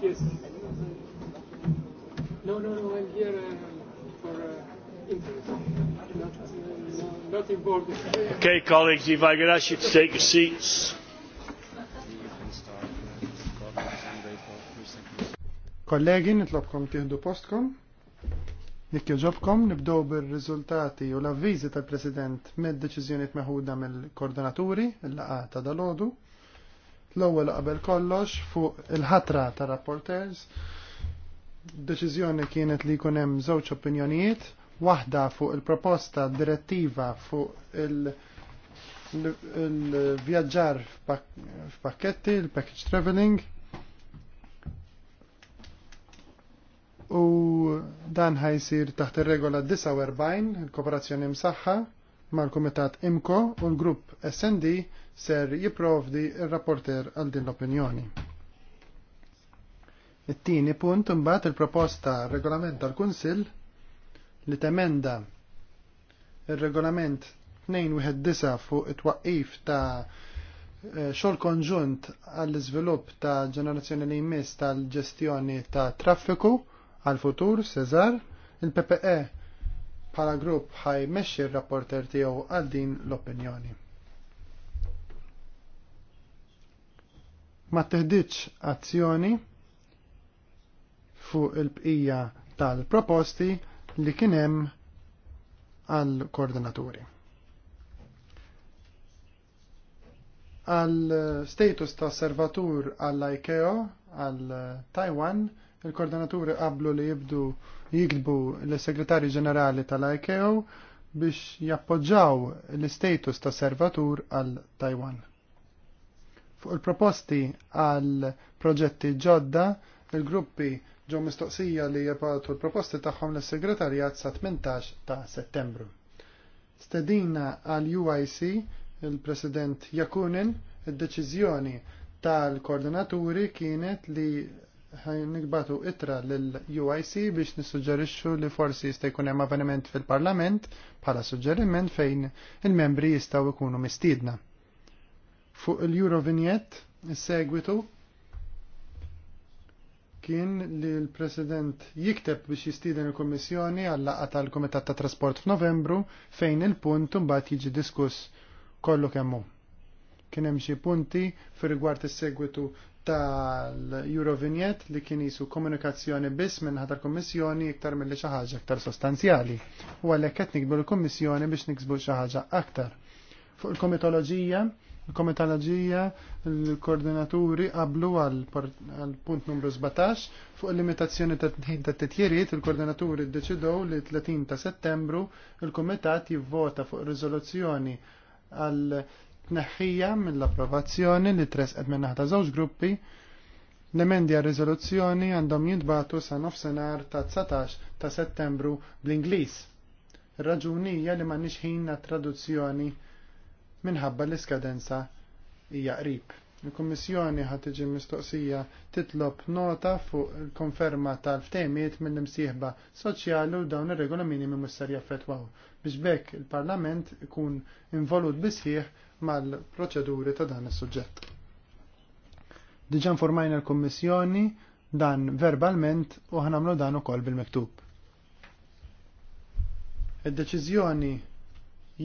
Yes. No, no, no, I'm here uh, for uh, interest. Uh, okay, colleagues, if I could ask you to take your seats. Kollegi, nitlobkom tieħdu postkom. Jekk joġobkom, nibdew bir-riżultati u l-avviżi tal-President mid-deċiżjonijiet meħuda mill-koordinaturi, l-laqata dal dalodu. L-ewwel qabel kollox fuq il-ħatra ta' rapporters. Deċiżjoni kienet li jkun hemm żewġ opinjonijiet, waħda fuq il-proposta direttiva fuq il- il-vjaġġar f'pakketti, il-package traveling. U dan ħajsir taħt ir-regola 49, il-kooperazzjoni msaħħa, mal-Kumitat IMCO u l-Grupp SND ser jiprovdi il-rapporter għal din l-opinjoni. It-tieni punt imbagħad il-proposta regolament tal-Kunsill li temenda il-regolament 219 fuq it-twaqqif ta' eh, xol konġunt għall-iżvilupp ta' ġenerazzjoni li jmiss tal-ġestjoni ta' traffiku għal-futur, Cesar, il-PPE bħala grupp ħaj meċi il-rapporter tiegħu għal din l-opinjoni. Ma teħdiċ azzjoni fuq il-bqija tal-proposti li kienem għal koordinaturi. Għal status ta' servatur għall ICAO għal Taiwan il-koordinaturi qablu li jibdu jikdbu l-segretarju ġenerali tal iko biex jappoġġaw l-status ta' servatur għal Taiwan. Fuq il-proposti għal proġetti ġodda, il-gruppi ġew mistoqsija li jibgħatu l-proposti tagħhom l segretarjat sa 18 ta' Settembru. Stedina għal UIC il-President Jakunin id-deċiżjoni tal-koordinaturi kienet li nikbatu itra l-UIC biex nissuġġerixxu li forsi jista' jkun hemm avveniment fil-Parlament bħala suġġeriment fejn il-membri jistgħu jkunu mistiedna. Fuq il-Eurovignet is-segwitu kien li l-President jikteb biex jistieden il-Kummissjoni għall laqgħa tal-Kumitat ta' Trasport f'Novembru fejn il-punt mbagħad jiġi diskuss kollu kemm hu. Kien hemm xi punti fir-rigward is-segwitu tal-Eurovignet li kien jisu komunikazzjoni biss minn ħadar kommissjoni iktar mill-li xaħġa iktar sostanzjali. U għalhekk qed nikbu l-kommissjoni biex niksbu xaħġa aktar. Fuq il-komitoloġija, il komitologija l-koordinaturi qablu għal punt numru 17 fuq il-limitazzjoni ta' t-tjeriet, il-koordinaturi ddeċidew li 30 ta' settembru il-komitat jivvota fuq riżoluzzjoni għal tneħħija mill-approvazzjoni li tresqet minn naħta żewġ gruppi l-emendi għal riżoluzzjoni għandhom jintbatu sa nofsenar ta' 19 ta' settembru bl-Ingliż. ir raġunija li m'għandniex ħin traduzzjoni minħabba l-iskadenza hija qrib. Il-Kummissjoni ħad tiġi mistoqsija titlob nota fuq il-konferma tal-ftemiet mill-imsieħba soċjali u dawn ir-regolamini minn musser jaffetwaw biex bekk il-Parlament ikun involut bisħieħ mal-proċeduri ta' dan is-suġġett. Diġan formajna l-Kummissjoni dan verbalment u ħanamlu dan ukoll bil-miktub. Id-deċiżjoni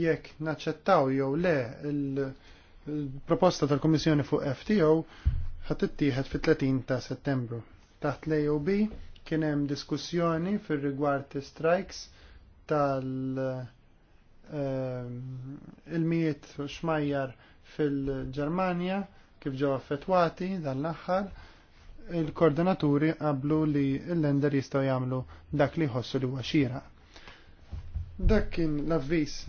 jekk naċċettaw jew le il-proposta tal-Kummissjoni fuq FTO ħat ittieħed fit-30 ta' Settembru. Taħt l-AOB kien hemm diskussjoni fir-rigward strikes tal- Eh, il-mijiet xmajjar fil-Ġermanja kif ġew affettwati dan l-aħħar, il-koordinaturi qablu li l-lender jistgħu jagħmlu dak li jħossu li huwa xira. Dak kien l-avviż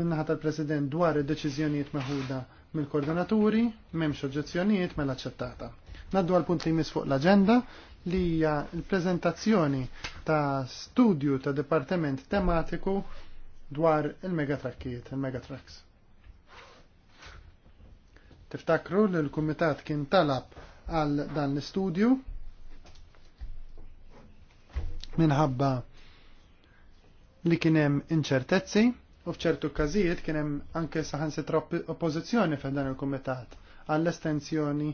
minnaħa tal-President dwar id-deċiżjonijiet meħuda mill-koordinaturi m'hemmx oġġezzjonijiet mela ċettata. Naddu għal punt li jmiss fuq l-aġenda li hija l-preżentazzjoni ta' studju ta' dipartiment tematiku dwar il-megatrakkijiet, il-megatraks. Tiftakru li l-Kumitat kien talab għal dan l-istudju minħabba li kienem inċertezzi u fċertu kazijiet kienem anke saħansitra oppozizjoni fe dan il-Kumitat għall-estensjoni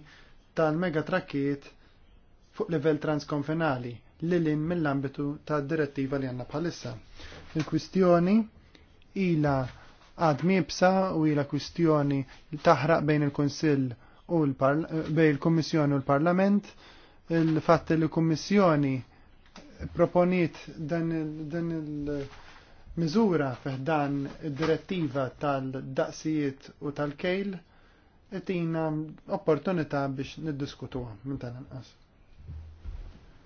tal-megatrakkijiet fuq livell transkonfinali li l-in mill-ambitu ta' direttiva li għanna bħalissa. Il-kwistjoni ila għad mibsa u ila kwistjoni taħraq bejn il-Kunsill u bejn il-Kommissjoni u l-Parlament. Il-fatt li l-Kommissjoni proponit dan il-miżura dan id-direttiva tal-daqsijiet u tal-kejl tina opportunità biex niddiskutuha minn tal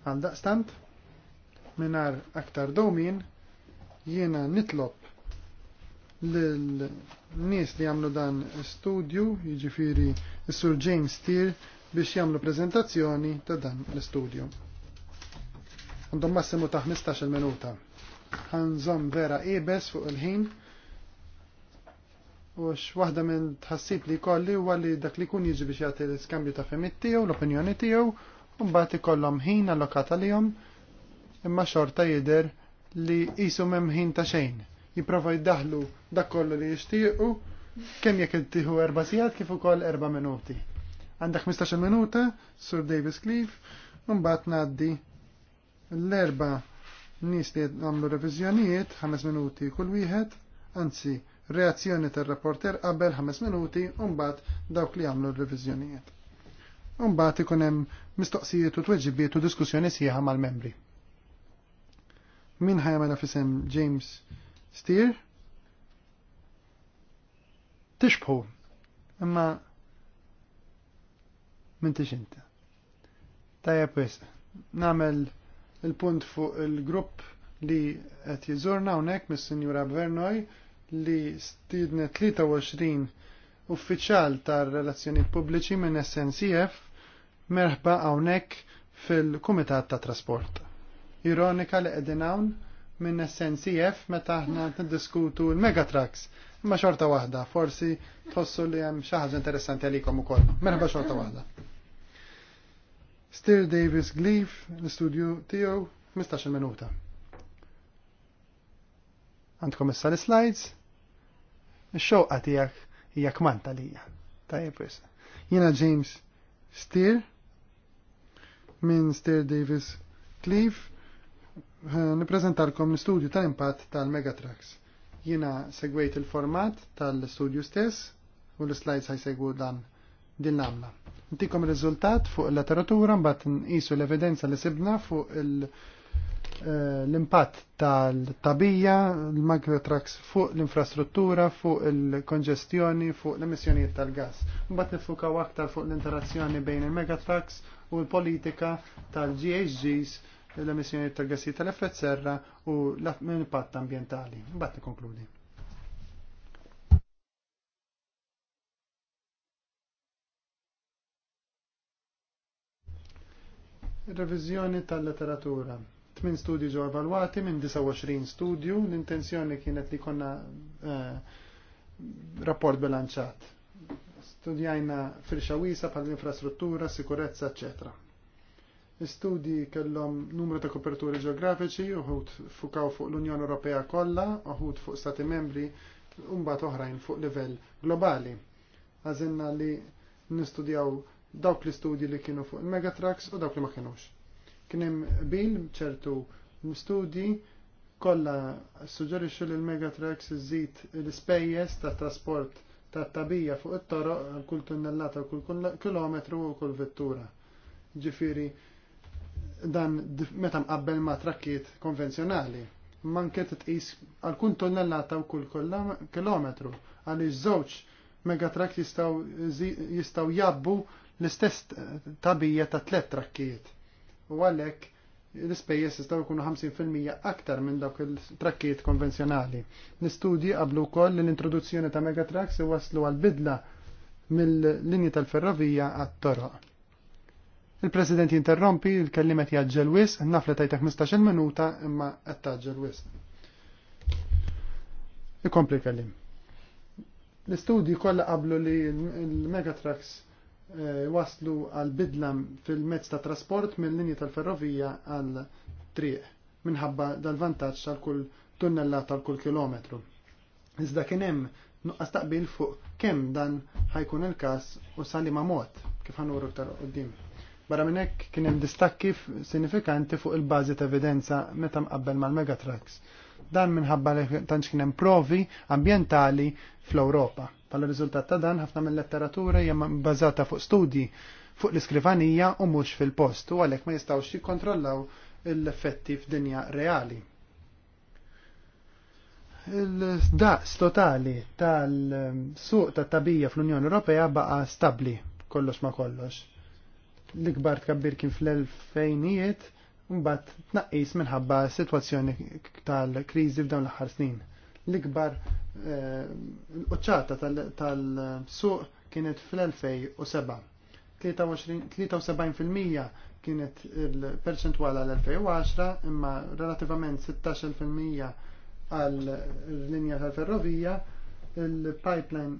Għal daqstant, minar aktar domin, jiena nitlob l-nies li jagħmlu dan studju, jiġifieri s-Sur James Steer biex jagħmlu preżentazzjoni ta' dan l-istudju. Għandhom massimu ta' 15-il minuta. Ħanżom vera ebes fuq il-ħin u x-waħda minn tħassib li kolli huwa li dak li kun jiġi biex jagħti l-iskambju ta' femmit tiegħu, l-opinjoni tiegħu, u mbagħad ikollhom ħin allokata lihom imma xorta jidher li qishom hemm ħin ta' xejn jipprova jiddaħlu dak kollu li jixtiequ kemm jekk tiħu erba' sigħat kif ukoll erba' minuti. Għandak 15 minuta, Sur Davis Cleave, mbagħad ngħaddi l-erba' nis li għamlu reviżjonijiet 5 minuti kull wieħed, anzi reazzjoni tar-rapporter qabel 5 minuti u mbagħad dawk li għamlu r-reviżjonijiet. ikunem ikun hemm mistoqsijiet u tweġibiet u diskussjoni sieħa mal-membri. Min ħajamela fisem James stier tixbħu imma m'intix inti. Tajja pwis, namel il-punt fuq il-grupp li qed jiżurna hawnhekk mis-Sinjura Bvernoj li stidne 23 uffiċjal tar-relazzjonijiet pubbliċi minn SNCF merħba hawnhekk fil-Kumitat ta' Trasport. Ironika li qegħdin hawn minn SNCF meta aħna diskutu l-Megatrax. Imma xorta waħda, forsi tħossu li hemm xi ħaġa interessanti għalikom ukoll. Merħba xorta waħda. Stir Davis Gleaf, l-istudju tiegħu 15-il minuta. Għandkom issa l-slides? Ix-xewqa tiegħek hija kmanta lija. Tajjeb issa. Jiena James Steer minn Steer Davis Cleave niprezentarkom l studio ta' impatt tal-Megatrax. Jina segwejt il-format tal-studju stess u l-slides segwu dan din l-għamla. Ntikom il-rizultat fuq il-letteratura mbagħad nqisu l-evidenza li sibna fuq eh, l-impatt tal-tabija, l-Megatrax fuq l-infrastruttura, fuq il-konġestjoni, fuq l-emissjonijiet tal-gas. Mbagħad nifukaw aktar fuq l-interazzjoni bejn il-Megatrax u l-politika tal-GHGs l-emissjoni tal gassi tal-effett serra u l-impatt ambientali. Mbagħad nikkonkludi. Revizjoni tal-letteratura. Tmin studji ġew evalwati minn 29 studju, l-intenzjoni kienet li konna eh, rapport bilanċat. Studjajna firxa wisa bħal infrastruttura, sikurezza, eccetera. Istudji kellhom numru ta' koperturi ġeografiċi, uħud fukaw fuq l-Unjoni Ewropea kollha, uħud fuq Stati membri, mbagħad oħrajn fuq livell globali. Għażinna li nistudjaw dawk l-istudji li kienu fuq il-Megatrax u dawk li ma kienux. Kien hemm bil ċertu studji kollha suġġerixxu li l-Megatrax iżid l-ispejjeż ta' trasport ta' tabija fuq it-toroq għal kull tunnellata kull kilometru u kull vettura. Ġifieri, dan meta mqabbel ma' trakkiet konvenzjonali. Manke tqis għal kun tonnellata u kull kilometru għaliex żewġ megatrakt jistaw jabbu l-istess tabija ta' tlet trakkiet. U għalhekk l-ispejjeż jistaw jkunu 50% aktar minn dawk il trakkiet konvenzjonali. L-istudji qablu wkoll l-introduzzjoni ta' megatraks waslu għal bidla mill-linji tal-ferrovija għat-toroq. Il-President jinterrompi, il-kellimet jaġġel wis, nafla tajtek 15 minuta imma qed wis. Ikompli kellim. L-istudji kollha qablu li l-Megatrax eh, waslu għal bidlam fil-mezz ta' trasport mill-linja tal-ferrovija għal triq minħabba dal-vantaġġ tal-kull tunnella tal-kull kilometru. Iżda kien hemm nuqqas taqbil fuq kemm dan ħajkun il-każ u sali ma' mod kif ħanuru tal-qoddim. Barra minn hekk kien hemm distakki sinifikanti fuq il-bażi ta' evidenza meta mqabbel mal-megatrucks. Dan minħabba li tantx kien hemm provi ambjentali fl-Ewropa. Bħala riżultat ta' dan ħafna mill-letteratura hija bbażata fuq studji fuq l-iskrivanija u mhux fil-post u għalhekk ma jistgħux jikkontrollaw l-effetti f'dinja reali il-daqs totali tal-suq tat tabija fl-Unjoni Ewropea baqa stabbli kollox ma kollox l-ikbar tkabbir kien fl-2000ijiet mbagħad tnaqqis minħabba sitwazzjoni tal-kriżi f'dawn l-aħħar snin. L-ikbar eh, l-quċċata tal-suq kienet fl-2007. 73% kienet il-perċentwal għal-2010 imma relativament 16% għal-linja tal-ferrovija il-pipeline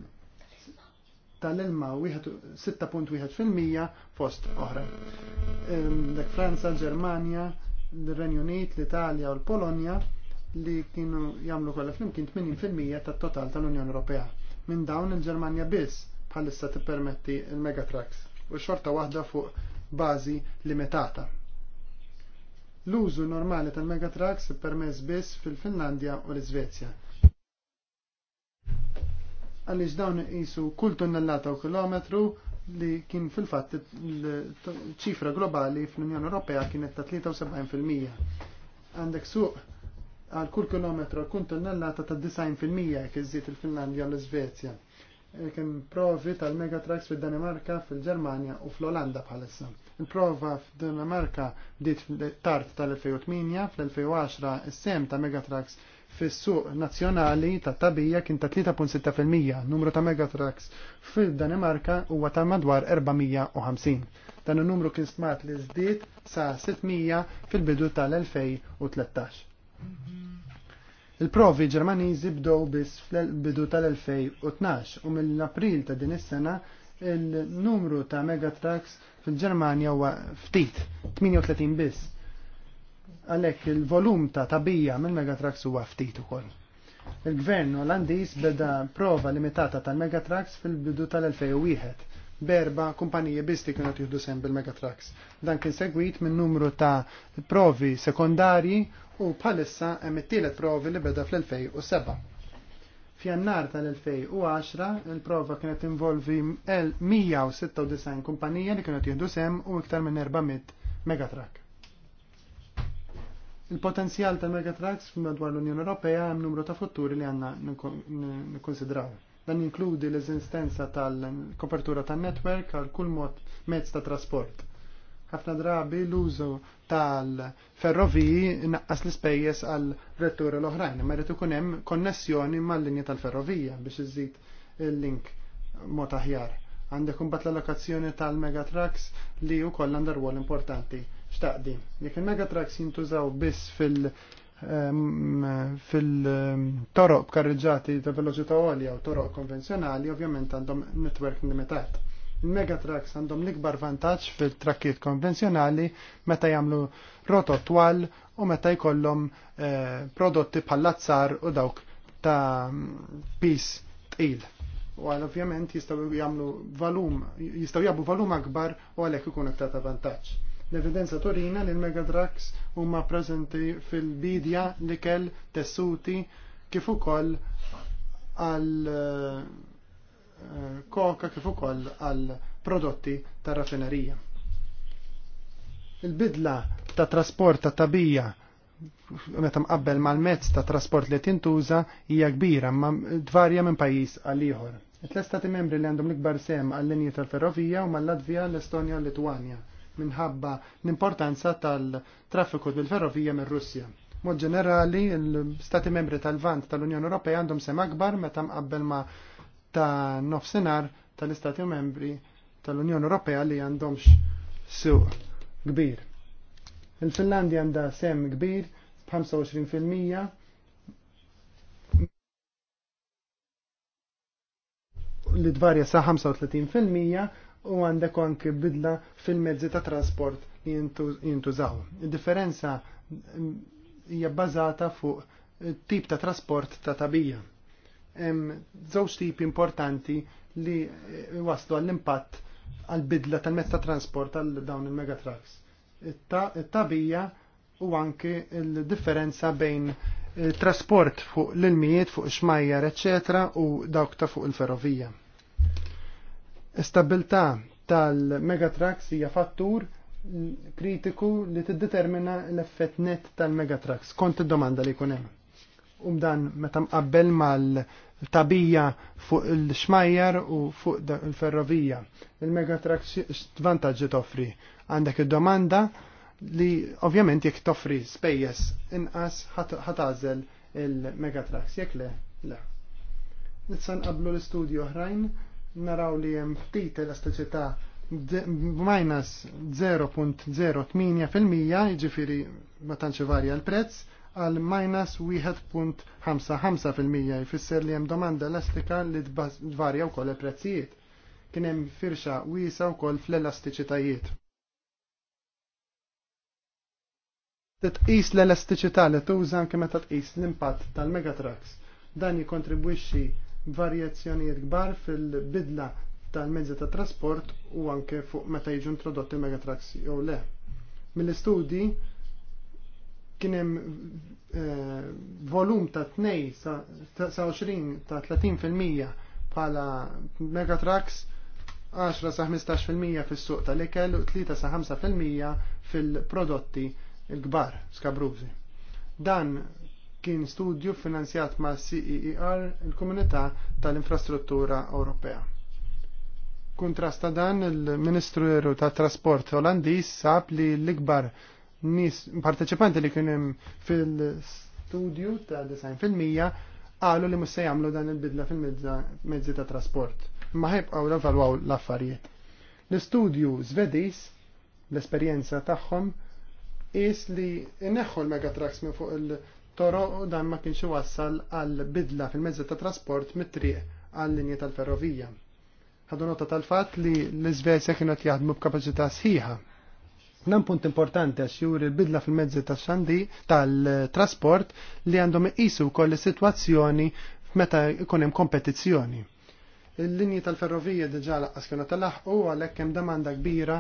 tal-ilma 6.1% fost oħra. Ehm, Dak Franza, Ġermanja, l-Renju Unit, l-Italja u l-Polonja li kienu jagħmlu kollha flimkien 80% tat-total tal-Unjoni Ewropea. Minn dawn il-Ġermanja biss bħalissa tippermetti il-Megatrax u xorta waħda fuq bażi limitata. L-użu normali tal-Megatrax permess biss fil-Finlandja u l-Iżvezja għaliex dawn jisu kull tunnellata u kilometru li kien fil-fatt ċifra globali fl-Unjoni Ewropea kienet ta' 73%. Għandek suq għal kull kilometru għal kull tunnellata ta' 90% jekk iżżid il-Finlandja u l-Iżvezja. Kien provi tal-Megatrax fil-Danimarka, fil-Ġermanja u fl-Olanda bħalissa. Il-prova fil-Danimarka bdiet tard tal-2008, fl-2010 is-sem ta' Megatrax fis-suq nazzjonali ta' tabija kien ta' 3.6%, numru ta' megatrax fil-Danimarka huwa ta' madwar 450. Dan in numru kien smart li żdied sa' 600 fil-bidu tal-2013. Il-provi Ġermaniżi bdow biss fil-bidu tal-2012 u mill-April ta' din is-sena il-numru ta' megatrax fil-Ġermanja huwa ftit 38 biss għalhekk il-volum ta' tabija mill-Megatrax huwa ftit ukoll. Il-gvern Olandiż beda prova limitata tal-Megatrax fil-bidu tal-2001 berba kumpanije bisti kienu jieħdu sem bil-Megatrax. Dan kien segwit minn numru ta' provi sekondari u palissa hemm it-tielet provi li beda fl-2007. Fjannar tal-2010 il-prova kienet involvi 196 kumpanija li kienu jihdu sem u iktar minn 400 Megatrax. Il-potenzjal ta' Megatrax madwar l-Unjoni Ewropea hemm numru ta' futturi li għandna nikkonsidraw. Dan jinkludi l-eżistenza tal-kopertura tan netwerk għal kull mod mezz ta' trasport. Ħafna drabi l-użu tal-ferroviji naqqas l-ispejjeż għal vetturi l-oħrajn, ma jrid ikun hemm konnessjoni mal-linja tal-ferrovija biex iżid il-link mod aħjar. Għandek imbagħad l-allokazzjoni tal-megatrucks li wkoll għandha rwol importanti xtaqdi. Jek il-megatrax jintużaw biss fil- ehm, fil-toroq ehm, karreġati ta' veloċità għolja u toroq konvenzjonali, ovvjament għandhom network limitat. Il-megatrax għandhom l-ikbar vantaġġ fil-trakkiet konvenzjonali meta jagħmlu rotot twal u meta jkollhom eh, prodotti pallazzar azzar u dawk ta' pis t'il. U għal ovvjament jistgħu jagħmlu valum, jistgħu jagħmlu valum akbar u għalhekk ikun aktar ta' vantaġġ L-evidenza turina li l-megadrugs huma preżenti fil-bidja li kell tessuti kif ukoll għal eh, koka kif ukoll għal prodotti ta' raffinerija. Il-bidla ta' trasport ta' tabija meta mqabbel mal-mezz ta' trasport li tintuża hija kbira ma dvarja minn pajjiż għal ieħor. it tlesta membri li għandhom l-ikbar sem għall-linji tal-ferrovija u mal latvija l-Estonja u l-Litwanja minħabba l-importanza tal-traffiku bil-ferrovija minn Russja. Mod ġenerali, l-Stati membri tal-Vant tal-Unjoni Ewropea għandhom sem akbar meta mqabbel ma ta' nofsinhar tal-Istati membri tal-Unjoni Ewropea li għandhomx suq kbir. Il-Finlandja għandha sem kbir b'25 li dvarja sa' 35% u għandek anki bidla fil-mezzi ta' trasport li jintużaw. Differenza mm, hija bbażata fuq tip ta' trasport ta' tabija. Hemm żewġ tip importanti li eh, waslu għall-impatt għall-bidla tal-mezz ta' trasport għal dawn il-megatrucks. It-tabija u anki l-differenza bejn eh, trasport fuq l-ilmijiet, fuq xmajjar, eccetera, u dawk ta' fuq il-ferrovija Istabilta tal-megatrax hija fattur kritiku li tiddetermina l-effett net tal-megatrax kont id-domanda li jkun hemm. Um dan meta mqabbel mal-tabija fuq il-xmajjar u fuq il-ferrovija. Il-megatrax x'tvantaġġi toffri? Għandek id-domanda li ovvjament jekk toffri spejjeż inqas ħatażel il-megatrax jekk le, le. Nitsan qablu l-istudju oħrajn naraw li hemm ftit elastiċità minus 0.08% jiġifieri ma tantx varja l-prezz għal minus 1.55% jfisser li hemm domanda elastika li tvarja wkoll il-prezzijiet. Kien hemm firxa wiesa wkoll fl-elastiċitajiet. Titqis l-elastiċità li tuża anke meta tqis l-impatt tal-Megatrax. Dan jikkontribwixxi varjazzjonijiet kbar fil-bidla tal-mezzi ta' trasport u anke fuq meta jiġu introdotti megatrax jew le. Mill-istudji kien hemm eh, volum ta' 2 sa' 20 ta' 30% bħala megatrax 10 sa 15% fis-suq tal-ikel u 3 sa 5% fil-prodotti l-kbar skabrużi. Dan kien studju finanzjat ma' CEER, il-Komunità tal-Infrastruttura Ewropea. Kontrasta dan il-Ministru Eru ta' Trasport Olandis sab li l-ikbar nis parteċipanti li kienem fil-studju ta' design fil-Mija għalu li musse jamlu dan il-bidla fil-mezzi ta' trasport. Ma għaw l valwaw l-affarijiet. L-studju Zvedis, l-esperienza tagħhom, is li neħħu l-megatrax minn fuq il- Toro u dan ma kienx iwassal għal bidla fil-mezzi ta' trasport mit-triq għal linja tal-ferrovija. Ħadu nota tal-fatt li l-Iżvezja kienet jaħdmu b'kapaċità sħiħa. Dan punt importanti għax juri bidla fil-mezzi ta' xandi tal-trasport li għandhom iqisu wkoll is-sitwazzjoni meta jkun hemm kompetizzjoni. Il-linji tal-ferrovija diġà laqqas kienu tal u għalhekk hemm domanda kbira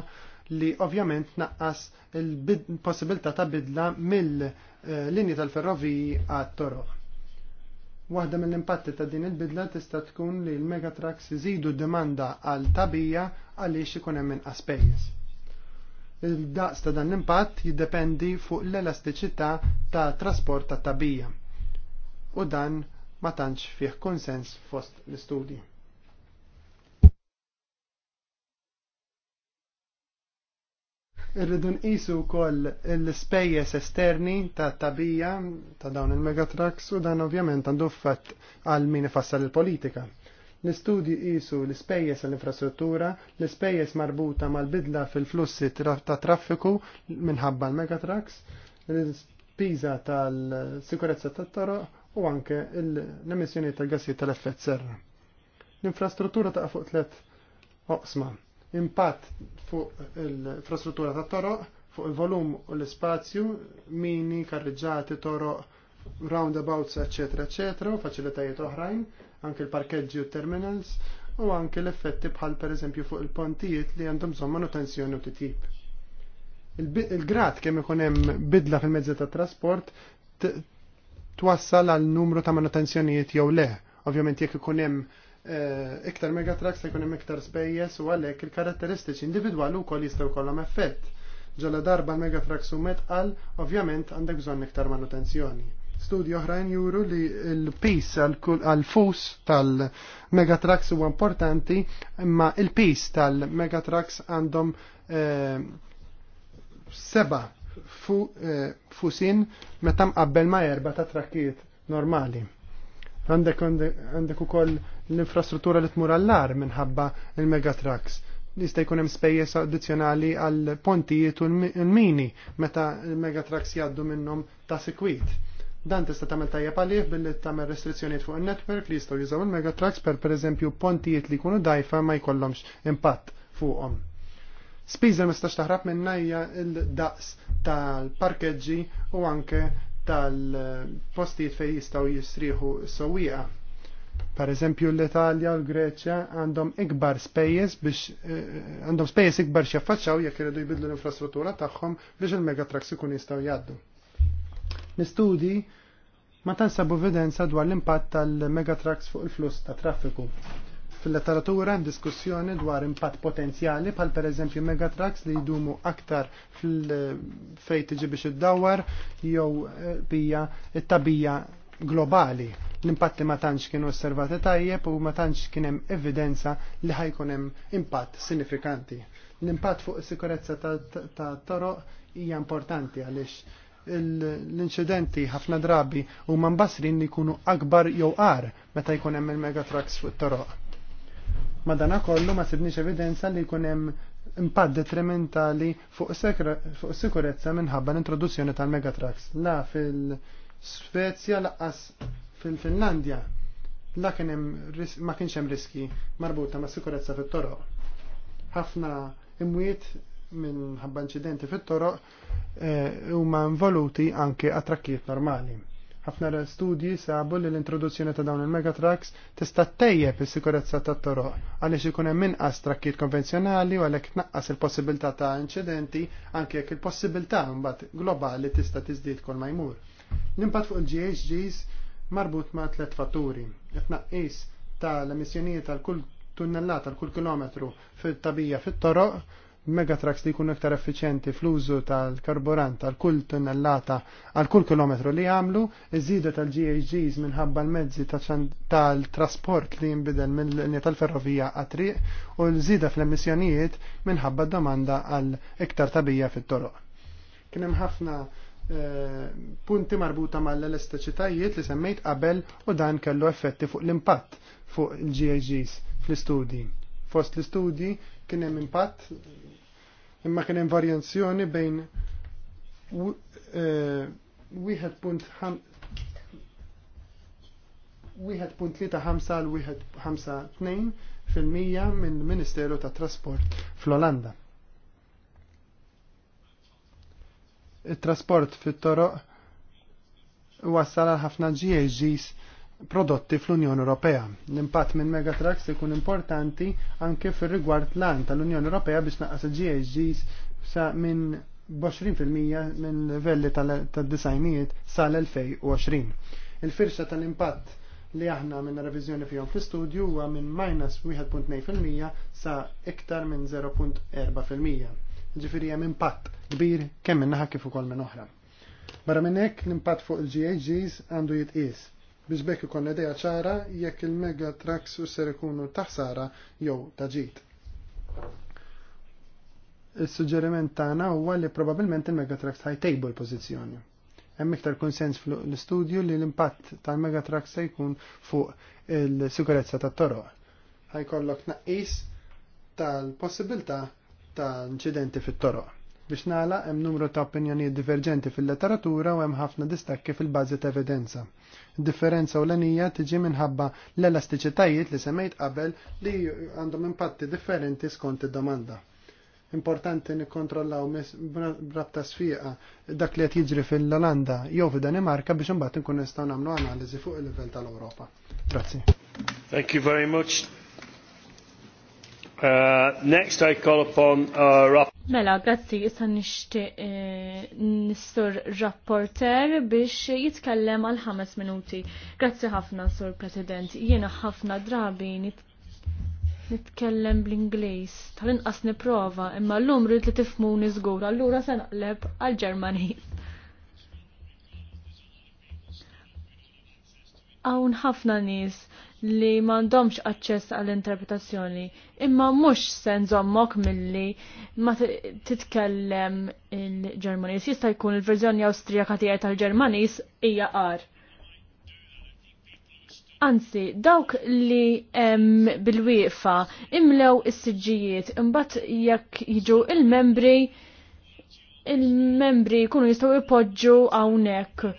li ovvjament naqqas il-possibilità ta' bidla mill-linji tal-ferroviji għat-toroq. Waħda mill-impatti ta' din il-bidla tista' tkun li l-megatrax iżidu demanda għal tabija għaliex ikun hemm inqas pejjeż. Il-daqs ta' dan l-impatt jiddependi fuq l-elastiċità ta' trasport ta' tabija. U dan ma tantx fih konsens fost l-istudji. Irridu nqisu wkoll l-spejjeż esterni ta' tabija ta' dawn il megatrax u dan ovvjament għandu fatt għal min ifassal il-politika. L-istudji qisu l-ispejjeż l-infrastruttura, l-ispejjeż marbuta mal-bidla fil-flussi ta' traffiku minħabba l megatrax l-spiża tal-sikurezza tat-toroq u anke l-emissjoni tal gassi tal-effett serra l-infrastruttura ta' fuq tlet oqsma impatt fuq l-infrastruttura ta' toroq, fuq il-volum u l-spazju, mini, karriġati, toroq, roundabouts, eccetera, eccetera, u faċilitajiet oħrajn, anke l-parkeġġi u terminals, u anke l-effetti bħal per eżempju fuq il-pontijiet li għandhom bżonn manutenzjoni u titjib. il grat kemm ikun hemm bidla fil-mezzi ta' trasport twassal għal numru ta' manutenzjonijiet jew le. Ovvjament jekk ikun hemm Eh, iktar megatrax se jkun hemm iktar spejjeż u għalhekk il-karatteristiċi individwali wkoll jistgħu jkollhom effett. Ġala darba l-megatrax u metqal, ovvjament għandek bżonn iktar manutenzjoni studji oħrajn juru li l-pis għal-fus tal-megatrax huwa importanti, imma il-pis tal-megatrax għandhom eh, seba fu, eh, fusin meta mqabbel ma' erba ta' trakkiet normali. Għandek ukoll l-infrastruttura li tmur għall ar minħabba il-megatrucks. Jista' jkun hemm spejjeż addizzjonali għal pontijiet u l-mini meta il-megatrucks jgħaddu minnhom ta' sikwit. Dan tista' tagħmel tajjeb għalih billi tagħmel restrizzjonijiet fuq in-netwerk li jistgħu jużaw il-megatrucks per pereżempju pontijiet li jkunu dajfa ma jkollhomx impatt fuqhom. Spiża ma stax taħrab minnajja hija l-daqs tal-parkeġġi u anke tal-postijiet fejn jistgħu jisriħu s-sewwieqa Per eżempju l-Italja u l-Greċja għandhom ikbar spejjeż biex eh, għandhom spejjeż ikbar x'jaffaċċaw jekk iridu jbidlu l-infrastruttura tagħhom biex il-megatraks ikun jistgħu jgħaddu. L-istudji ma tansabu evidenza dwar l-impatt tal-megatraks fuq il-fluss ta' traffiku. Fil-letteratura hemm diskussjoni dwar impatt potenzjali bħal pereżempju megatraks li jdumu aktar fil-fejn eh, tiġi biex iddawwar jew eh, bija it-tabija globali. L-impatti ma tantx kienu osservati tajjeb u ma tantx kien hemm evidenza li ħajkun hemm impatt sinifikanti. L-impatt fuq is-sikurezza ta' toroq hija importanti għaliex l-inċidenti ħafna drabi u man basrin li jkunu akbar jew qar meta jkun hemm il-megatrucks fuq toroq Madana kollu ma sibniex evidenza li jkun hemm impatt detrimentali fuq sikurezza minħabba l-introduzzjoni tal-megatrucks. La fil- Svezja laqqas fil-Finlandja la kien hemm ma kienx hemm riski marbuta ma' sikurezza fit-toroq. Ħafna imwiet minn ħabba inċidenti fit-toroq eh, huma involuti anke attrakkijiet normali. Ħafna studji sabu li l-introduzzjoni ta' dawn il megatrax tista' tejjeb is-sikurezza tat-toroq għaliex ikun hemm inqas trakkijiet konvenzjonali u għalhekk tnaqqas il-possibilità ta' inċidenti anke jekk il-possibilità mbagħad globali tista' tiżdied kol ma jmur. L-impatt fuq il-GHGs marbut ma' tlet fatturi. it ta' tal-emissjonijiet tal-kull tunnellata tal-kull kilometru fil-tabija fit-toroq, megatrax li jkunu iktar effiċenti fl-użu tal-karburant tal-kull tunnellata għal-kull kilometru li għamlu, iż-żida tal-GHGs minħabba l-mezzi tal-trasport li jinbidel mill-linja tal-ferrovija għat-triq u l-żida fl-emissjonijiet minħabba d-domanda għal iktar tabija fit-toroq. Kien hemm ħafna punti marbuta mal elasticitajiet li semmejt qabel u dan kellu effetti fuq l-impatt fuq il-GIGs fl-istudji. Fost l-istudji kien hemm impatt imma kien hemm varjazzjoni bejn eh, wieħed 1.35 l 1.52 fil-mija minn Ministeru ta' Trasport fl-Olanda. it-trasport fit-toroq wassal għal ħafna GHGs prodotti fl-Unjoni Ewropea. L-impatt minn Megatrax ikun importanti anke fir rigward l-an tal-Unjoni Ewropea biex naqqas il-GHGs sa minn 20% minn livelli tal-disajnijiet sal-2020. Il-firxa tal-impatt li aħna minn revizjoni fihom fl-istudju huwa minn minus 1.2% sa iktar minn 0.4% ġifiri hemm impatt kbir kemm minnaħa kif ukoll minn oħra. Barra minn hekk l-impatt fuq il-GHGs għandu jitqies biex bekk ikun idea ċara jekk il-mega u ser ikunu taħsara jew taġit. Is-suġġeriment tagħna huwa li probabbilment il-mega trucks ħajtejbu l-pożizzjoni. Hemm iktar konsens fl-istudju li l-impatt tal-mega trucks se jkun fuq il-sikurezza tat-toroq. Ħajkollok tnaqqis tal-possibilità ta' inċidenti fit-toroq. Biex nala, hemm numru ta' opinjonijiet diverġenti fil-letteratura u hemm ħafna distakki fil-bażi ta' evidenza. Differenza ewlenija tiġi minħabba l-elastiċitajiet li semmejt qabel li għandhom impatti differenti skont id-domanda. Importanti nikkontrollaw brabta sfiqa dak li qed jiġri fil-Olanda jew fid-Danimarka biex imbagħad nkun nistgħu nagħmlu analiżi fuq il-livell tal-Ewropa. Grazzi. Thank you very much. Uh, next I call upon uh, Mela, grazzi, issa nishti nissur eh, nistur rapporter biex jitkellem għal ħames minuti. Grazzi ħafna, Sur President. Jiena ħafna drabi nitkellem bl-Inglis. Tal-inqas niprofa, imma l-lum rrit li tifmuni zgur, allura se naqleb għal Ġermani. Hawn ħafna nies li mandomx aċċess għall-interpretazzjoni, imma mux sen zommok mill-li ma titkellem il-Ġermanis. Jista' jkun il-verżjoni Awstrijaka tiegħi tal-Ġermanis hija għar. Anzi, dawk li bil-wieqfa imlew is-siġġijiet imbagħad jekk jiġu il-membri il-membri jkunu jistgħu jpoġġu hawnhekk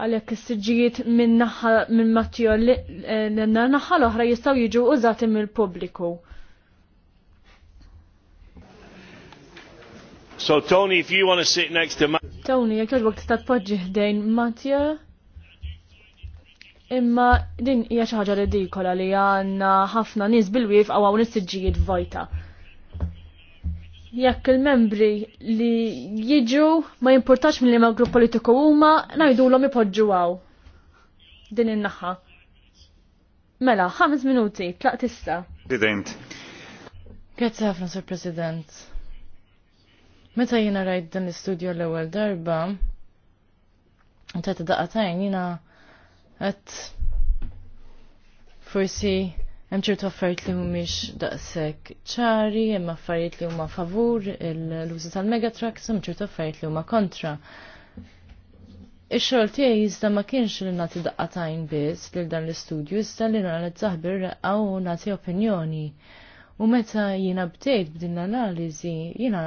għalhekk is-siġijiet minn naħa minn Mattio eh, naħa l-oħra jistgħu jiġu użati mill-pubbliku. So Tony, if you want to sit next to Matt. Tony, jekk jogħġbok tista' tpoġġi ħdejn Mattio. Imma din hija xi ħaġa ridikola li għandna ħafna nies bil-wief għaw hawn is-siġġijiet vojta jekk il-membri li jiġu ma jimportax minn li ma grupp politiku huma najdu l ipoġġu għaw. Din in-naħa. Mela, ħames minuti, tlaq tista. President. Grazie ħafna, Sur President. Meta jiena rajt dan l-istudio l-ewwel darba, ta' daqatajn jina qed forsi Hemm ċertu affarijiet li mhumiex daqshekk ċari, hemm affarijiet li huma favur l-użu tal-megatrucks, hemm ċertu affarijiet li huma kontra. Ix-xogħol tiegħi iżda ma kienx li nagħti tajn biss lil dan l-istudju, iżda li analizzaħ birreqqa u nagħti opinjoni. U meta jiena bdejt b'din l-analiżi, jiena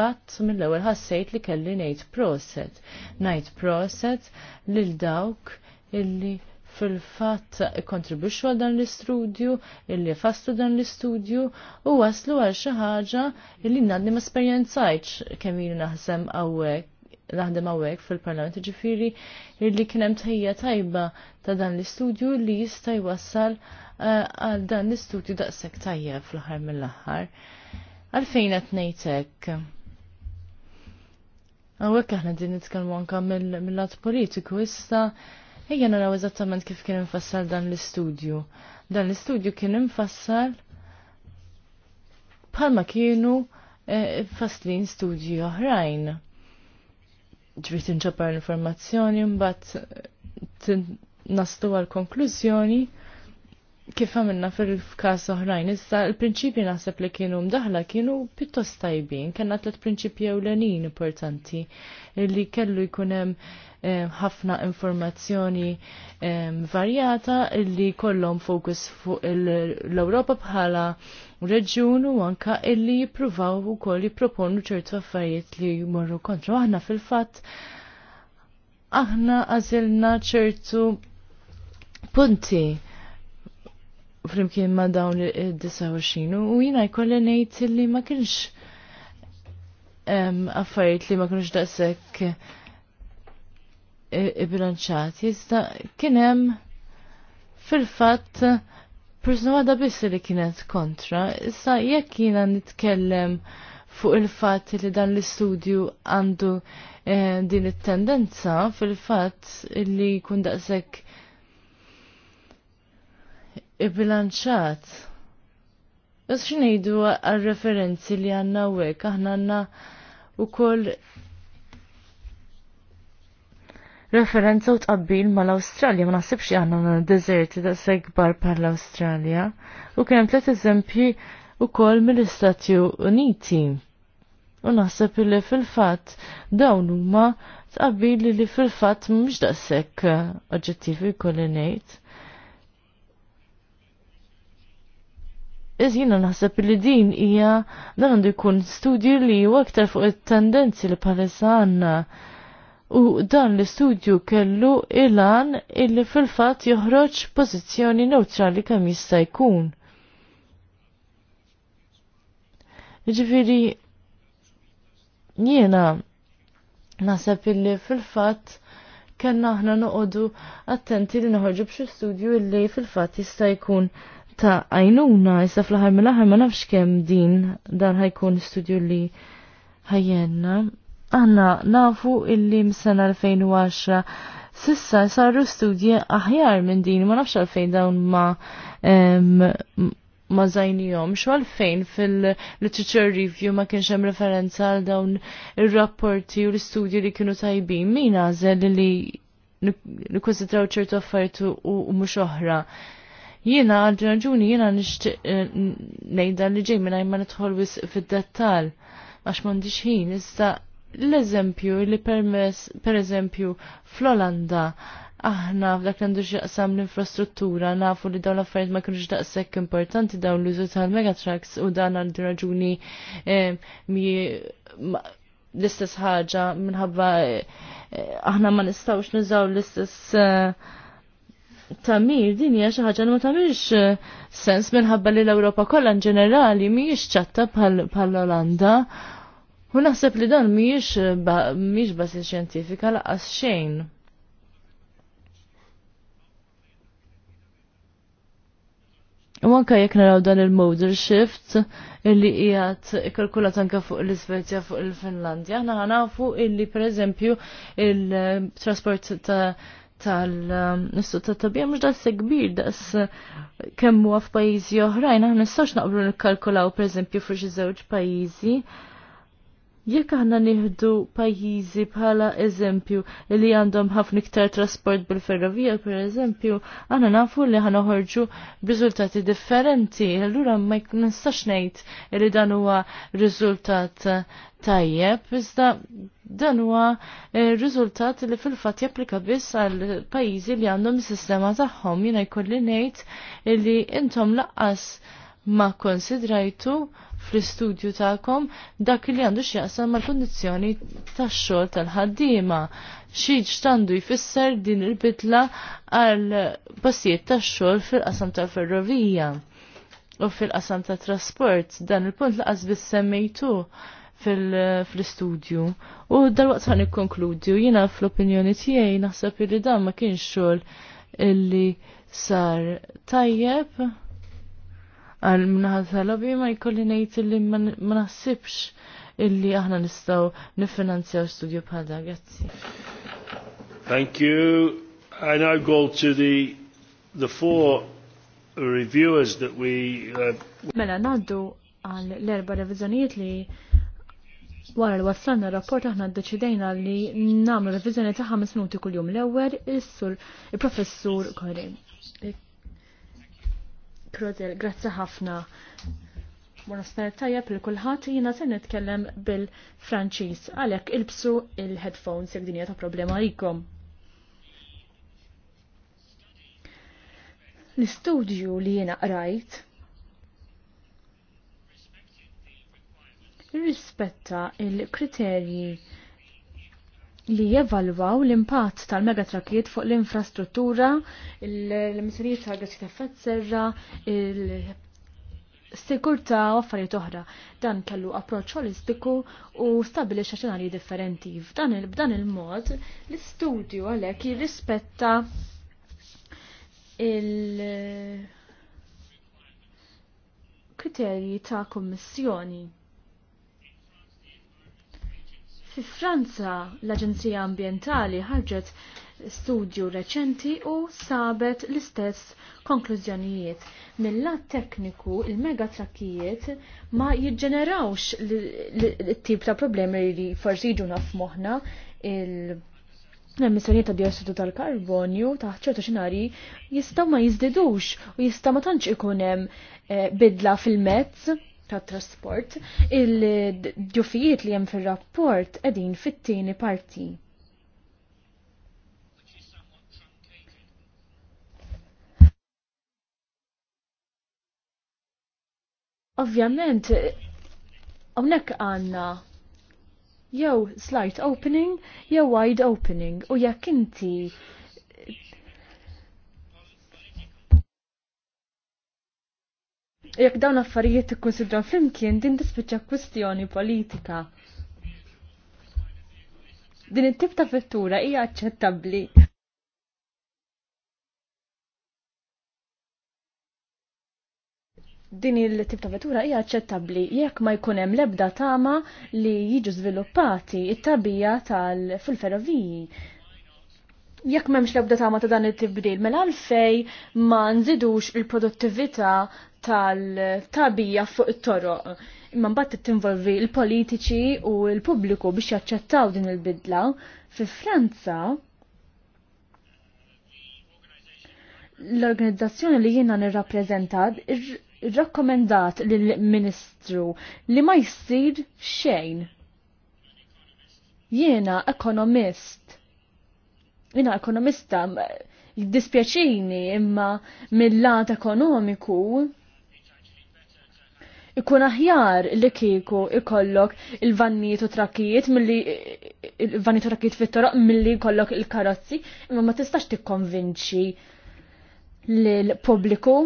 batt mill-ewwel ħassejt li kelli ngħid proset. Ngħid proset lil dawk illi fil-fatt kontribuxu għal dan l-istudju, illi fastu dan l-istudju u waslu għal xi ħaġa illi ngħaddi ma sperjenzajtx kemm naħsem għawek naħdem għawek fil-parlament ġifiri illi kienem tħija tajba ta' dan l-istudju li jista' jwassal eh, għal dan l-istudju daqshekk tajja fl-aħħar mill-aħħar. Għalfejn qed ngħidlek? Għawek aħna din nitkellmu għanka mill-lat politiku issa Ejja naraw eżattament kif kien infassal dan l-istudju. Dan l-istudju kien infassal bħalma kienu eh, fastlin studji oħrajn. Ġbit inġabar l-informazzjoni mbagħad eh, naslu għal konklużjoni kif għamilna fil-kas oħrajn, issa il prinċipi naħseb li kienu mdaħla kienu pjuttost tajbin, kena tlet prinċipji ewlenin importanti li kellu jkunem ħafna informazzjoni varjata illi kollom fokus fuq l-Ewropa bħala reġjun u anka illi jippruvaw ukoll jipproponu ċertu affarijiet li jmorru kontra. Aħna fil-fatt aħna għażilna ċertu punti flimkien ma dawn il-29 u jina jkolli nejt li ma kienx affarijiet li ma kienx daqshekk bilanċati. Iżda kien hemm fil-fatt persuna biss li kienet kontra. Issa jekk jiena nitkellem fuq il-fatt li dan l-istudju għandu eh, din it-tendenza fil-fatt li jkun daqshekk bilanċat. Is xinejdu għal-referenzi li għanna wek, aħna għanna u koll referenza u tqabbil mal-Awstralja, ma naħsibx li għandna deserti da segbar l awstralja U kien hemm tliet eżempji ukoll mill-Istati Uniti. U naħseb li fil-fatt dawn huma tqabbil li fil-fatt mhux daqshekk oġġettivi jkolli ngħid. jiena naħseb li din hija dan għandu jkun studju li huwa aktar fuq it-tendenzi li bħalissa għandna u dan l-istudju kellu ilan illi fil-fat joħroġ pozizjoni neutrali kemm jista' jkun. Ġifiri, jiena naħseb illi fil-fat kanna aħna noqogħdu attenti li noħorġu b'xi studju illi fil-fatt jista' jkun ta' għajnuna issa fl-aħħar mill ma nafx kemm din dan ħajkun studju li ħajjenna għanna nafu illi mis-sena 2010 sissa saru studji aħjar minn din ma nafx għalfejn dawn ma ma zajnijom, xo għalfejn fil-literature review ma kienx hemm referenza għal dawn ir-rapporti u l-istudji li kienu tajbin, min għażel li nikkonsidraw ċertu affarijiet u mhux oħra. Jiena għal raġuni jiena nixtieq eh, ngħidha li ġej minn ma nidħol fid-dettall għax m'għandix ħin, iżda l-eżempju li permess, per eżempju, fl-Olanda aħna f'dak għandu xaqsam l-infrastruttura, nafu li dawn l-affarijiet ma kienux daqshekk importanti dawn l-użu tal-megatrax u dan għandu raġuni eh, l-istess ħaġa minħabba eh, aħna ma nistgħux nużaw l-istess eh, tamir din hija xi ħaġa ma tagħmilx sens minħabba li l-Ewropa kollha ġenerali mhijiex ċatta bħal-Olanda U naħseb li dan mhijiex mhijiex basi xjentifika laqas xejn. U anka jekk naraw dan il-modal shift illi qiegħed ikkalkulat anke fuq l-Isvezja fuq il-Finlandja, aħna nafu illi pereżempju il-trasport ta' tal nistu ta' tabija mhux daqs kbir daqs kemm huwa f'pajjiżi oħrajn, aħna nistgħux naqblu nikkalkulaw pereżempju fuq xi żewġ pajjiżi Jekk aħna nieħdu pajjiżi bħala eżempju li għandhom ħafna iktar trasport bil-ferrovija per eżempju, aħna nafu li ħana ħorġu riżultati differenti. Allura ma nistax ngħid li dan huwa riżultat tajjeb, iżda dan huwa eh, riżultat li fil-fatt japplika biss għal pajjiżi li għandhom is-sistema tagħhom. Jiena jkolli ngħid li intom laqqas ma konsidrajtu fl-istudju ta'kom dak li għandu x'jaqsam mal kondizjoni tax-xogħol tal-ħaddiema. Xieġ tandu jfisser din il-bidla għal postijiet tax-xogħol fil-qasam tal-ferrovija u fil-qasam ta' trasport dan il-punt laqas biss semmejtu fil istudju U dal-waqt għan ikkonkludi u jina fl-opinjoni tiegħi naħseb li dan ma kienx xogħol illi sar tajjeb għal minnaħat tal-lobby ma jkolli ngħid illi ma naħsibx illi aħna nistgħu niffinanzjaw studju bħada, Grazie. Grazzi. Thank you. I now go to the the four reviewers that we uh, Mela naddu għal l-erba revizjonijiet li Wara li wassalna rapport aħna ddeċidejna li nagħmlu revizjoni ta' ħames minuti kuljum l-ewwel is-sur il-professur Korin. Krodel, grazzi ħafna. Buenas nar tajjeb li kulħadd jiena se nitkellem bil-Franċiż għalhekk ilbsu il-headphones jekk din hija ta' problema għalikom. L-istudju li jiena qrajt rispetta il-kriterji li jevalwaw l-impatt tal-megatrakiet fuq l-infrastruttura, l-emissjonijiet tal gassi ta' effett serra, sikurta u affarijiet oħra. Dan kellu approċċ holistiku u stabilixxa xenarji differenti. F'dan il-mod l-istudju għalhekk jirrispetta il-kriterji ta' kummissjoni. Fi Franza l-Aġenzija Ambientali ħarġet studju reċenti u sabet l-istess konklużjonijiet. Mill-lat tekniku il-mega trakkijiet ma jiġġenerawx l-tip ta' problemi li forsi jiġuna moħna il- l-emissjonijiet ta' diossidu tal-karbonju taħt ċertu xinari jistaw ma jizdidux u jistaw ma tantx ikun hemm eh, bidla fil-mezz ta' trasport, il-djufijiet li jem fil-rapport edin fit-tieni parti. Ovvjament, għonek għanna jew slight opening, jew wide opening, u jekk inti jekk dawn affarijiet ikkonsidraw flimkien din tispiċċa kwistjoni politika. Din it-tip ta' vettura hija aċċettabbli. Din il-tip ta' vettura hija aċċettabbli jekk ma jkun hemm l-ebda tama li jiġu żviluppati it-tabija tal fil-ferroviji jekk memx lebda tama ta' dan it-tibdil, mela għalfej ma nżidux il-produttività tal-tabija fuq it-toroq. Imma mbagħad tinvolvi l-politiċi u l-pubbliku biex jaċċettaw din il-bidla. Fi Franza l-organizzazzjoni li jiena nirrappreżentat irrakkomendat lill-Ministru li ma jsir xejn. Jiena ekonomist jina ekonomista jiddispjaċini imma mill-lat ekonomiku ikun aħjar li kieku ikollok il-vanniet u trakkijiet milli il-vanniet u trakkijiet fit-toroq milli jkollok il-karozzi imma ma tistax tikkonvinċi l-pubbliku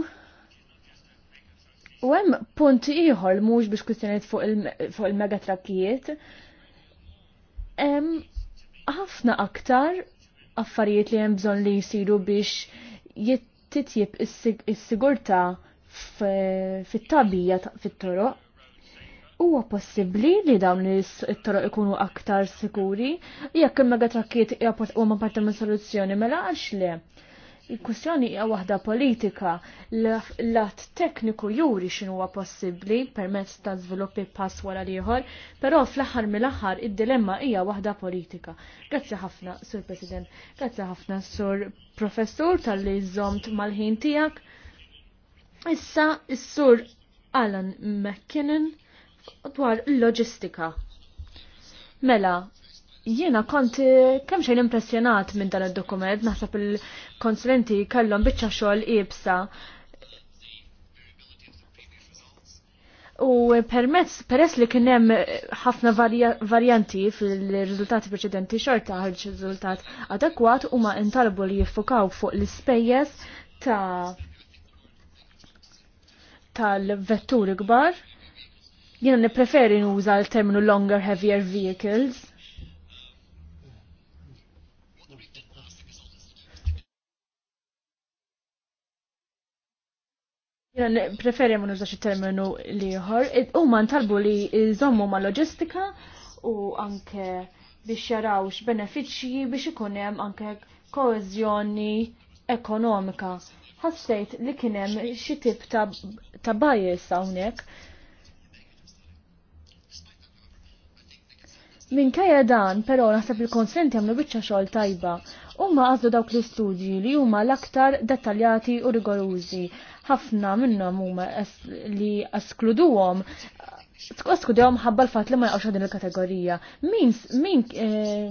U hemm punt ieħor mhux biex kwistjoniet fuq il-mega trakkijiet. ħafna aktar affarijiet li hemm bżonn li jsiru biex jittitjib is-sigurtà fit-tabija fit-toroq. Huwa possibbli li dawn it-toroq ikunu aktar sikuri jekk il-megatrakkiet huma parti minn soluzzjoni mela għax le Il-kwistjoni hija waħda politika l-att tekniku juri x'inhu huwa possibbli permezz ta' żviluppi pass wara ieħor, però fl-aħħar mill-aħħar id-dilemma hija waħda politika. Grazzi ħafna, Sur President, grazzi ħafna Sur Professur tal-li żomt mal-ħin tiegħek. Issa s sur Alan McKinnon dwar l-loġistika. Mela, Jiena kont eh, kemm xejn impressjonat minn dan id-dokument, naħseb il-konsulenti kellhom biċċa xogħol ibsa. U permezz peress li kien hemm ħafna varjanti fil-riżultati preċedenti xorta ħarġ riżultat adekwat huma intalbu li jiffukaw fuq l-ispejjeż ta' tal-vetturi kbar. Jiena nippreferi nuża l-terminu longer heavier vehicles Jena preferi ma nużax il-terminu liħor. Huma ntalbu li jżommu ma loġistika u anke biex jarawx benefiċċji biex ikun hemm anke koezjoni ekonomika. Għastajt li kien hemm xi tip ta' bias hawnhekk. Minkejja dan, però naħseb il-konsenti għamlu bieċa xogħol tajba. Huma għażlu dawk l-istudji li huma l-aktar dettaljati u rigorużi ħafna minnhom huma li askluduhom askluduhom ħabba l fat li ma jaqgħux din il-kategorija. Min min eh,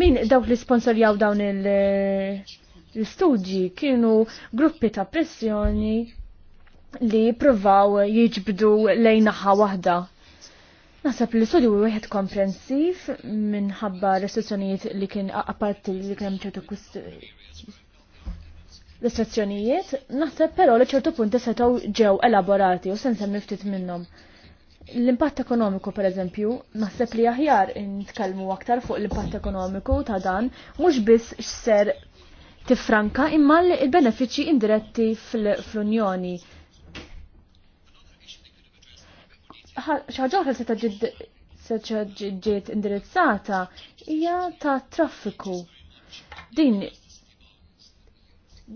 Min dawk li sponsorjaw dawn il-studji kienu gruppi ta' pressjoni li provaw jiġbdu lejn naħa waħda. Nasab li studju wieħed komprensiv minħabba restrizzjonijiet li kien apparti li kien hemm ċertu restrizzjonijiet, naħseb però li ċertu punti setgħu ġew elaborati u se nsemmi ftit minnhom. L-impatt ekonomiku pereżempju, naħseb li aħjar nitkellmu aktar fuq l-impatt ekonomiku ta' dan mhux biss x'ser tifranka imma l-benefiċċji indiretti fl-Unjoni ħaġa se ta' ġiet indirizzata hija ta' traffiku. Din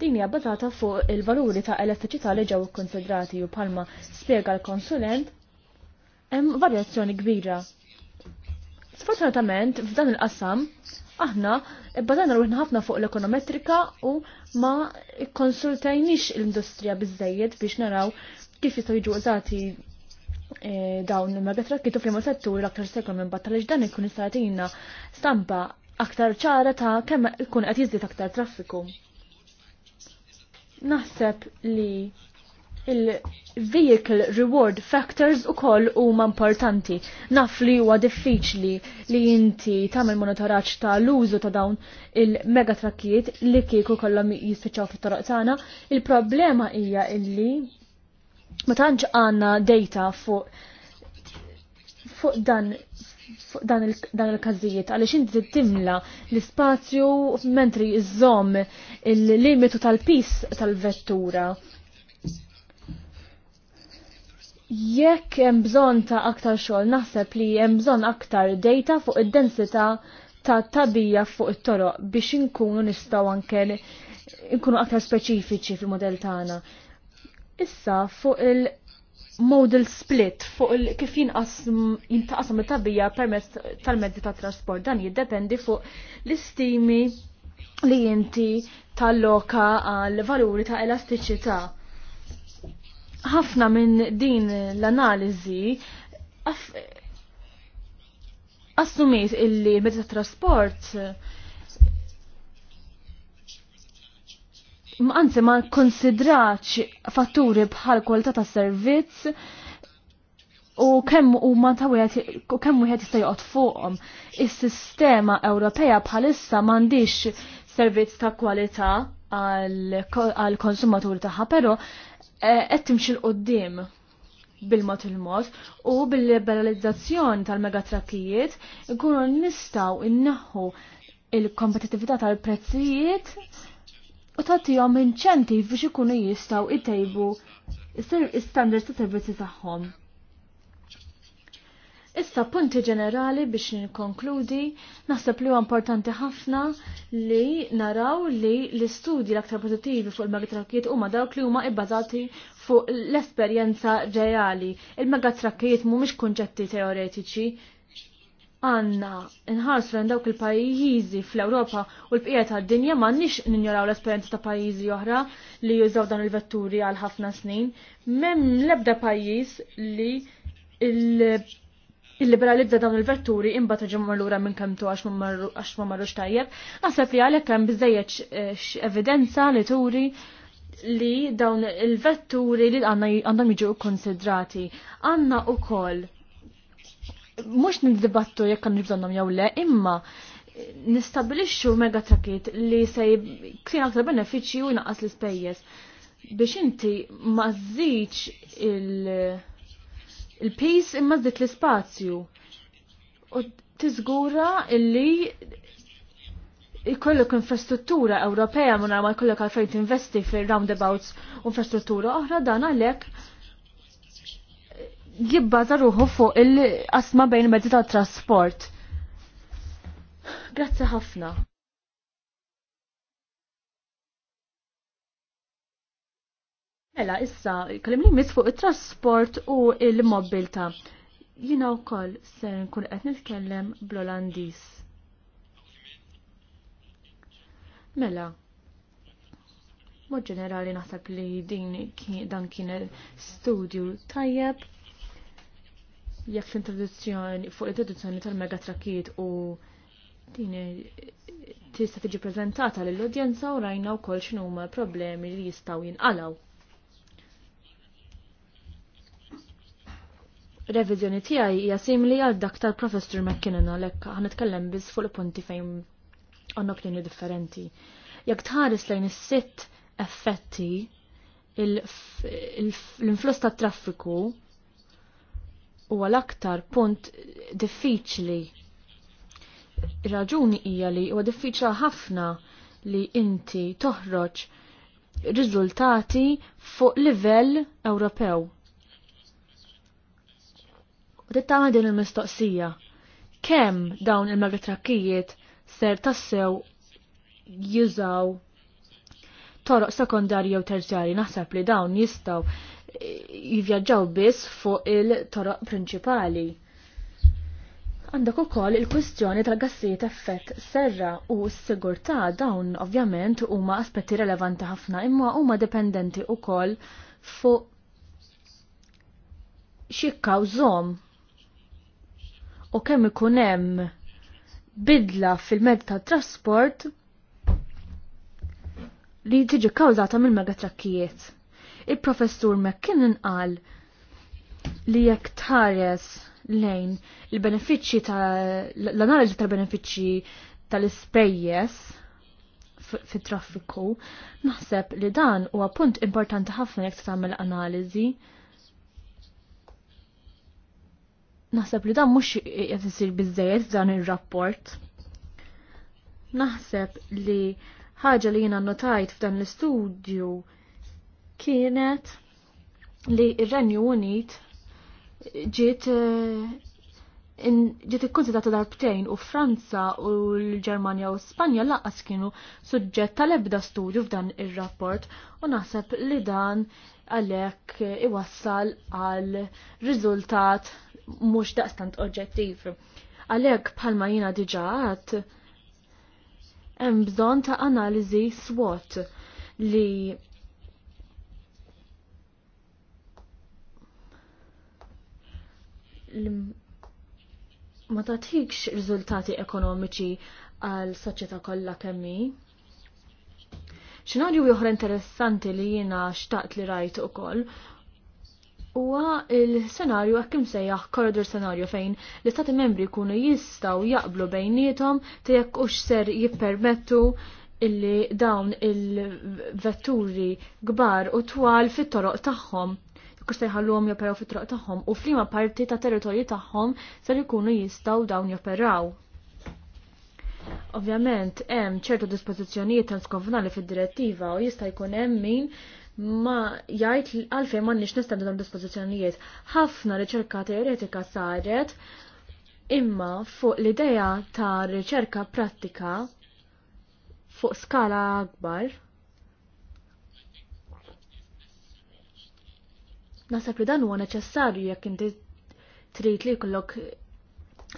din hija bbażata fuq il-valuri ta' elettriċità li ġew ikkonsidrati u palma spjega l-konsulent hemm varjazzjoni kbira. Sfortunatament f'dan il-qasam aħna bbażana ruħna ħafna fuq l-ekonometrika u ma konsultajniex l-industrija biżejjed biex naraw kif jistgħu jiġu użati E, dawn il-megatrak kitu fl settur l-aktar sekol minn batta li ġdan ikun istatina stampa aktar ċara ta' kemm ikun qed jiżdied aktar traffiku. Naħseb li il-vehicle reward factors u koll u importanti. Naf li huwa diffiċli li inti tagħmel monitoraġġ ta' l-użu ta' dawn il-megatrakkijiet li kieku kollhom jispiċċaw fit-toroq tagħna. Il-problema hija illi ma tantx għandna data fuq fuq dan fuq dan il-każijiet għaliex inti timla l-ispazju mentri iżomm il-limitu tal-pis tal-vettura. Jekk hemm bżonn ta' aktar xogħol naħseb li hemm bżonn aktar data fuq id-densità ta' tabija fuq it-toroq biex inkunu nistgħu anke nkunu aktar speċifiċi fil-modell tagħna. Issa fuq il-modal split, fuq il kif jintaqsam it tabija permezz tal-mezzi ta' trasport, dan jiddependi fuq l-istimi li jinti tal-loka għal valuri ta' elastiċità. Ħafna minn din l-analiżi assumiet illi mezzi ta' trasport anzi ma konsidraċ fatturi bħal kualità ta' servizz u kemm u kemm wieħed jista' joqgħod fuqhom. Is-sistema Ewropea bħalissa m'għandix servizz ta' kwalità għal konsumaturi tagħha, però eh, qed timxi l-qoddim bil-mod il-mod u bil-liberalizzazzjoni tal megatrakijiet ikunu nistaw inneħħu il-kompetitività tal-prezzijiet u tagħtihom inċentiv biex ikunu jistgħu tejbu standards ta' servizzi tagħhom. Issa punti ġenerali biex ninkonkludi, naħseb li huwa importanti ħafna li naraw li l-istudji l-aktar pożittivi fuq il-megatrakkijiet huma dawk li huma ibbażati fuq l-esperjenza reali. Il-megatrakkijiet mhumiex kunċetti teoretiċi, għanna nħarsu l dawk il-pajjiżi fl-Ewropa u l-bqija tad-dinja ma nix ninjoraw l esperienza ta' pajjiżi oħra li jużaw dan il-vetturi għal ħafna snin. Mem lebda pajjiż li il-liberalizza dawn il-vetturi imbat ġemmur lura minn kemtu għax ma marrux tajjeb. Naħseb li għalhekk hemm biżejjed eh, evidenza li turi li dawn il-vetturi li għandhom jiġu konsidrati. u koll, mux nid-dibattu jekk għan nibżonnom jew le, imma nistabilixxu megatrakiet li se ksin aktar benefiċċji u jnaqqas l-ispejjeż biex inti ma il-pis imma żdid l-ispazju u tiżgura illi ikollok infrastruttura Ewropea minn ma jkollok għalfejn tinvesti fil roundabouts infrastruttura oħra dan għalhekk jibbaza ruħu fuq il-qasma bejn mezzi ta' trasport. Grazzi ħafna. Mela, issa, kallim li mis fuq il-trasport u il-mobilta. Jina u koll, ser nkun qed nitkellem bl-Olandis. Mela, mod ġenerali naħseb li din dan kien studju tajjeb jekk l-introduzzjoni fuq l-introduzzjoni tal tal-mega-trakkiet u din tista' tiġi preżentata lill-udjenza u rajna wkoll x'inhuma problemi li jistgħu jinqalaw. Reviżjoni tiegħi hija li għal dak tal-Professor McKinnon għalhekk itkellem biss fuq punti fejn għandna opinjoni differenti. Jekk tħares lejn is-sitt effetti l-influss tat-traffiku huwa l-aktar punt diffiċli. Raġuni hija li huwa diffiċli ħafna li inti toħroġ riżultati fuq livell Ewropew. U tittama din il-mistoqsija. Kemm dawn il-magritrakkijiet ser tassew jużaw toroq sekondarji u terġari naħseb li dawn jistaw jivjaġġaw biss fuq il-toroq prinċipali. Għandak ukoll il-kwistjoni tal-gassijiet effett serra u s-sigurtà dawn ovvjament huma aspetti relevanti ħafna imma huma dependenti ukoll fuq xi kkawżhom u kemm ikun hemm bidla fil-mezz tat-trasport li tiġi kkawżata mill-megatrakkijiet il-professur McKinnon qal li jekk tħares lejn il-benefiċċji ta' l-analiżi ta' benefiċċji tal-ispejjeż fit-traffiku, naħseb li dan huwa punt importanti ħafna jekk tagħmel analiżi. Naħseb li dan mhux qed isir biżejjed dan ir-rapport. Naħseb li ħaġa li jiena notajt f'dan l-istudju kienet li r-Renju Unit ġiet eh, ġiet ikkonsidrata darbtejn u Franza u l-Ġermanja u Spanja laqas kienu suġġett tal-ebda studju f'dan ir-rapport u naħseb li dan għalhekk iwassal għal riżultat mhux daqstant oġġettiv. Għalhekk bħalma jiena diġà hemm bżonn ta' analiżi SWOT li ma tagħtikx riżultati ekonomiċi għal soċjetà kollha kemmi. Xinarju oħra interessanti li jiena xtaqt li rajt ukoll huwa l senarju hekk sejjaħ corridor senarju fejn l-istati membri jkunu jistgħu jaqblu bejniethom jekk hux ser jippermettu illi dawn il-vetturi kbar u twal fit-toroq tagħhom se jħallhom joperaw fit-troq tagħhom u f'liema parti ta' territorji tagħhom ser ikunu jistgħu dawn joperaw. Ovvjament hemm ċertu dispożizzjonijiet transkonvenali fid-direttiva u jista' jkun hemm min ma jgħid għalfejn m'għandniex nistendu dawn dispożizzjonijiet. Ħafna riċerka teoretika saret imma fuq l-idea ta' riċerka prattika fuq skala akbar Nasab li dan huwa neċessarju jekk inti trid li jkollok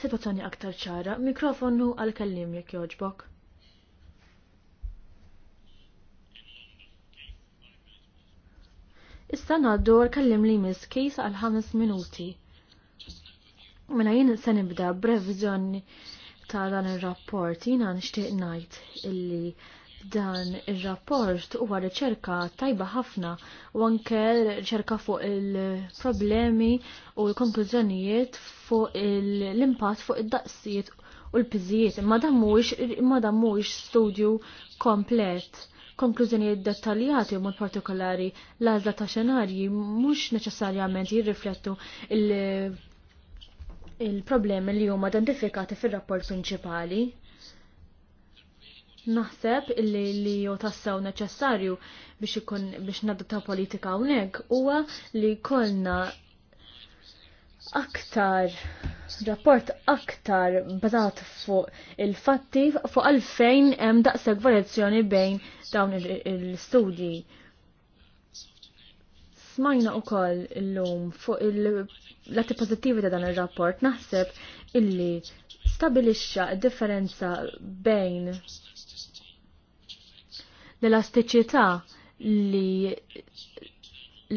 sitwazzjoni aktar ċara. Mikrofonu għal kellim jekk joġbok. Issa ngħaddu għal kellim li miss kejs għal ħames minuti. Mela jien se nibda brevizjoni ta' dan ir-rapport jiena nixtieq ngħid illi Dan ir-rapport huwa riċerka tajba ħafna u anke riċerka fuq il-problemi u l-konklużjonijiet fuq l-impatt fuq id-daqsijiet u l-piżijiet. Imma dan mhuwiex studju komplet. Konklużjonijiet dettaljati u mod partikolari l-għażla ta' xenarji mhux neċessarjament jirriflettu il-problemi li huma identifikati fir-rapport prinċipali. Naħseb illi li jo tassaw neċessarju biex ikun biex nadottaw politika hawnhekk huwa li kolna aktar rapport aktar bazat fuq il-fatti fuq għalfejn hemm daqshekk varjazzjoni bejn dawn il-studji. Smajna ukoll lum fuq l latti pożittivi ta' dan ir-rapport naħseb illi stabilixxa differenza bejn l-elastiċità li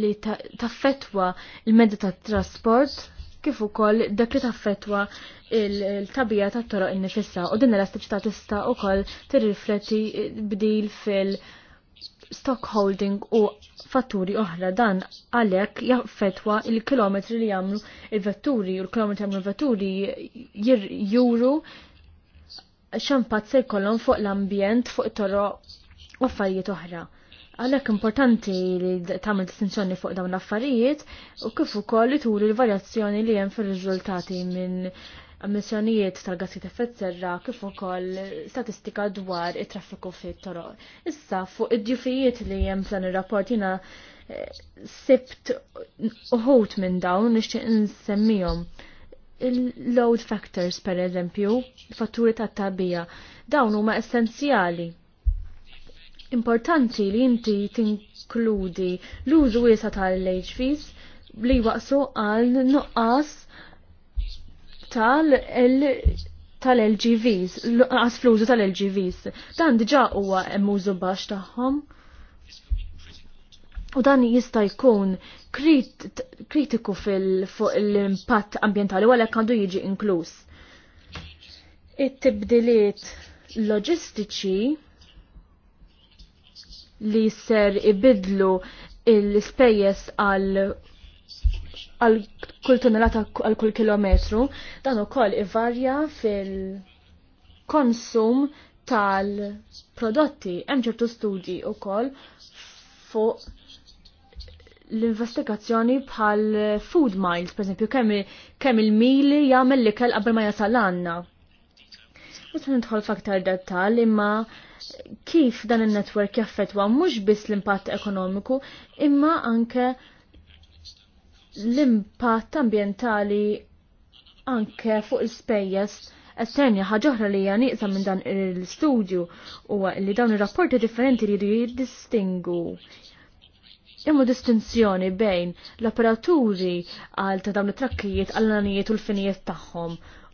li taffetwa il medja ta' trasport kif ukoll dak li taffetwa il-tabija ta' toroq innifissa u din l-elastiċità tista' ukoll tirrifletti bdil fil- stockholding u fatturi oħra dan għalhekk jaffetwa il-kilometri li jagħmlu il-vetturi u l-kilometri jagħmlu il-vetturi juru xampat se jkollhom fuq l-ambjent fuq toroq u affarijiet oħra. Għalhekk importanti li tagħmel distinzjoni fuq dawn l-affarijiet u kif ukoll li turi l-varjazzjoni li hemm fir-riżultati minn ammissjonijiet tal-gassi ta' effett serra kif ukoll statistika dwar it-traffiku fit-toroq. Issa fuq id-djufijiet li hemm f'dan ir-rapport jiena eh, sibt uħut minn dawn nixtieq nsemmihom il-load factors per eżempju, fatturi ta' tabija, dawn huma essenzjali importanti li inti tinkludi l-użu wiesa tal-HVs li waqsu għal nuqqas tal-LGVs, nuqqas fl-użu tal-LGVs. Dan diġa huwa hemm użu baxx tagħhom. U dan jista' jkun kritiku fuq l-impatt ambjentali għalhekk għandu jiġi inkluż. It-tibdiliet loġistiċi li ser ibidlu l-spejjes għal għal kull tonnellata għal kull kilometru, dan ukoll ivarja fil-konsum tal-prodotti. Hemm ċertu studji wkoll fuq l-investigazzjoni bħal food miles, per esempio, kemm il-mili jagħmel l-ikel qabel ma jasal għandna. Mux nidħol f'aktar dettal imma kif dan il-network jaffetwa mhux biss l-impatt ekonomiku imma anke l-impatt ambientali anke fuq il-spejjeż Essenja ħaġoħra li hija nieqsa minn dan il istudju huwa li dawn ir-rapporti differenti li jiddistingu Imma distinzjoni bejn l-operaturi għal ta' dawn it-trakkijiet għall-anijiet u l-finijiet tagħhom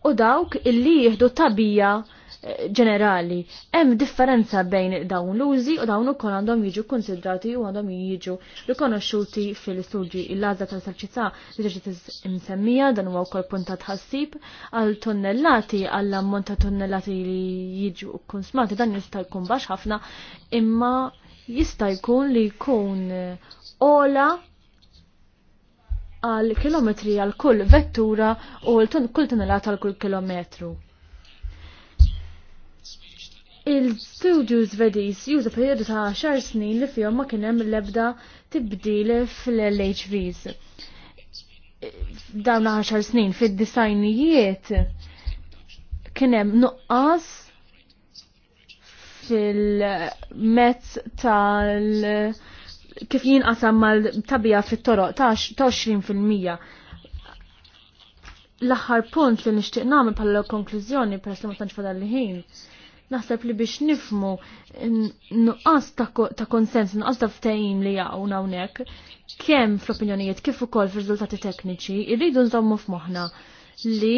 u dawk illi jihdu tabija eh, ġenerali. Hemm differenza bejn dawn l-użi u dawn ukoll għandhom jiġu konsidrati u għandhom jiġu rikonoxxuti fil-istudji il-għażla tal-eżerċizzà li ġiet insemmija dan huwa wkoll puntat ħassib għal tonnellati għall ammont ta' tonnellati li jiġu konsmati dan jista' jkun baxx ħafna imma jista' jkun li jkun eh, ola għal kilometri għal kull vettura u l-kull tunnelat għal kull kilometru. Il-studio Zvediż juża periodu ta' xar snin li fihom ma kien hemm l-ebda tibdil fl-LHVs. Dawn 10 snin fid-disajnijiet kien hemm nuqqas fil-mezz tal- kif jinqasam mal-tabija fit-toroq ta' 20%. L-aħħar punt li nixtieq nagħmel bħala konklużjoni peress li ma tantx fadal ħin. Naħseb li biex nifmu nuqqas ta' konsens, nuqqas ta' ftehim li jaqgħu hawnhekk, kemm fl-opinjonijiet kif ukoll fir-riżultati tekniċi, irridu nżommu f'moħħna li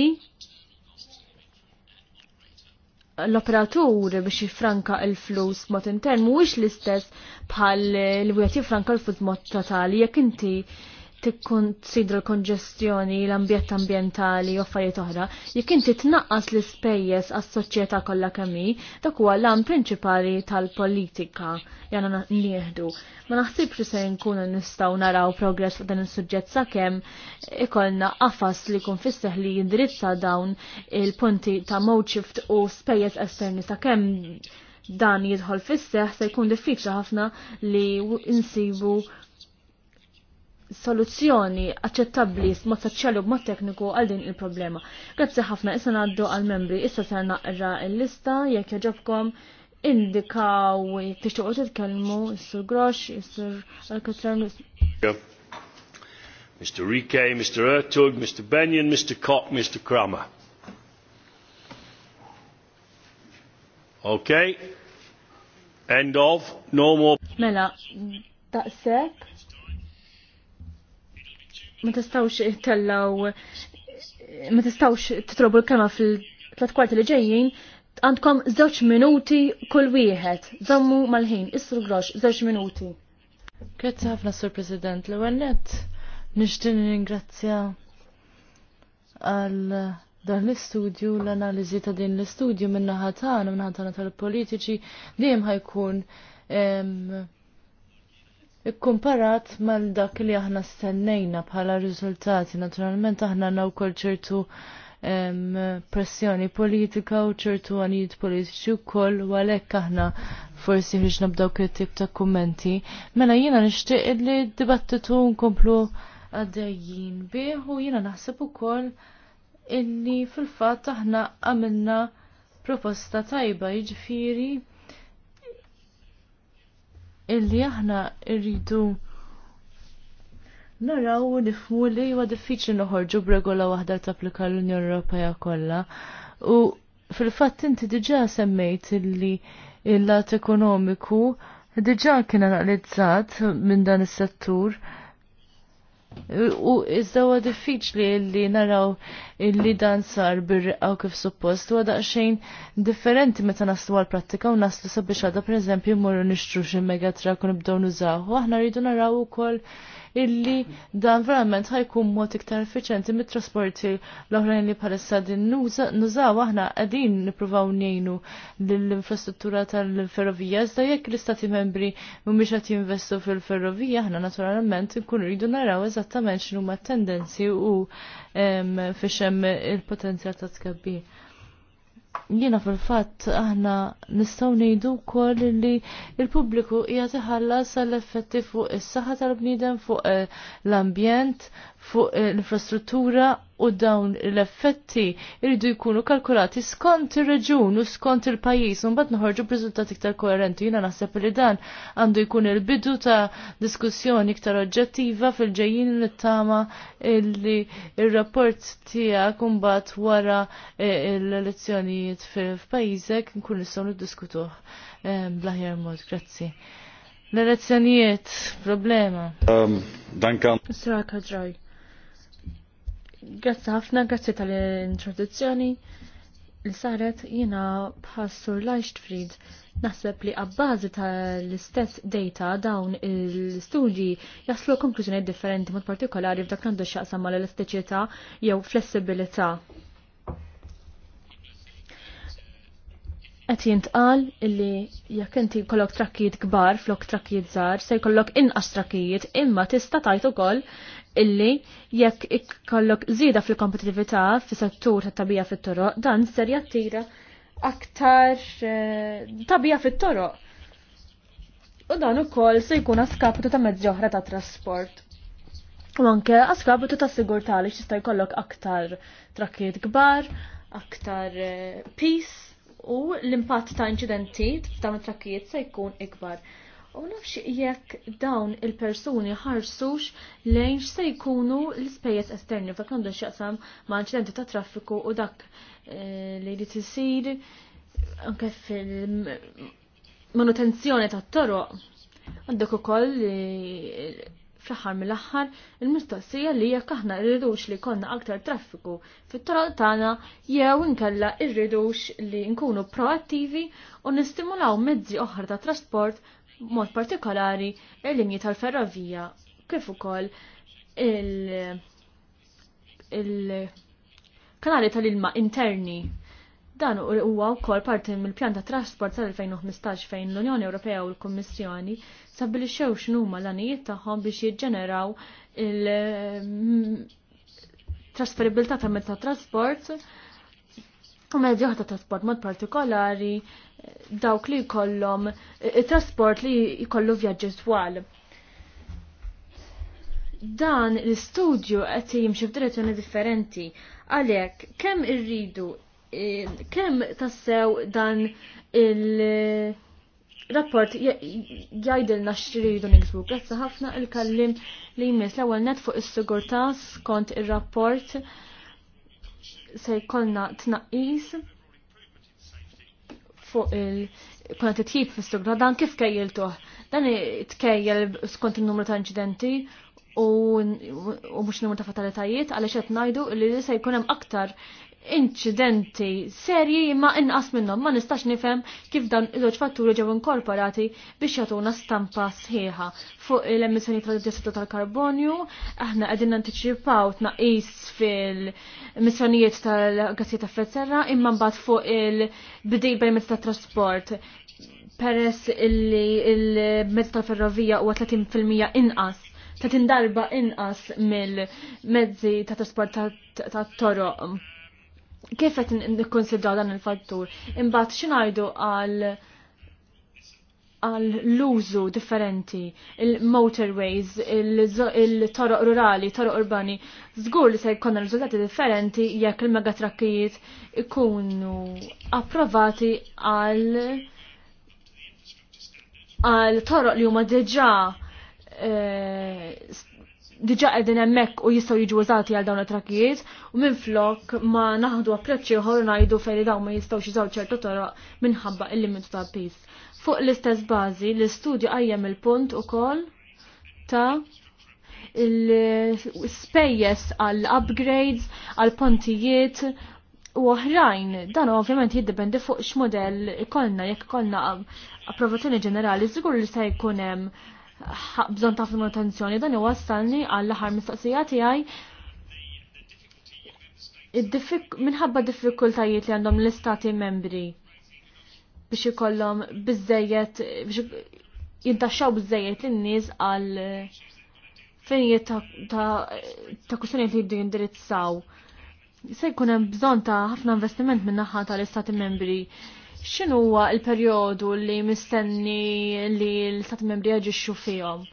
l-operatur biex jifranka l-flus mod intern mhuwiex l-istess bħal li wieħed jifranka l-flus mod totali jekk inti Tikkun tsidru l-konġestjoni, l-ambjett ambientali u affarijiet oħra, jekk inti tnaqqas l-ispejjeż għas-soċjetà kollha kemm hi, dak huwa l-am prinċipali tal-politika jana nieħdu. Ma naħsibx li se nkunu nistgħu naraw progress f'dan is-suġġett sakemm ikollna qafas li jkun fisseħ li jindirizza dawn il-punti ta' mode shift u spejjeż esterni sakemm dan jidħol fisseħ se jkun diffiċli ħafna li insibu soluzzjoni aċċettabbli mod soċjali u b'mod tekniku għal din il-problema. Grazzi ħafna issa ngħaddu għal membri issa se naqra l-lista jekk jaġobkom indikaw tixtuqu titkellmu is-Sur Grosh, is-Sur Alcatran. Mr. Rike, Mr. Ertug, Mr. Benyon, Mr. Koch, Mr. Kramer. Okay. End of. No more. Mela, daqsek ma tistawx tellaw ma tistawx titrobu l kema fil-tlat kwarti li ġejjin għandkom żewġ minuti kull wieħed. Żommu mal-ħin, isru grox, żewġ minuti. Grazzi ħafna, Sur President. L-ewwel nett nixtieq ningrazzja għal dan l-istudju, l-analiżi ta' din l-istudju minna tagħna minna tagħna tal-politiċi dejjem ħajkun ikkumparat mal dak li aħna stennejna bħala riżultati. Naturalment aħna naw kol ċertu pressjoni politika u ċertu għanijiet politiċi u koll u għalek aħna forsi biex nabdaw tip ta' kummenti. Mela jina nishtiq li dibattitu nkomplu għaddejjin bieħ u jina naħseb u koll illi fil-fat aħna għamilna proposta tajba jġifiri illi aħna rridu naraw u nifmu li huwa diffiċli noħorġu b'regola waħda tapplika l-Unjoni Ewropea kollha. U fil-fatt inti diġà semmejt illi il-lat ekonomiku diġà kien analizzat minn dan is-settur U iżda huwa diffiċli li naraw li dan sar bir għaw kif suppost għada xejn differenti meta naslu għal prattika u naslu sabiex għadha eżempju, morru nixtru xi megatrak kun nibdew nużaw. Aħna rridu naraw ukoll illi dan verament ħajkun mod iktar effiċenti mit-trasporti l-oħrajn li bħalissa din nużaw aħna qegħdin nippruvaw ngħinu l infrastruttura tal-ferrovija iżda jekk l-istati membri mhumiex qed jinvestu fil-ferrovija aħna naturalment nkunu rridu naraw eżattament x'inhuma t-tendenzi u fiex hemm il-potenzjal ta' tkabbir jiena fil-fatt aħna nistgħu ngħidu wkoll li l-pubbliku hija tiħallas għall effetti fuq is-saħħa tal-bniedem, fuq eh, l-ambjent, fuq eh, l-infrastruttura u dawn l-effetti irridu jkunu kalkulati skont ir-reġun u skont il-pajjiż u mbagħad noħorġu b'riżultat iktar koerenti. Jiena naħseb li dan għandu jkun il-bidu ta' diskussjoni iktar oġġettiva fil-ġejjin nittama li r rapport tiegħek imbagħad wara eh, l-elezzjonijiet f'pajjiżek nkun nistgħu niddiskutuh eh, bl-aħjar mod. Grazzi. L-elezzjonijiet, problema. Um, danka. Sra kadraj. Grazzi ħafna, grazzi tal-introduzzjoni li saret jina bħassur lajxt frid naħseb li għabbażi tal-istess data dawn il-studji jaslu konklużjoni differenti mod partikolari f'dak għandu xaqsam mal-elastiċità jew flessibilità. qed jintqal illi jekk inti jkollok trakkijiet kbar flok trakkijiet żgħar se jkollok inqas trakkijiet imma tista' tajt ukoll illi jekk ikollok żieda fil-kompetitività fis-settur tat-tabija fit-toroq dan ser jattira aktar eh, tabija fit-toroq. U dan ukoll se jkun askapitu ta' mezzi oħra ta' trasport. U anke askapitu ta' sigurtali xista' jkollok aktar trakkijiet kbar, aktar eh, peace u l-impatt ta' inċidenti ta' trakkijiet se jkun ikbar. U nafx jekk dawn il-persuni ħarsux lejn se jkunu l-ispejjeż esterni fa' kandu x'jaqsam ma' inċidenti ta' traffiku u dak eh, li li t-sir anke fil-manutenzjoni tat-toroq għandek ukoll fl-aħħar mill-aħħar il-mistoqsija li jekk aħna rridux li konna aktar traffiku fit-toroq tagħna jew inkella rridux li nkunu proattivi u nistimulaw mezzi oħra ta' trasport mod partikolari il-linji tal-ferrovija kif ukoll il-kanali il kanali tal ilma interni Dan huwa wkoll parti mill-pjan ta' trasport sal-2015 fejn l-Unjoni Ewropea u l-Kummissjoni sabbilixxew x'numa l-għanijiet tagħhom biex jiġġeneraw il-trasferibilità mm, ta' mezz ta' trasport u mezzi ta' trasport mod partikolari dawk li jkollhom trasport li jkollu vjaġġi twal. Dan l-istudju qed jimxi f'direzzjoni differenti għalhekk kemm irridu E, kemm tassew dan il- rapport jgħidilna x'ridu niksbu. għazza ħafna il-kallim li jmiss l-ewwel net fuq is-sigurtà skont ir-rapport se jkollna tnaqqis fuq il-kuna tjib fis-sigurtà dan kif kejjiltuh. Dan tkejjel skont il-numru ta' inċidenti u mhux numru ta' fatalitajiet għaliex qed ngħidu li se jkun hemm aktar inċidenti serji ma inqas minnhom ma nistax nifhem kif dan iż-żewġ fatturi ġew inkorporati biex jagħtuna stampa sħiħa fuq l-emissjoni tal-dijossidu tal-karbonju, aħna qegħdin nantiċipaw tnaqis fil-emissjonijiet tal-gassijiet ta' effett serra imma mbagħad fuq il-bdil permezz tat-trasport peress illi il-mezz tal-ferrovija huwa 30% inqas, 30 darba inqas mill-mezzi ta' trasport ta' toroq kif qed nikkonsidraw dan il-fattur. Imbagħad x'ingħidu għal għal l-użu differenti, il-motorways, il-toroq rurali, toroq urbani, żgur li se jkollna riżultati differenti jekk il-megatrakkijiet ikunu approvati għal għal toroq li huma diġà eh, diġa qegħdin hemmhekk u jistgħu jiġu użati għal dawn it-trakkijiet u minn flok ma naħdu approċċ ieħor ngħidu fejn dawn ma jistaw xizaw ċertu toroq minħabba il-limitu ta' pis. Fuq l-istess bażi l-istudju għajjem il-punt ukoll ta' il-spejjes għal-upgrades, għal-pontijiet u oħrajn. Dan ovvjament jiddependi fuq x'modell ikollna jekk ikollna approvazzjoni ġenerali, żgur li se jkun hemm bżon ta' manutenzjoni dan iwassalni għall aħar mistaqsija tiegħi minħabba diffikultajiet li għandhom l-istati membri biex ikollhom biżejjed biex jintaxxaw biżejjed lin-nies għal finijiet ta' kwistjonijiet li jibdu jindirizzaw. Se jkun hemm bżonn ta' ħafna investiment min-naħa tal-istati membri X'inhuwa l-perjodu li mistenni li l-Stati Membri jaġixxu fihom?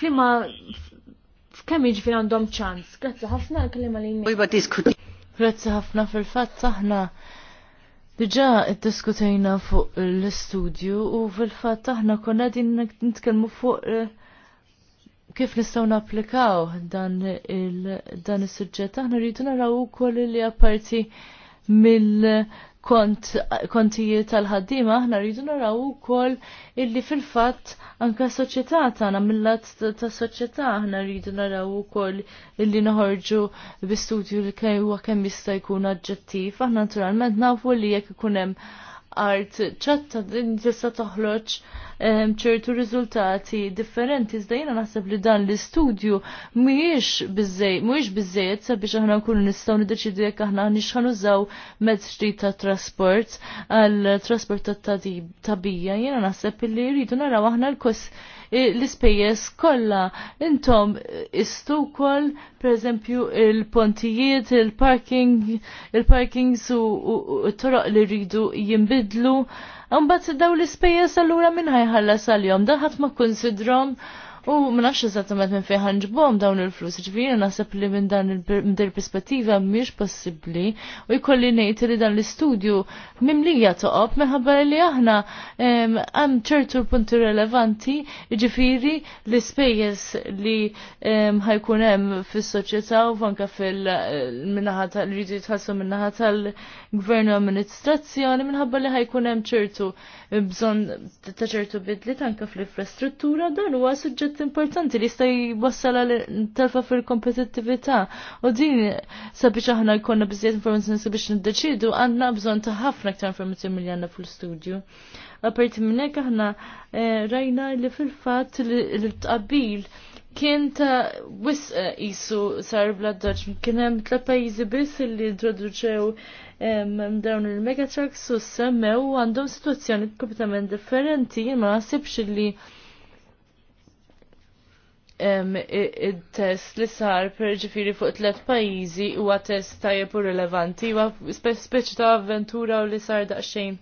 Flima f'kemm jiġifier għandhom ċans? Grazzi ħafna l-kelima li Grazzi ħafna fil-fatt aħna Diġa diskutejna fuq l-studio u fil-fat aħna konna din nitkellmu fuq eh, kif nistgħu napplikaw dan il dan is-suġġett aħna rridu naraw ukoll li apparti mill kont kontijiet tal-ħaddima aħna rridu naraw ukoll illi fil-fatt anka soċjetà tagħna mill-lat ta' soċjetà aħna rridu naraw ukoll illi noħorġu bi studju li kemm jista' jkun aġġettiv. Aħna naturalment nafu li jekk ikun hemm art ċatta din tista' toħroġ ċertu riżultati differenti iżda jiena naħseb li dan l-istudju mhijiex biżej mhuwiex biżejjed sabiex aħna nkunu nistgħu niddeċidu jekk aħna nix nużaw mezz ġdid ta' trasport għal trasport tat-tabija jiena naħseb li rridu naraw aħna l-kost l-ispejjeż kollha. Intom istu wkoll pereżempju il-pontijiet, il-parking, il-parkings u t-toroq li rridu jinbidlu. Mbagħad daw l-ispejjeż allura minn ħajħallas għal-jom, daħat ma konsidrom. U mnax eżattament minn fejn ħanġbom dawn il-flus, ġifieri naħseb li minn dan il-perspettiva mhix possibbli u jkolli ngħid li dan l-istudju mimlija toqob minħabba li aħna hemm ċertu punti relevanti, jiġifieri l-ispejjeż li ħajkun hemm fis-soċjetà u anke fil-minaħa tal-li jitħassu minnaħa tal-gvern u amministrazzjoni minħabba li ħajkun hemm ċertu bżonn ta' ċertu bidli anke fl-infrastruttura dan huwa suġġett suġġett importanti li jista' jwassal għal telfa fil-kompetittività. U din sabiex aħna jkollna biżjed informazzjoni sabiex niddeċidu għandna bżonn ta' ħafna ktar informazzjoni milli għandna fil istudju Aparti minn hekk aħna eh, rajna li fil-fatt li tqabil kien ta' wis eh, isu sar bladdaċ, kien hemm tla pajizi biss li introduċew dawn il-megatrucks u semmew għandhom situazzjoni kompletament differenti, ma nasibx li il-test li sar per ġifiri fuq tlet pajizi u test tajjeb u rilevanti u speċi ta' avventura u li sar daqxejn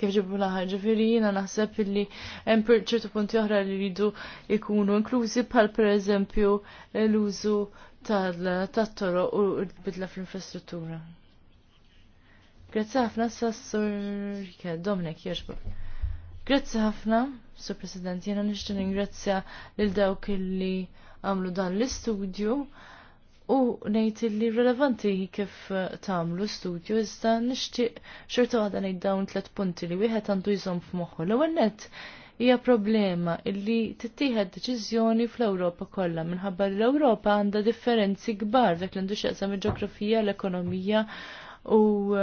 kif ġibu laħar ġifiri jina naħseb illi hemm ċertu punti oħra li jridu ikunu inklużi bħal per eżempju l-użu tal-tattoro u l-bidla fl-infrastruttura. Grazzi ħafna, Sassur Dominik, jirġbu. Grazzi ħafna. Sur President, jena nishtu ningrazzja lil dawk li għamlu dan l-istudju u nejt li relevanti kif tamlu studju iżda nishti xorta għada nejt dawn tlet punti li wieħed għandu jżom f'moħħu. L-ewwel net hija problema illi tittieħed deċiżjoni fl-Ewropa kollha minħabba l-Ewropa għandha differenzi kbar dak li għandu x'jaqsam il-ġeografija, l-ekonomija, u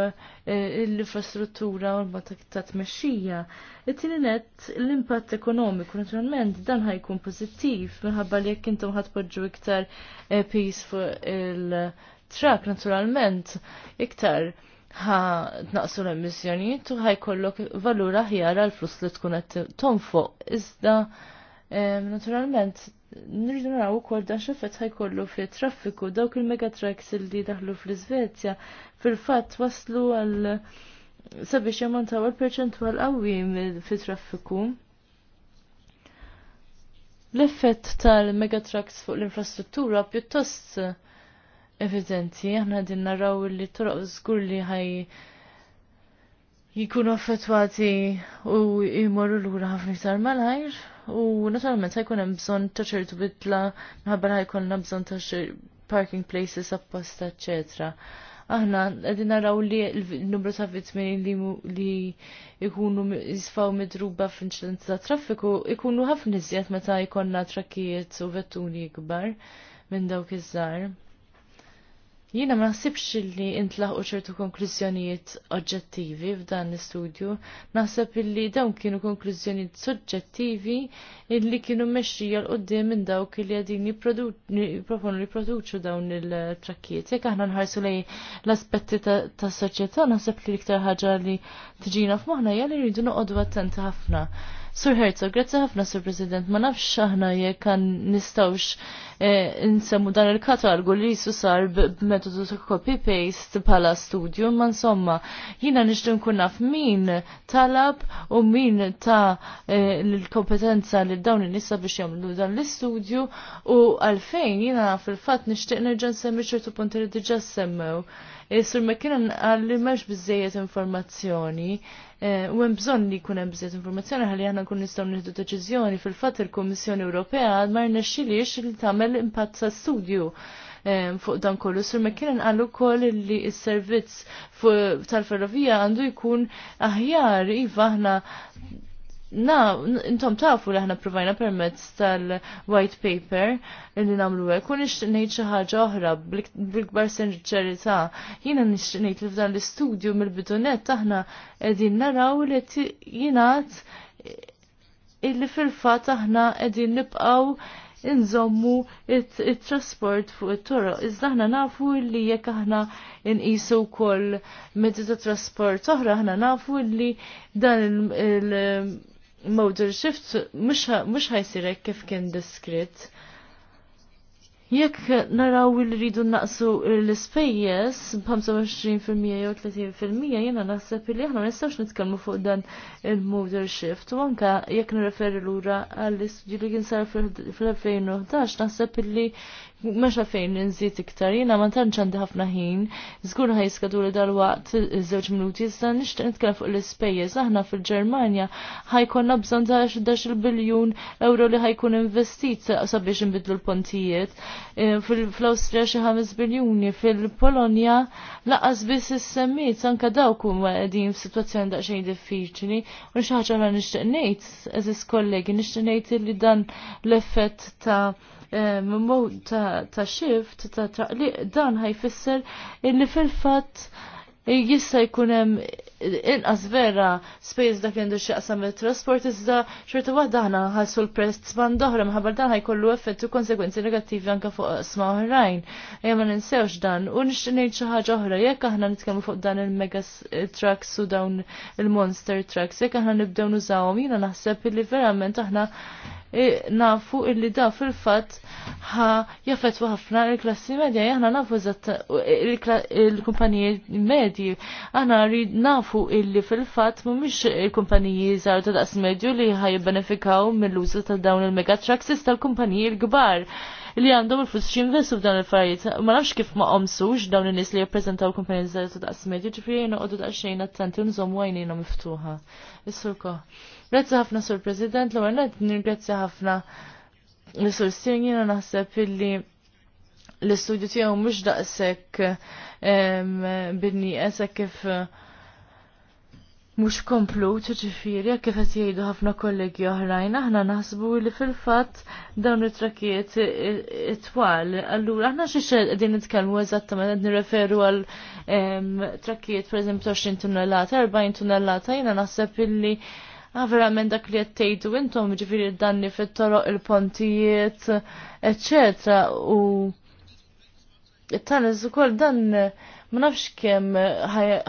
eh, l-infrastruttura u l-mod ta' tmexxija. It-tieni l-impatt ekonomiku naturalment dan ħajkun pożittiv minħabba li jekk intom ħadpoġġu iktar eh, pis fuq il-trak naturalment iktar ħa l-emissjonijiet u ħajkollok valura aħjar għal flus li tkun qed fuq. iżda eh, naturalment nridu naraw ukoll dan x'effett ħajkollu fit traffiku dawk il-megatracks li daħlu fl-Iżvezja fil-fatt waslu għal sabiex jammontaw għal perċentwal qawwi fit traffiku. L-effett tal-megatracks fuq l-infrastruttura pjuttost evidenti, aħna din naraw li toroq żgur li ħaj jikunu affettwati u jmorru lura ħafna iktar malajr u naturalment ħajkun hemm bżonn ta' ċertu bidla minħabba ħajkolna bżonn ta' parking places apposta, eċetera. Aħna qegħdin naraw li l-numru ta' vittmi li jkunu jisfaw midruba f'inċidenti ta' traffiku jkunu ħafna iżjed meta jkollna trakkijiet u vetturi kbar minn dawk iż-żgħar. Jina ma naħsibx li intlaħqu ċertu konklużjonijiet oġġettivi f'dan l-istudju, naħseb illi dawn kienu konklużjonijiet soġġettivi illi kienu mexxija l-qoddim minn dawk li għadin jipproponu li produċu dawn il-trakkiet. Jekk aħna nħarsu lejn l-aspetti ta' soċjetà, naħseb li l-iktar ħaġa li tġina f'moħħna hija li rridu noqogħdu attenti ħafna Sur Herzog, grazie ħafna, Sur President, ma nafx aħna jekk nistawx eh, nsemmu dan il-katalgu li jisu sar metodu ta' copy-paste bħala studju, ma insomma, jina nishtun nkun naf min talab u min ta' eh, l-kompetenza li dawn il-nisa biex jamlu dan l studio u għalfejn jina il fat nishtiq nerġan semmi ċertu punti li diġa semmew. Eh, Sur mekkinan għalli meġ bizzejet informazzjoni Eh, u hemm bżonn li jkun hemm bżiet informazzjoni ħalli aħna nkun nistgħu nieħdu deċiżjoni fil-fatt il-Kummissjoni Ewropea ma rnexxilix li tagħmel impatt sa' studju eh, fuq dan kollu. Sur McKinnon għallu koll li s-servizz tal-ferrovija għandu jkun aħjar iva aħna Na, intom tafu li ħna provajna permezz tal-white paper li namlu għek, u ix nejt xaħġa oħra bil-gbar senġerita. Jina nix nejt li f'dan l-istudju mill bidunet taħna edin naraw li jinaħt illi fil-fat taħna edin nibqaw inżommu il trasport fuq it-toro. Iżda ħna nafu li jekk aħna nqisu wkoll mezzi ta' trasport oħra aħna nafu li dan il- modal shift mhux ħajsirek kif kien diskrit. Jekk naraw li rridu naqsu l-ispejjeż b'25% jew 30% jiena naħseb li aħna nistgħux nitkellmu fuq dan il-modal shift u anke jekk nirreferi lura għall-istudju li kien sar fl-2011 naħseb li meċa fejn nżid iktar, jina ma tantx għandi ħafna ħin, ħaj ħajskadu li dal-waqt żewġ minuti, iżda nixtieq nitkellem fuq l-ispejjeż aħna fil-Ġermanja ħajkonna bżonn ta' xidax-il biljun euro li ħajkun investit sabiex inbidlu l-pontijiet. E, Fl-Awstrija xi ħames biljuni, fil-Polonja laqas biss is-semmiet anke dawk huma qegħdin f'sitwazzjoni daqsxejn diffiċli u xi ħaġa nixtieq ngħid, eżis kollegi, nixtieq ngħid li dan l-effett ta' Ehm, mod ta' xift ta' traqliq dan ħajfisser illi fil-fatt jista' jkun hemm inqas vera space dak jendu qasam it-trasport iżda xorta waħda aħna ħassu l prest band oħra minħabba dan ħajkollu effetti u konsegwenzi negattivi anke fuq isma oħrajn. Ejja ma ninsewx dan u nixtieq ngħid xi ħaġa oħra jekk aħna nitkellmu fuq dan il-mega trucks u dawn il-monster trucks jekk aħna nibdew nużawhom jiena naħseb li verament aħna nafu illi da fil-fatt ħa jaffetwa ħafna il-klassi medja, aħna nafu il-kumpaniji medji, Għana rrid nafu illi fil-fatt mhumiex il-kumpaniji żgħar ta' daqs medju li ħaj jibbenefikaw mill-użu ta' dawn il-megatrucks issa l-kumpaniji l-kbar li għandhom il-flus xinvestu f'dan il-farijiet. Ma nafx kif ma omsux dawn il nies li jippreżentaw kumpaniji żgħar ta' daqs medju, ġifieri jgħinu qogħdu daqsxejn attenti u zomu għajnina miftuħa. Is-surko. Grazzi ħafna sur President, l-għu għed nirgrazzi ħafna li sur Sirgina naħseb illi l-istudju tiegħu mhux daqshekk binnieqesek kif mhux komplut ċeċifirja kif qed jgħidu ħafna kollegi oħrajn aħna naħsbu li fil-fatt dawn it-trakiet it-twal. Allura aħna xi it nitkellmu eżattament għedin referu għal trakiet eżempju, 20 tunnellata, 40 tunnellata jiena naħseb illi Ah, verament dak li qed tgħidu intom ġifiri danni fit-toroq il-pontijiet, etc. u tanis ukoll dan ma nafx kemm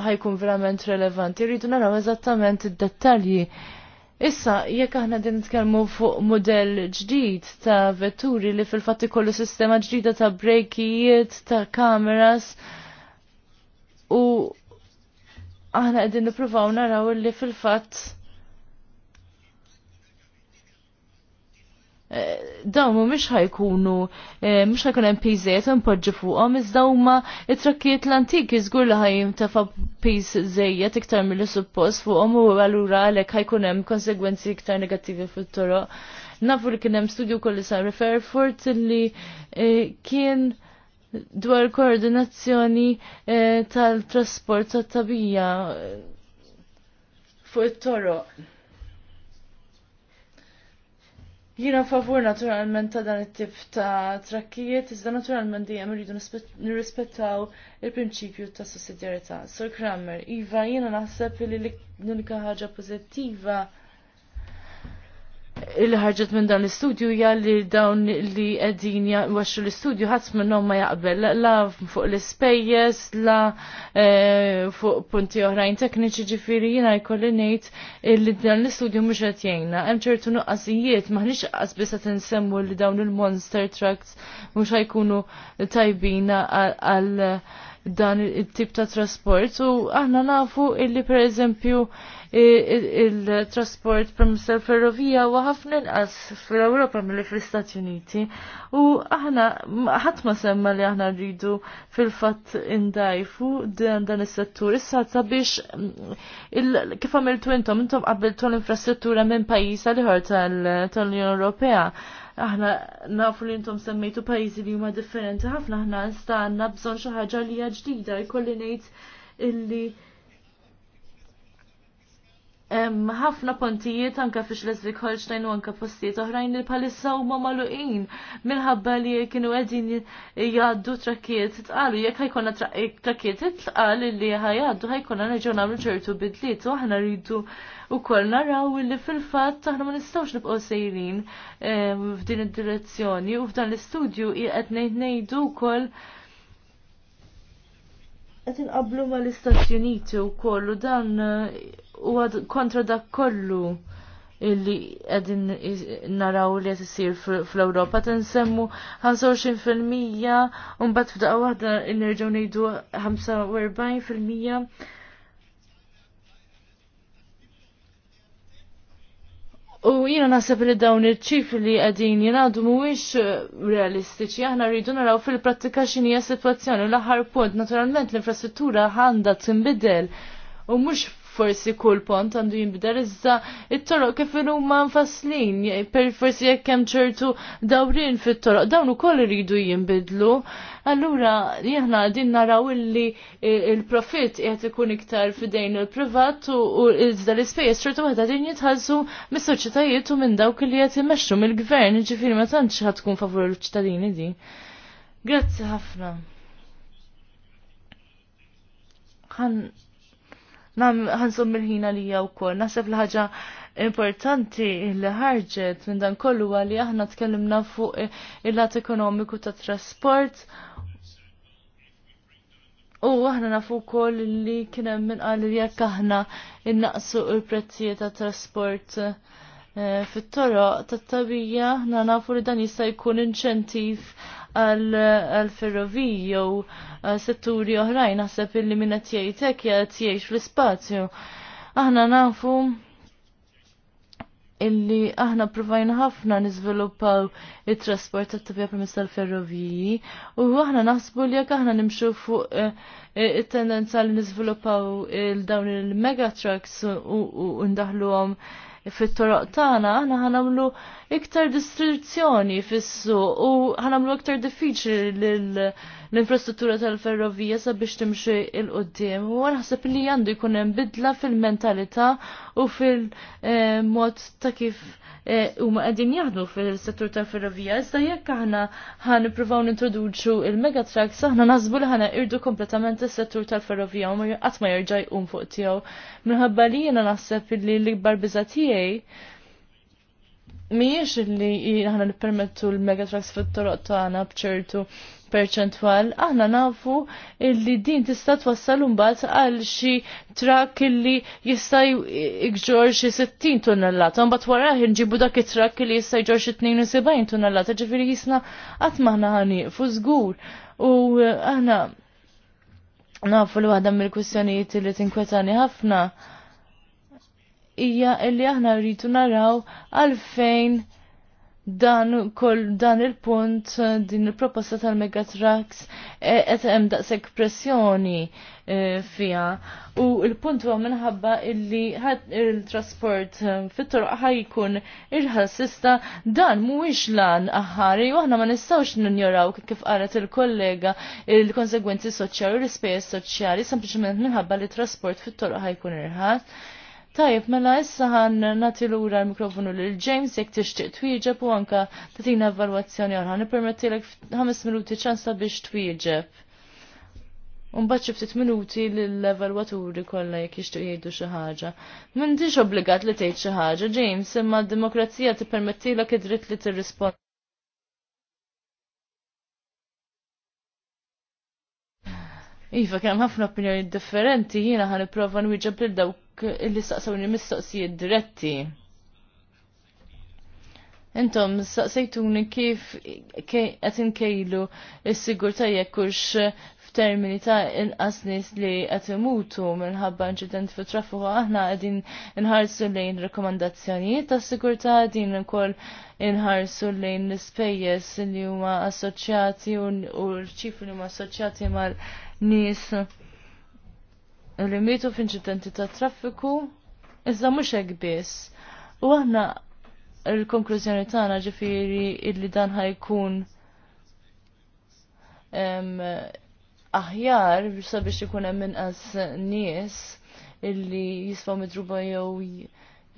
ħajkun verament relevanti, rridu naraw eżattament id-dettalji. Issa, jekk aħna din nitkellmu fuq model ġdid ta' vetturi li fil-fatt ikollu sistema ġdida ta' brekijiet, ta' kameras u aħna qegħdin nippruvaw naraw li fil-fatt Eh, dawn mhumiex ħajkunu eh, mhux ħajkun hemm piżejjed impoġġu fuqhom iżda huma it-trakkijiet l-antiki żgur li ħajintefa' piż żejjed iktar milli suppost fuqhom u allura għalhekk ħajkun hemm konsegwenzi iktar negattivi fit-toroq. Nafu li kien hemm studju kolli sar Fairfort li eh, kien dwar koordinazzjoni tal-trasport tat-tabija fuq it-toroq. Jiena favur naturalment ta' dan it-tip ta' trakkijiet, iżda naturalment dejjem irridu nirrispettaw il-prinċipju ta' sussidjarjetà. Sir Kramer, Iva, jiena naħseb li l-unika ħaġa pożittiva il ħarġet minn dan l-istudju hija li dawn li qegħdin waxxu l-istudju ħadd minnhom ma jaqbel la fuq l-ispejjeż, la eh, fuq punti oħrajn tekniċi ġifieri jiena jkolli ngħid li dan l-istudju mhux qed jgħinna. Hemm ċertu nuqqasijiet maħniex qas biss qed insemmu li dawn il-monster trucks mhux ħajkunu tajbina għal dan il-tip ta' trasport u aħna nafu illi per eżempju il-trasport permess ferrovija u ħafna inqas fl-Ewropa mill fl-Istati Uniti. U aħna ħadd ma semma li aħna rridu fil-fatt indajfu dan is-settur issa sabiex mm, kif għamiltu intom intom qabbiltu l-infrastruttura minn pajjiż għal ieħor tal-Unjoni Ewropea aħna nafu li intom semmejtu pajjiżi li huma differenti ħafna aħna nista' għandna bżonn xi ħaġa li hija ġdida jkolli ngħid illi ħafna pontijiet anke fi Schleswig Holstein u anke postijiet oħrajn li bħalissa huma magħluqin minħabba li kienu qegħdin jgħaddu trakkiet tqalu jekk ħajkonna eh, trakkiet tqal li ħajgħaddu ħajkonna neġgħu nagħmlu ċertu bidliet u aħna rridu wkoll naraw li fil-fatt aħna ma nistgħux nibqgħu sejrin eh, f'din id-direzzjoni u f'dan l-istudju qed ngħid ngħidu wkoll qed inqablu mal-Istati Uniti wkoll u dan eh, u kontra dak kollu illi għedin naraw li għed sir fl-Europa, t-nsemmu 25% un-bat f'daqqa wahda nerġaw nejdu 45% U jina nasab li dawn il ċif li għadin jenadu mhuwiex realistiċi, aħna rridu naraw fil-prattika xinija situazzjoni l-aħħar punt, naturalment l-infrastruttura għandha tinbidel u mhux forsi kull pont għandu jinbidel rizza it-toroq kif huma mfasslin, per forsi jekk hemm ċertu dawrin fit-toroq dawn ukoll iridu jinbidlu. Allura jahna din naraw illi e, il-profit jgħet ikun iktar fidejn il-privat u iżda l-ispejjeż ċertu waħda din jitħallsu mis-soċjetajiet u minn dawk li qed immexxu mill-gvern, ġifieri ma tantx ħad tkun favur l-ċittadini din. Grazzi ħafna. Għan ħansum mill ħina li jaw kol. Nasib l ħagġa importanti li ħarġet minn dan kollu għalli aħna tkellimna fuq il-lat ekonomiku ta' trasport U aħna nafu kol li kienem minn għalli jekk aħna innaqsu il-prezzijiet ta' trasport Eh, fit-toroq tat-tabija na nafu li dan jista' jkun inċentiv għal-ferroviji jew eh, setturi oħrajn naħseb illi min qed jgħid hekk jgħid jgħix fl-ispazju. Aħna nafu illi aħna provajna ħafna niżviluppaw it-trasport tat tabija permezz tal-ferroviji u aħna naħsbu li jekk aħna nimxu fuq eh, it-tendenza li niżviluppaw il-dawn il-megatrucks u ndaħluhom fit-toroq tagħna aħna ħanamlu iktar distrizzjoni fissu u ħanamlu iktar diffiċli l-infrastruttura tal-ferrovija sabiex timxi il qudiem U naħseb li għandu jkun hemm bidla fil-mentalità u fil-mod eh, ta' kif Eh, huma qegħdin jaħdmu fil-settur tal-ferrovija, iżda jekk aħna ħan nippruvaw nintroduċu il-megatrax aħna nażbu li ħana irdu kompletament is-settur tal-ferrovija u qatt ma jerġa' jqum fuq tiegħu. Minħabba li jiena naħseb li l-ikbar biża tiegħi Miex li ħana nippermettu l-megatrax fit-toroq tagħna bċertu perċentwal, aħna nafu illi din tista' twassal imbagħad għal xi trak illi jista' jgġor xi 60 tonnellata, mbagħad waraħ ħinġibu dak it-trak illi jista' jġor xi 72 tonnellata, ġifieri jisna qatt maħna ħanieqfu żgur. U eh, aħna nafu li waħda mill-kwistjonijiet li tinkwetani ħafna hija illi aħna rridu naraw għalfejn dan, kol, dan il-punt din il-proposta tal-Megatrax qed hemm daqshekk pressjoni fiha, e, fija. U il-punt huwa minħabba illi il-trasport e, fit-torq ħajkun irħassista, dan mhuwiex lan aħħari u aħna ma nistgħux ninjoraw kif qalet il-kollega il-konsegwenzi soċjali u l-ispejjeż soċjali sempliċement minħabba li trasport fit-torq ħajkun irħas. Tajib, mela issa ħan nati l-ura l-mikrofonu l-James, jek tixtiq twieġeb u anka t evalwazzjoni evaluazzjoni għarħan. Nipermetti l ħames minuti ċansa biex twieġeb. Unbaċ ftit minuti l-evalwaturi kollha jekk jixtieq jgħidu xi ħaġa. M'intix obbligat li tgħid xi ħaġa, James, imma d-demokrazija tippermettilek id-dritt li tirrispondi. Iva, kemm ħafna opinjoni differenti, jiena ħan ipprova nwieġeb lil dawk Illi illi staqsawni mistoqsijiet diretti. Intom, staqsejtuni kif qed inkejlu s-sigurta jekkux f'termini ta' inqas nies li qed imutu minħabba inċident fi traffiku aħna qegħdin inħarsu lejn rakkomandazzjonijiet ta' sigurtà din ukoll inħarsu lejn l-ispejjeż li huma assoċjati u l-ċifri li huma assoċjati mal-nies il-limitu f'inċidenti ta' traffiku, iżda mhux hekk biss. U aħna l-konklużjoni tagħna ġifieri illi dan ħajkun aħjar sabiex ikun hemm inqas nies illi jisfaw midruba jew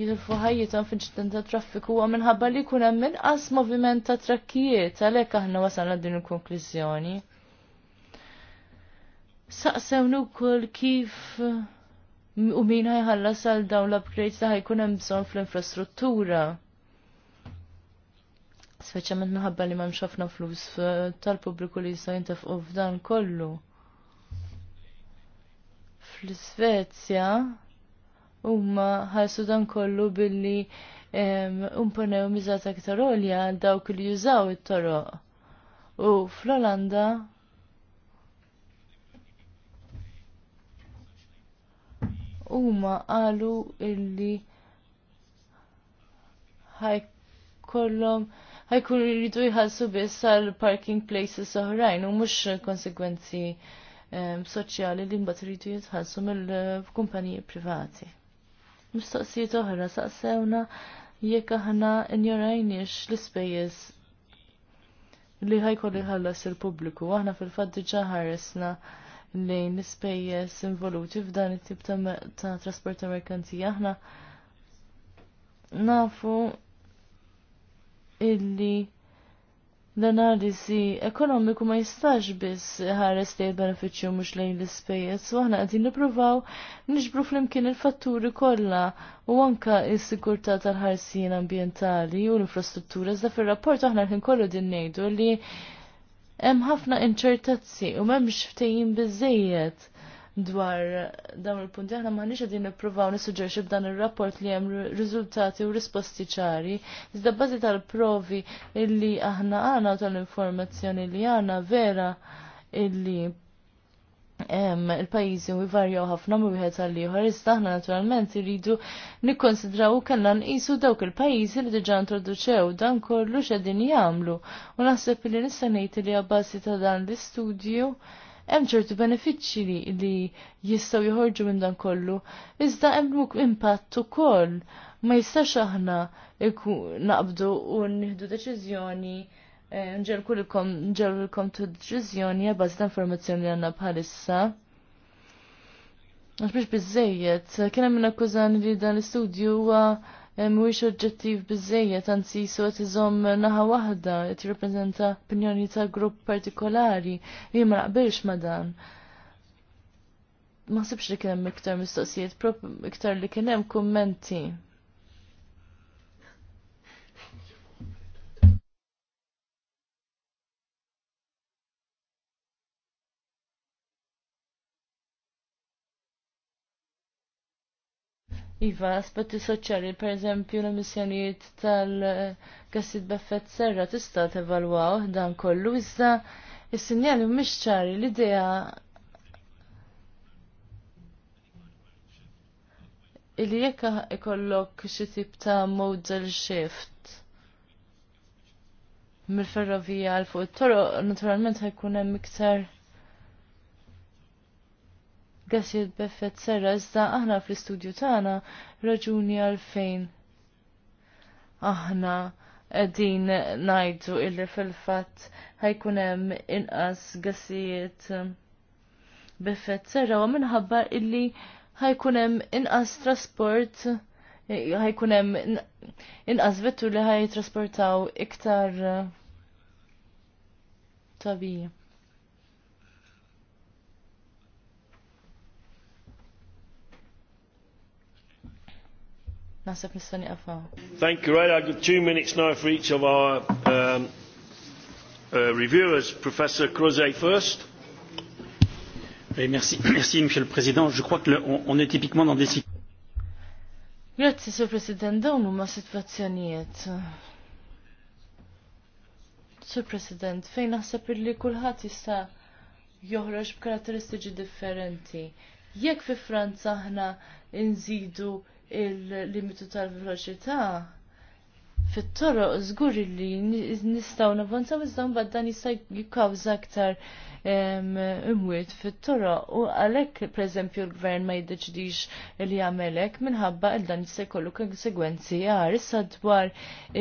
jilfu ħajjithom f'inċidenti ta' traffiku huwa minħabba li jkun hemm inqas moviment ta' trakkijiet għalhekk aħna wasalna din il-konklużjoni. Saqsewnu kol kif uh, u min ħajħallas għal dawn l-upgrades li ħajkun hemm bżonn fl-infrastruttura. Speċjalment minħabba li m'hemmx ħafna flus uh, tal-pubbliku li jista' jintefqu f'dan kollu. Fl-Svezja huma ħarsu dan kollu billi umponew miżat aktar olja għal dawk li jużaw it-toroq. U fl-Olanda huma qalu illi ħajkollhom jridu jħallsu biss għal parking places oħrajn u mhux konsekwenzi ehm, soċjali li mbagħad iridu jitħallsu mill-kumpaniji privati. Mistoqsijiet oħra saqsewna jekk aħna injorajniex l-ispejjeż li ħajkolli ħallas il-pubbliku. Aħna fil-fatt diġà ħaresna lejn l-ispejjeż involuti f'dan it-tip ta' trasport ta' merkanzija. Aħna nafu illi l-analiżi ekonomiku ma jistax biss ħares lejn benefiċċju mhux lejn l-ispejjeż u aħna qegħdin nippruvaw niġbru flimkien il-fatturi kollha u anka s-sigurtà tal-ħarsien ambjentali u l-infrastruttura iżda fir-rapport aħna kien kollu din ngħidu li hemm ħafna inċertezzi u m'hemmx ftehim biżejjed dwar dawn il-punti aħna m'għandniex qegħdin nippruvaw nissuġġerixi b'dan ir-rapport li hemm riżultati u risposti ċari, iżda bażi tal-provi illi aħna għana tal-informazzjoni li għana vera illi il-pajizi u varjaw ħafna mu wieħed għal ieħor iżda aħna naturalment iridu nikkonsidraw kellna nqisu dawk il-pajjiżi li diġà introduċew dan kollu x'qegħdin jagħmlu. U naħseb li nista' ngħid li abbażi ta' dan l-istudju hemm ċertu benefiċċji li jistgħu joħorġu minn dan kollu, iżda hemm impatt ukoll ma jistax aħna naqbdu u nieħdu deċiżjoni Eh, nġelkulkom nġelkulkom tu deċiżjoni għabbaż ta' informazzjoni li għandna bħalissa. Għax biex bizzejiet, kena hemm nakkużani li dan l-istudju huwa eh, mhuwiex oġġettiv biżejjed, anzi suqet iżomm naħa waħda qed jirrappreżenta opinjoni ta' grupp partikolari li ma naqbilx ma' dan. Ma sibx li kien hemm iktar mistoqsijiet, iktar li kien hemm kummenti. Iva, aspetti soċjali, per eżempju, l-emissjonijiet tal-gassid baffet serra tista' tevalwaw dan kollu, iżda is-sinjali mhix ċari l-idea illi jekk ikollok xi tip ta' modal shift mill-ferrovija għal fuq it-toroq, naturalment ħajkun hemm iktar għasjed beffet serra, iżda aħna fl-istudju tagħna raġuni għalfejn. Aħna qegħdin ngħidu illi fil-fatt ħajkunem hemm inqas gassijiet beffet serra u minħabba illi ħajkunem inqas trasport ħajkunem hemm inqas vettur li ħajtrasportaw iktar tabija. Nasib nistani għafaw. Thank you, Ray. I've got two minutes now for each of our um, uh, reviewers. Professor Crozet first. Oui, eh, merci. merci, Monsieur le Président. Je crois qu'on est typiquement dans des situations. Grazie, Sir President. Dawn huma sitwazzjonijiet. Sir President, fejn naħseb li kulħadd jista' joħroġ b'karatteristiċi differenti. Jekk fi Franza aħna nżidu il-limitu tal-veloċità fit-toroq żgur li nistgħu navvanzaw iżda bad dan jista' jikkawża aktar imwit fit-toroq u għalhekk pereżempju l-gvern ma jiddeċidix li jagħmel hekk minħabba il dan jista' jkollu konsegwenzi għar issa dwar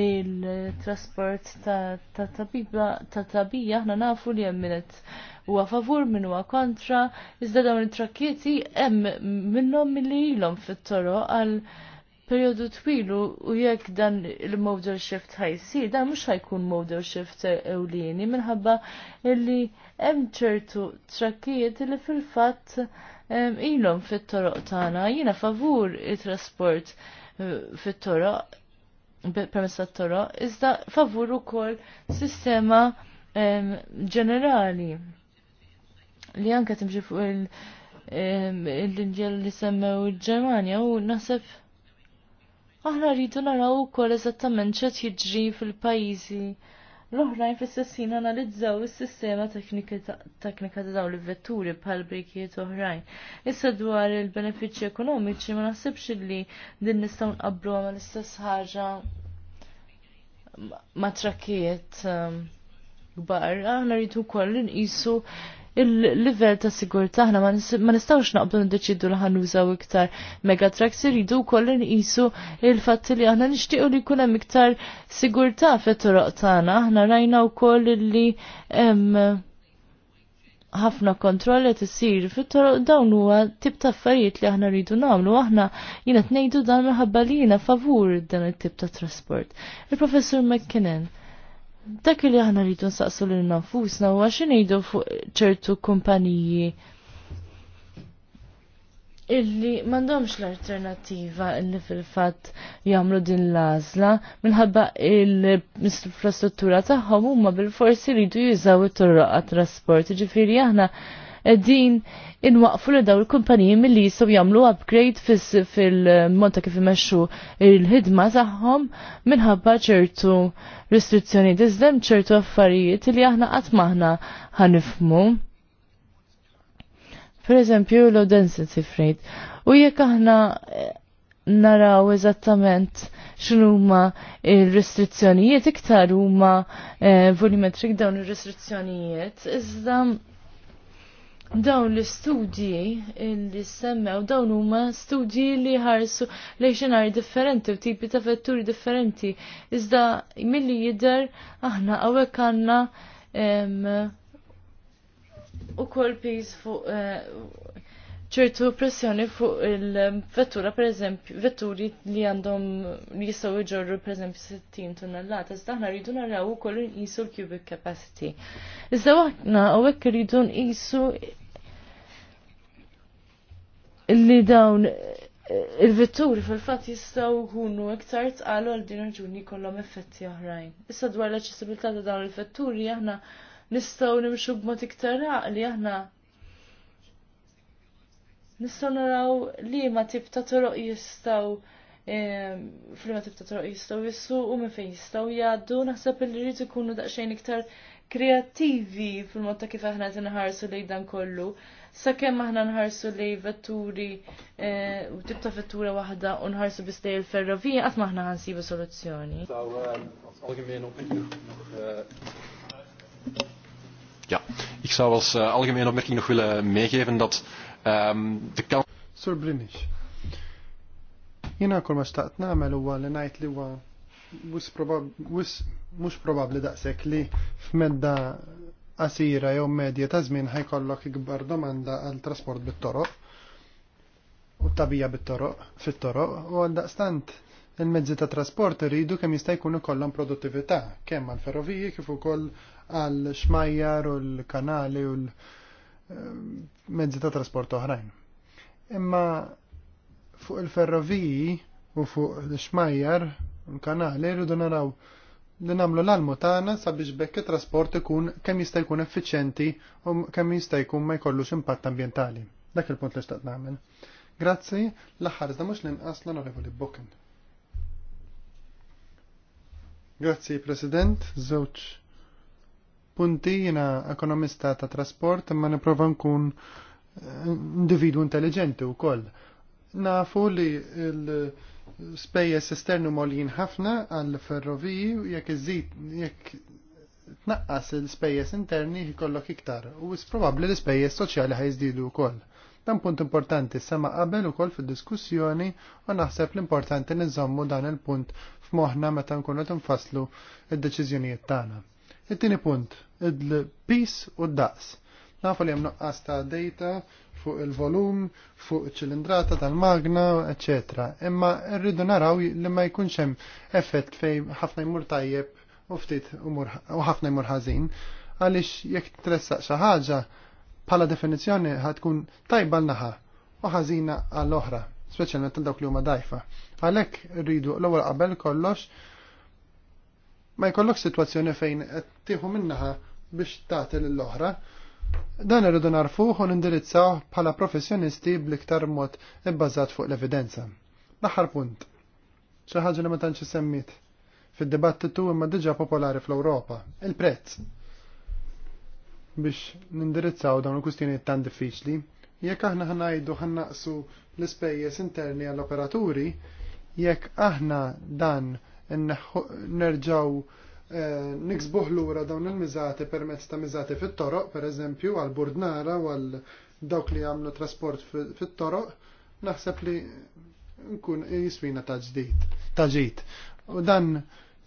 il-trasport ta' tabija aħna nafu li hemm u huwa favur minn huwa kontra, iżda dawn it-trakkieti hemm minnhom milli ilhom fit toro għal periodu twilu u jekk dan il-model shift ħajsi dan mhux ħajkun model shift ewlieni minħabba li hemm ċertu trakkijiet li fil-fatt ilhom fit-toroq tagħna. Jiena favur it-trasport eh, fit-toroq permess tat-toroq, iżda favur ukoll sistema ġenerali li anke timxi fuq il-linġel li semmew il-Ġermanja u naħseb aħna rridu naraw ukoll eżattament ċet jiġri fil-pajjiżi l-oħrajn fis-sessin analizzaw is-sistema teknika ta' dawn il-vetturi bħal brikiet oħrajn. Issa dwar il-benefiċċji ekonomiċi ma naħsibx li din nistgħu nqabbru ma l-istess ħaġa ma trakkiet ehm, kbar. Aħna rridu wkoll nqisu il-level ta' sigurta ħna ma nistawx naqbdu niddeċidu li ħanużaw iktar megatrax iridu wkoll nqisu il fat li aħna nixtiequ li jkun hemm iktar sigurta fit-toroq tagħna aħna rajna wkoll li ħafna kontrolli tisir fit-toroq dawn huwa tip ta' affarijiet li aħna rridu nagħmlu aħna jiena nejdu dan minħabba li favur dan il tip ta' trasport. Il-Professur McKinnon Dak li aħna rridu nsaqsu lil nafusna huwa x'ingħidu fuq ċertu kumpaniji illi mandomx l-alternativa illi fil-fat jamlu din l-azla minħabba l-infrastruttura taħħom huma bil-forsi li jużaw it għat trasport. Ġifiri aħna din inwaqfu li daw il-kumpaniji mill-li jistaw jamlu upgrade fil-monta kif imexxu il-ħidma tagħhom minħabba ċertu restrizzjoni diżlem ċertu affarijiet li aħna qatt maħna ħanifmu. Per eżempju, low density freight. U jekk aħna eh, naraw eżattament x'huma il-restrizzjonijiet iktar huma eh, volumetric dawn ir-restrizzjonijiet, iżda dawn l-istudji li semmew dawn huma studji li ħarsu lejn xinar differenti u tipi ta' vetturi differenti. Iżda milli jidher aħna hawnhekk għandna ukoll piż fuq eh, ċertu pressjoni fuq il-vettura, per eżempju, vetturi li għandhom li jistaw iġorru, per eżempju, 60 tonnellata, iżda rridu narraw naraw ukoll nqisu l-cubic capacity. Iżda aħna għek rridu nqisu li dawn eh, il-vetturi fil-fatt jistgħu jkunu iktar tqalu għal din raġuni kollom effetti oħrajn. Issa dwar l-aċċessibilità ta' dawn il-vetturi aħna nistgħu nimxu b'mod iktar li aħna Nistgħu naraw li ma tip ta' toroq jistgħu fl-ma tip ta' toroq jistgħu jissu u minn fejn jistgħu jgħaddu naħseb li rridu jkunu daqsxejn iktar kreattivi fil-mod ta' kif aħna nħarsu lejn dan kollu. Sakemm aħna nħarsu lejn vetturi eh, u tip ta' vettura waħda u nħarsu bistej il-ferrovija qatt ma aħna ħansibu soluzzjoni. Ja, ik zou als uh, algemeen opmerking nog willen meegeven dat Um, the Sur Brinix, jina kol ma xtaqt namel huwa li najt li huwa wis mhux probabbli daqshekk li f'medda qasira jew medja ta' żmien ħajkollok ikbar domanda għal trasport bit-toroq u tabija bit-toroq fit-toroq u għal daqstant il-mezzi ta' trasport iridu kemm jista' jkun ikollhom produttività kemm għall ferroviji kif ukoll għal xmajjar u l-kanali u l Ehm, mezzi ta' trasport oħrajn. Imma fuq il-ferroviji u fuq l-xmajjar, l-kanali, rridu naraw li namlu l-almu tagħna sabiex bekk trasport ikun kemm jista' jkun effiċenti u kemm jista' jkun ma jkollux impatt ambjentali. Dak il-punt li xtaqt nagħmel. Grazzi, l-aħħar iżda mhux l-inqas l-Onorevoli Bokken. Grazzi President, żewġ punti jiena ekonomista ta' trasport imma nipprova nkun eh, individu intelligenti wkoll. Nafu li l-spejjeż esternu molin ħafna għall ferroviji jekk iżid jekk tnaqqas l spejjes interni jkollok iktar u s-probabli l spejjes soċjali ħajżdiedu wkoll. Dan punt importanti sema qabel ukoll fid-diskussjoni u naħseb l-importanti nżommu dan il-punt f'moħħna meta nkunu tinfasslu id-deċiżjonijiet tagħna. It-tieni punt il-pis u d-daqs. Nafu li hemm nuqqas ta' data fuq il-volum, fuq ċilindrata tal-magna, etc. Imma rridu naraw li ma jkunx hemm effett fejn ħafna jmur tajjeb u ftit u ħafna jmur ħażin, għaliex jekk tressaq xi ħaġa bħala definizzjoni ħatkun tajba l-naħa u ħażina għall-oħra, speċjalment dawk li huma dajfa. Għalhekk rridu l-ewwel qabel kollox ma jkollok situazzjoni fejn qed tieħu minnaħa biex tagħti lill-oħra. Dan irridu narfuh u nindirizzaw bħala professjonisti bl-iktar mod ibbażat fuq l-evidenza. L-aħħar punt. Xi ħaġa li ma tantx semmit fid-dibattitu imma diġà popolari fl-Ewropa, il-prezz. Biex nindirizzaw dawn il-kustjonijiet tan diffiċli, jekk aħna ħnajdu ħannaqsu l-ispejjeż interni għall-operaturi, jekk aħna dan nerġaw eh, niksbuħ lura dawn il-miżati permezz ta' mizati fit-toroq, per eżempju, għal burdnara u għal dawk li għamlu trasport fit-toroq, naħseb li nkun jiswina ta' ġdid, ta' ġid. U dan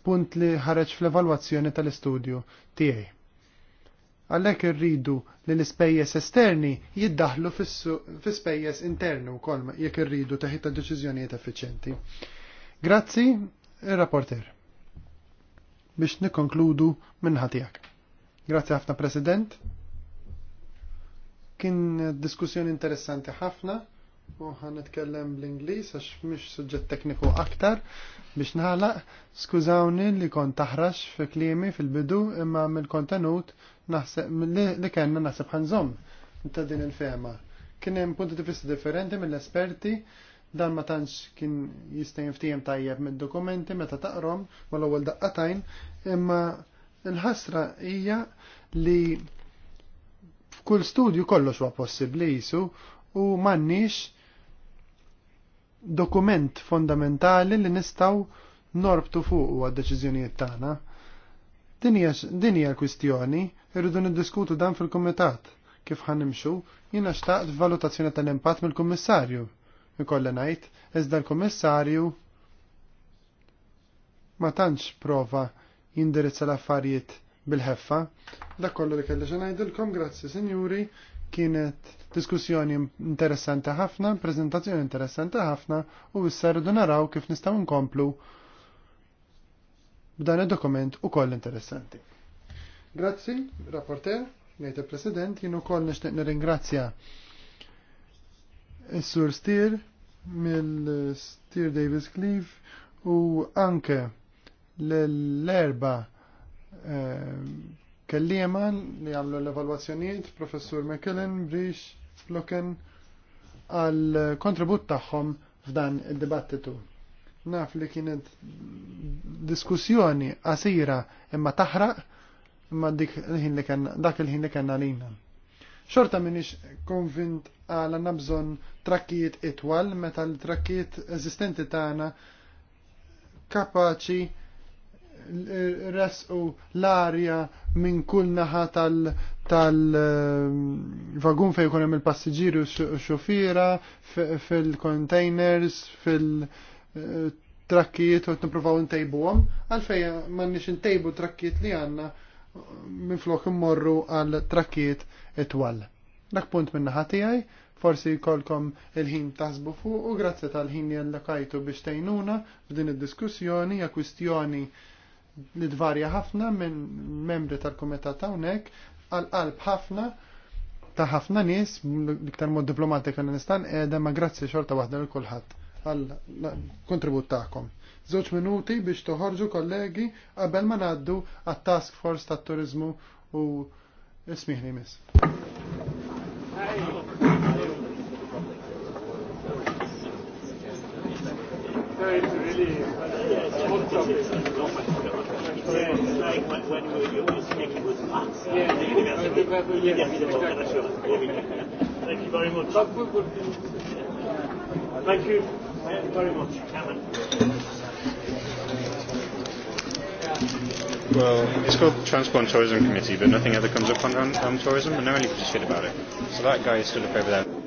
punt li ħareġ fl-evalwazzjoni tal-istudju tiegħi għallek irridu li l-ispejjeż esterni jiddaħlu fis spejjes internu kolma jekk irridu taħita deċiżjonijiet effiċenti. Grazzi, ir-rapporter biex nikkonkludu minnħatijak. Grazie ħafna President. Kien diskussjoni interessanti ħafna u ħan nitkellem bl-Ingliż għax mhix suġġett tekniku aktar biex naħlaq skużawni li kont taħrax fi kliemi fil-bidu imma mill-kontenut naħseb li kellna naħseb ħanżomm ta' din il-fema. Kien hemm punti differenti mill-esperti Dan ma tantx kien jista' jinftiem tajjeb mid-dokumenti meta taqrom mal ewwel daqqatajn, imma l-ħasra hija li f'kull studju kollox huwa possibbli jisu u m'għandniex dokument fondamentali li nistgħu norbtu fuq għad-deċiżjonijiet tagħna. Din hija l kwistjoni, irridu niddiskutu dan fil-Kumitat kif ħanimxu, jiena xtaqt valutazzjoni tal-impatt mill-Kummissarju ikolla ngħid, iżda l-Kummissarju ma tantx prova jindirizza l-affarijiet bil-ħeffa. Dak kollu li kellix ngħidilkom, grazzi sinjuri, kienet diskussjoni interessanti ħafna, prezentazzjoni interessanti ħafna u issa rridu naraw kif nistgħu nkomplu b'dan id-dokument ukoll interessanti. Grazzi, rapporter, ngħid il-President, jien ukoll nixtieq nirringrazzja Is-Sur Stier mill-Stier Davis Cleave u anke l-erba eh, kellima li għamlu l-evalwazzjonijiet, professur McKellen, Brix, Flocken, għal kontribut tagħhom f'dan id-dibattitu. Naf li kienet diskussjoni qasira imma taħraq imma dik il-ħin li kena dak il-ħin li kena lina. Xorta minix konvint għal nabżon bżon trakkijiet itwal, meta l-trakkijiet eżistenti tagħna kapaċi resqu l-arja minn kull naħa tal-vagun ehm, fej kunem il eh, u xofira, fil-containers, fil-trakkijiet u t-niprofaw ntejbu għom, għalfej ma nix ntejbu trakkijiet li għanna minflok immorru għal trakkiet it-twal. Dak punt minna ħatijaj, forsi kolkom il-ħin taħsbu fuq u grazzi tal-ħin kajtu biex tejnuna f'din id-diskussjoni ja kwistjoni li dvarja ħafna minn membri tal-kumitat hawnhekk għal qalb ħafna ta' ħafna nies iktar mod diplomatika n nistan qiegħda eh, ma' grazzi xorta waħda l kulħadd għal kontribut tagħkom. Żewġ minuti biex toħorġu kollegi qabel ma naddu għat-task force tat-turizmu u ismiħni miss. Thank you very much. Thank you very much, Cameron. Well, it's called Transport and Tourism Committee, but nothing ever comes up on on tourism, and no one really gives a shit about it. So that guy is still up over there.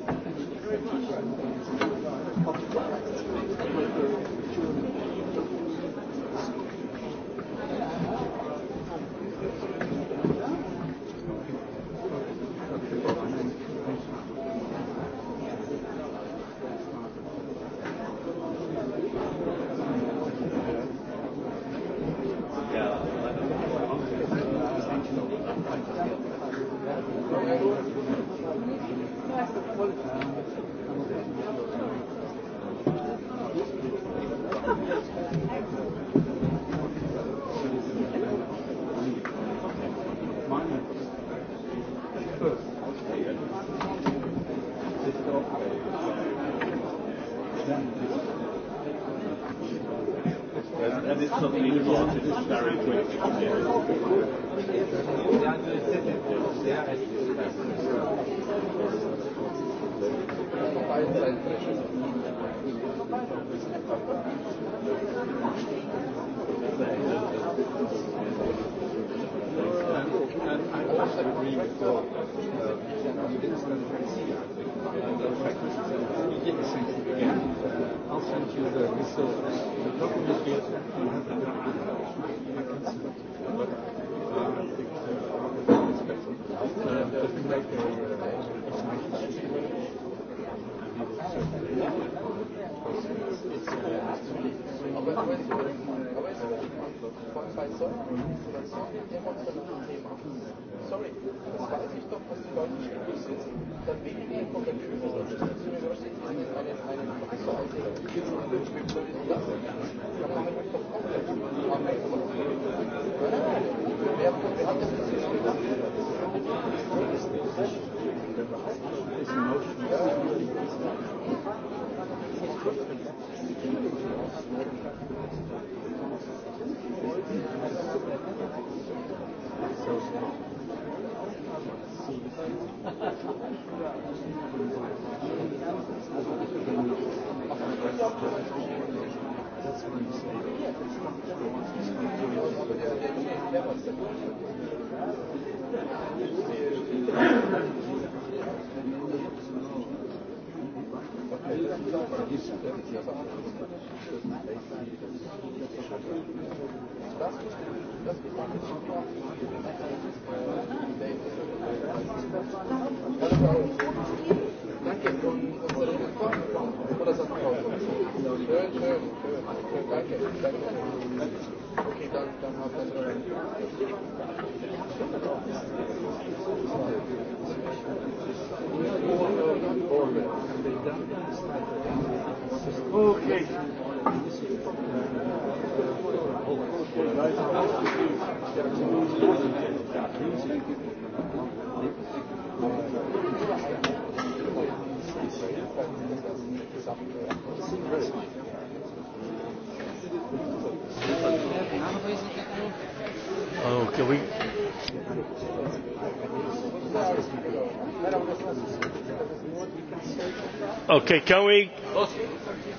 Okay, can we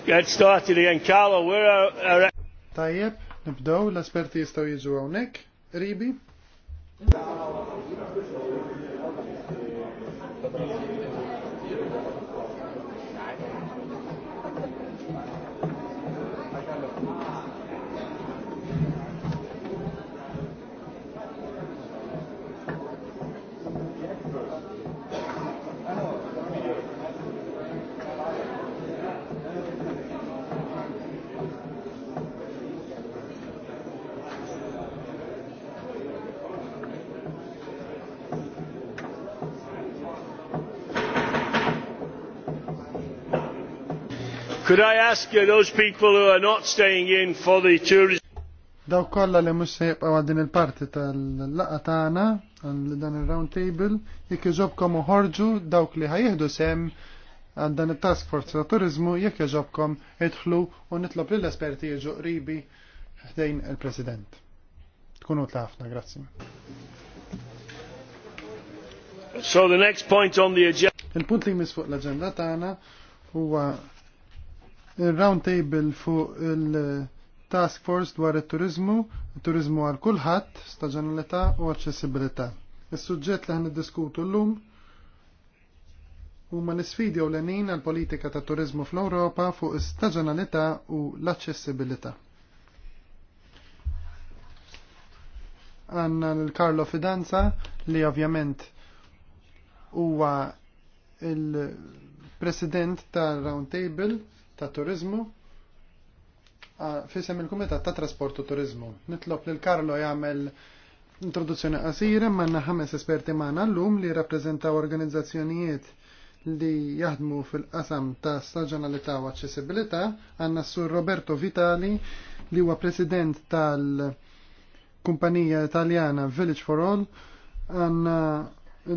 get started again, Carlo? Where are... Uh, uh, Tajjeb, nibdow, l-esperti jistaw jiġu għawnek, ribi. Could I ask you, those people who are not staying in for the tourism? Daw kolla li mux sejbqa għaddin il-parti tal-laqa tagħna għal dan il-round table jekk iġobkom uħorġu dawk li ħajihdu sem għal dan il-task force ta' turizmu jekk iġobkom idħlu u nitlob lill esperti jiġu qribi ħdejn il-President. Tkunu tlafna, grazzi. So the next point on the agenda. Il-punt li jmiss fuq l-agenda tagħna huwa il-round table fuq il-task force dwar il-turizmu, il-turizmu għal kulħadd, staġjonalità u aċċessibilità. Is-suġġett li ħan diskutu llum huma l-isfidi u l-enin għal politika ta' turizmu fl-Ewropa fuq istaġjonalità u l-aċċessibilità. Għanna l-Karlo Fidanza li ovvjament huwa il-president tal-Roundtable ta' Turizmu fisem il-Kumitat ta' Trasport u Turizmu. Nitlob lil Karlo jagħmel introduzzjoni qasira manna ħames esperti magħna llum li rappreżentaw organizzazzjonijiet li jaħdmu fil-qasam ta' staġjonalità u aċċessibilità għandna sur Roberto Vitali li huwa president tal-Kumpanija Italjana Village for All għandna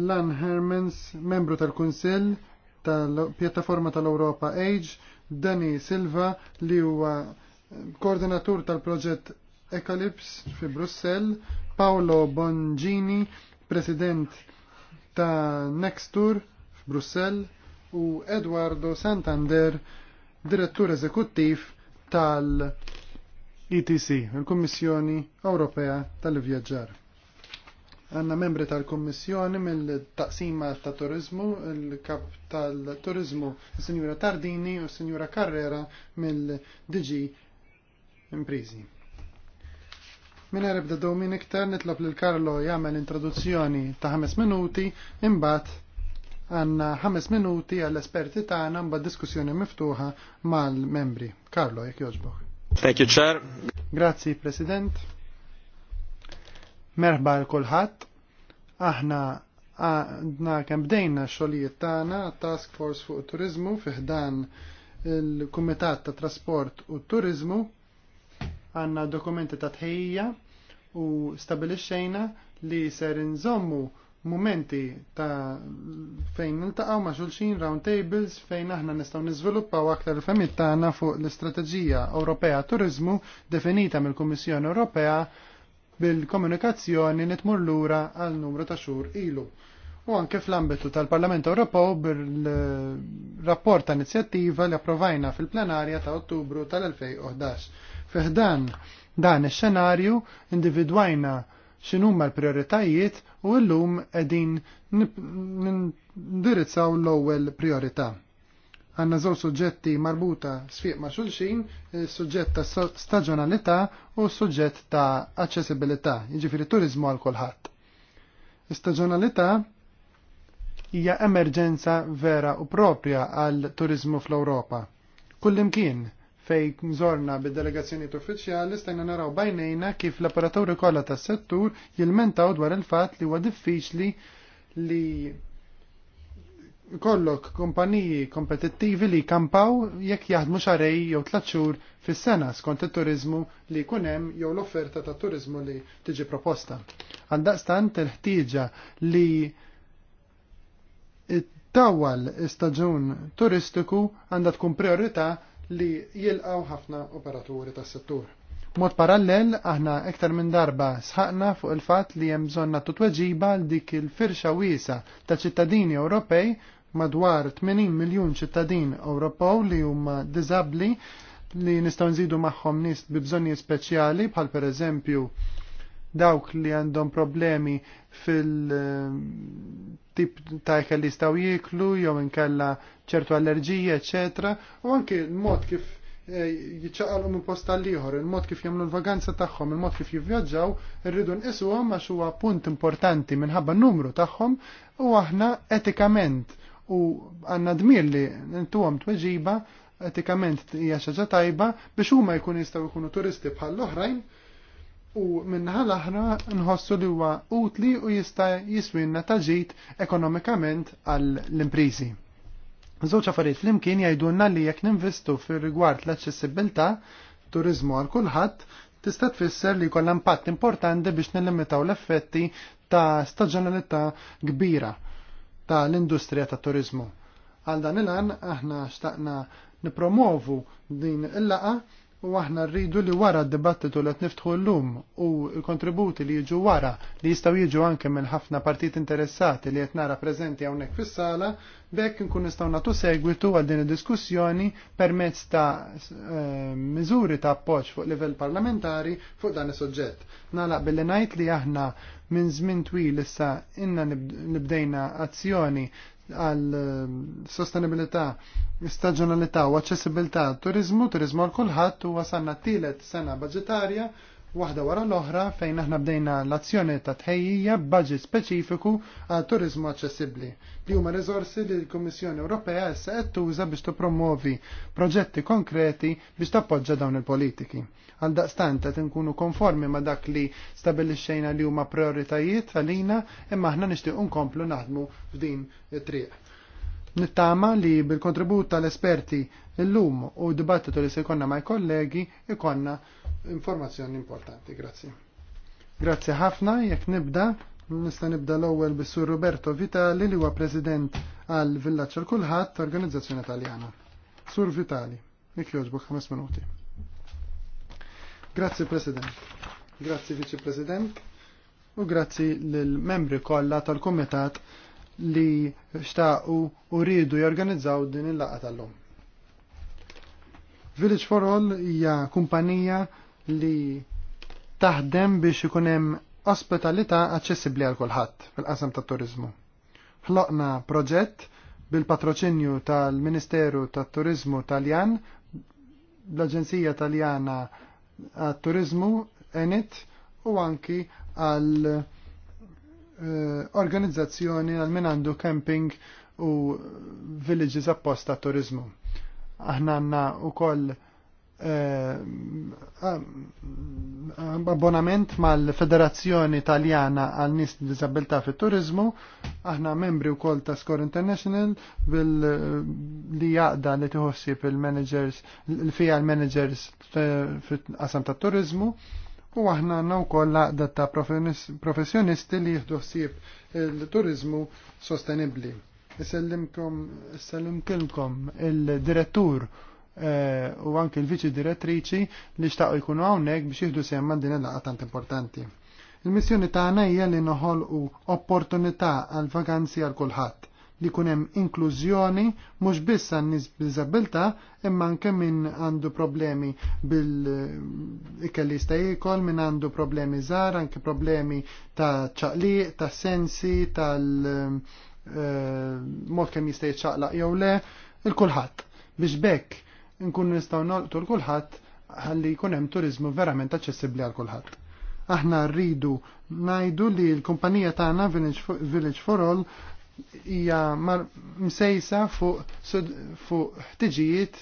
Lan Hermans, membru tal-Kunsill tal-Pjattaforma tal-Europa Age, Dani Silva li huwa koordinatur tal-proġett Ecalips fi Brussell, Paolo Bongini, president ta' Nextur f'Brussell u Eduardo Santander, direttur eżekuttiv tal-ETC, il-Kummissjoni Ewropea tal-Vjaġġar. Għanna membri tal-Kommissjoni mill-taqsima ta' turizmu, il-kap tal-turizmu, il-Sinjura Tardini u il-Sinjura Carrera mill-DG Imprizi. Min erbda domin iktar nitlob lil Karlo jagħmel introduzzjoni ta' 5 minuti, imbagħad għandna 5 minuti għall-esperti tagħna mbagħad diskussjoni miftuħa mal-membri. Karlo, jekk jogħġbok. Thank you, Chair. Grazzi, President. Merħba l-kulħadd, aħna għadna kemm bdejna xogħlijiet tagħna Task Force fuq Turizmu fiħdan il-Kumitat ta' Trasport u Turizmu għandna dokumenti ta' tħejja u stabilixxejna li ser inżommu momenti ta' fejn niltaqgħu ma' xulxin round tables fejn aħna nistgħu niżviluppaw aktar il-femit tagħna fuq l-Istrateġija Ewropea Turizmu definita mill-Kummissjoni Ewropea bil-komunikazzjoni nitmur lura għal numru ta' xhur ilu. U anke fl-ambitu tal-Parlament Ewropew bil-rapport ta' inizjattiva li approvajna fil-plenarja ta' Ottubru tal-2011. Fiħdan dan ix-xenarju individwajna x'inhuma l-prioritajiet u llum qegħdin nindirizzaw l-ewwel priorità għanna zon suġġetti marbuta sfiq ma' xulxin, eh, suġġett ta' staġjonalità u suġġett ta' aċċessibilità, jiġifieri turizmu għal kulħadd. Istaġjonalità hija emerġenza vera u propja għal turizmu fl-Ewropa. Kullimkien fej nżorna bid-delegazzjoniet uffiċjali stajna naraw bajnejna kif l apparaturi kollha tas-settur jilmentaw dwar il-fatt li huwa diffiċli li kollok kompaniji kompetittivi li kampaw jekk jaħdmu xarej jew tliet xhur fis-sena skont it-turizmu li jkun hemm jew l-offerta ta' turizmu li tiġi proposta. Għaldaqstant il-ħtieġa li tawwal istaġun turistiku għandha tkun priorità li jilqaw ħafna operaturi tas-settur. Mod parallel, aħna ektar minn darba sħaqna fuq il-fat li hemm bżonn nagħtu tweġiba l dik il-firxa wiesa ta' ċittadini Ewropej madwar 80 miljun ċittadin Ewropew li huma diżabbli li nistgħu nżidu magħhom nies bi bżonnijiet speċjali bħal pereżempju dawk li għandhom problemi fil-tip eh, ta' jekk li jistgħu jieklu jew inkella ċertu allerġija, eċetera, u anke l-mod kif eh, jiċċaqalhom il post tal-ieħor, il-mod kif jagħmlu l-vaganza tagħhom, il-mod kif jivvjaġġaw, irridu nqisuhom għax huwa punt importanti minħabba n-numru tagħhom u aħna etikament u għanna dmir li n-tuħam tweġiba etikament hija xaġa tajba biex huma jkun jistgħu jkunu turisti bħal oħrajn u minnaħa l-aħra nħossu li huwa utli u jista' jiswinna taġit ekonomikament għall imprizi Żewġ affarijiet flimkien jgħidulna li jekk ninvestu fir-rigward l-aċċessibilità turizmu għal kulħadd tista' tfisser li jkollha impatt importanti biex nillimitaw l-effetti ta' staġjonalità kbira tal-industrija ta' turizmu. Għal dan il-għan aħna xtaqna nipromovu din il-laqa U aħna rridu li wara d-dibattitu li niftħu l-lum u l-kontributi li jiġu wara li jistaw jiġu anke minn ħafna partit interessati li jtnara prezenti għawnek fis-sala, bekk nkun nistaw natu segwitu għal din id-diskussjoni permezz ta' eh, miżuri ta' appoġġ fuq livell parlamentari fuq dan is-soġġett. Nala billi ngħid li aħna minn żmien twil issa inna nibdejna azzjoni għal ehm, sostenibilità, staġjonalità u aċċessibilità turizmu, turizmu għal kulħadd u t tielet sena budgetarja waħda wara l-oħra fejn aħna bdejna l-azzjoni ta' tħejjija b'budget speċifiku għal turizmu aċċessibbli li huma riżorsi li l-Kummissjoni Ewropea issa qed tuża biex tippromovi proġetti konkreti biex tappoġġa dawn il-politiki. Għal daqstant qed inkunu konformi ma' dak li stabilixxejna li huma prioritajiet għalina imma aħna nixtiequ nkomplu naħdmu f'din it-triq. Nittama li bil-kontribut tal-esperti l-lum u dibattitu li se jkonna ma' kollegi ikonna informazzjoni importanti. Grazzi. Grazzi ħafna, jekk nibda, nista nibda l-ewwel bis-Sur Roberto Vitali li huwa President għal Villaċ għal kulħadd Organizzazzjoni Italjana. Sur Vitali, jekk jogħġbu ħames minuti. Grazzi President. Grazzi Viċi President u grazzi lill membri kollha tal-Kumitat li xtaqu u rridu jorganizzaw din il-laqa tal-lum. Village for All hija kumpanija li taħdem biex ikun hemm ospitalità aċċessibbli għal kulħadd fil-qasam tat-turizmu. Ħloqna proġett bil-patroċinju tal-Ministeru tat-Turizmu Taljan, l-Aġenzija Taljana għat-Turizmu, ENIT, u anki għal Eh, organizzazzjoni għal min għandu camping u villages apposta turizmu. Aħna għanna u koll eh, abbonament mal-Federazzjoni Taljana għal nis disabilità fit turizmu aħna membri u koll ta' Score International bil eh, li jaqda li tħossib il-managers, l fija l managers fit qasam ta' turizmu u aħna għandna wkoll laqda ta' professjonisti li jieħdu ħsieb il-turizmu sostenibbli. Isellimkom issellimkilkom il-direttur eh, u anke l-viċi direttriċi li xtaqo jkunu hawnhekk biex jieħdu sehem din il-laqgħa tant importanti. Il-missjoni tagħna hija li noħolqu opportunità għal vakanzi għal kulħadd li kunem inklużjoni mhux biss għan nies b'diżabilità imma anke min għandu problemi bil-ikelli eh, stajikol, min għandu problemi żgħar, anke problemi ta' ċaqliq, ta' sensi, tal-mod eh, kemm jista' jitċaqlaq jew le, il-kulħadd. Biex bekk nkun nistgħu nolqtu l kulħat għalli jkun hemm turiżmu verament aċċessibbli għal kulħadd aħna rridu najdu li l-kumpanija tagħna Village for All hija msejsa fuq ħtiġijiet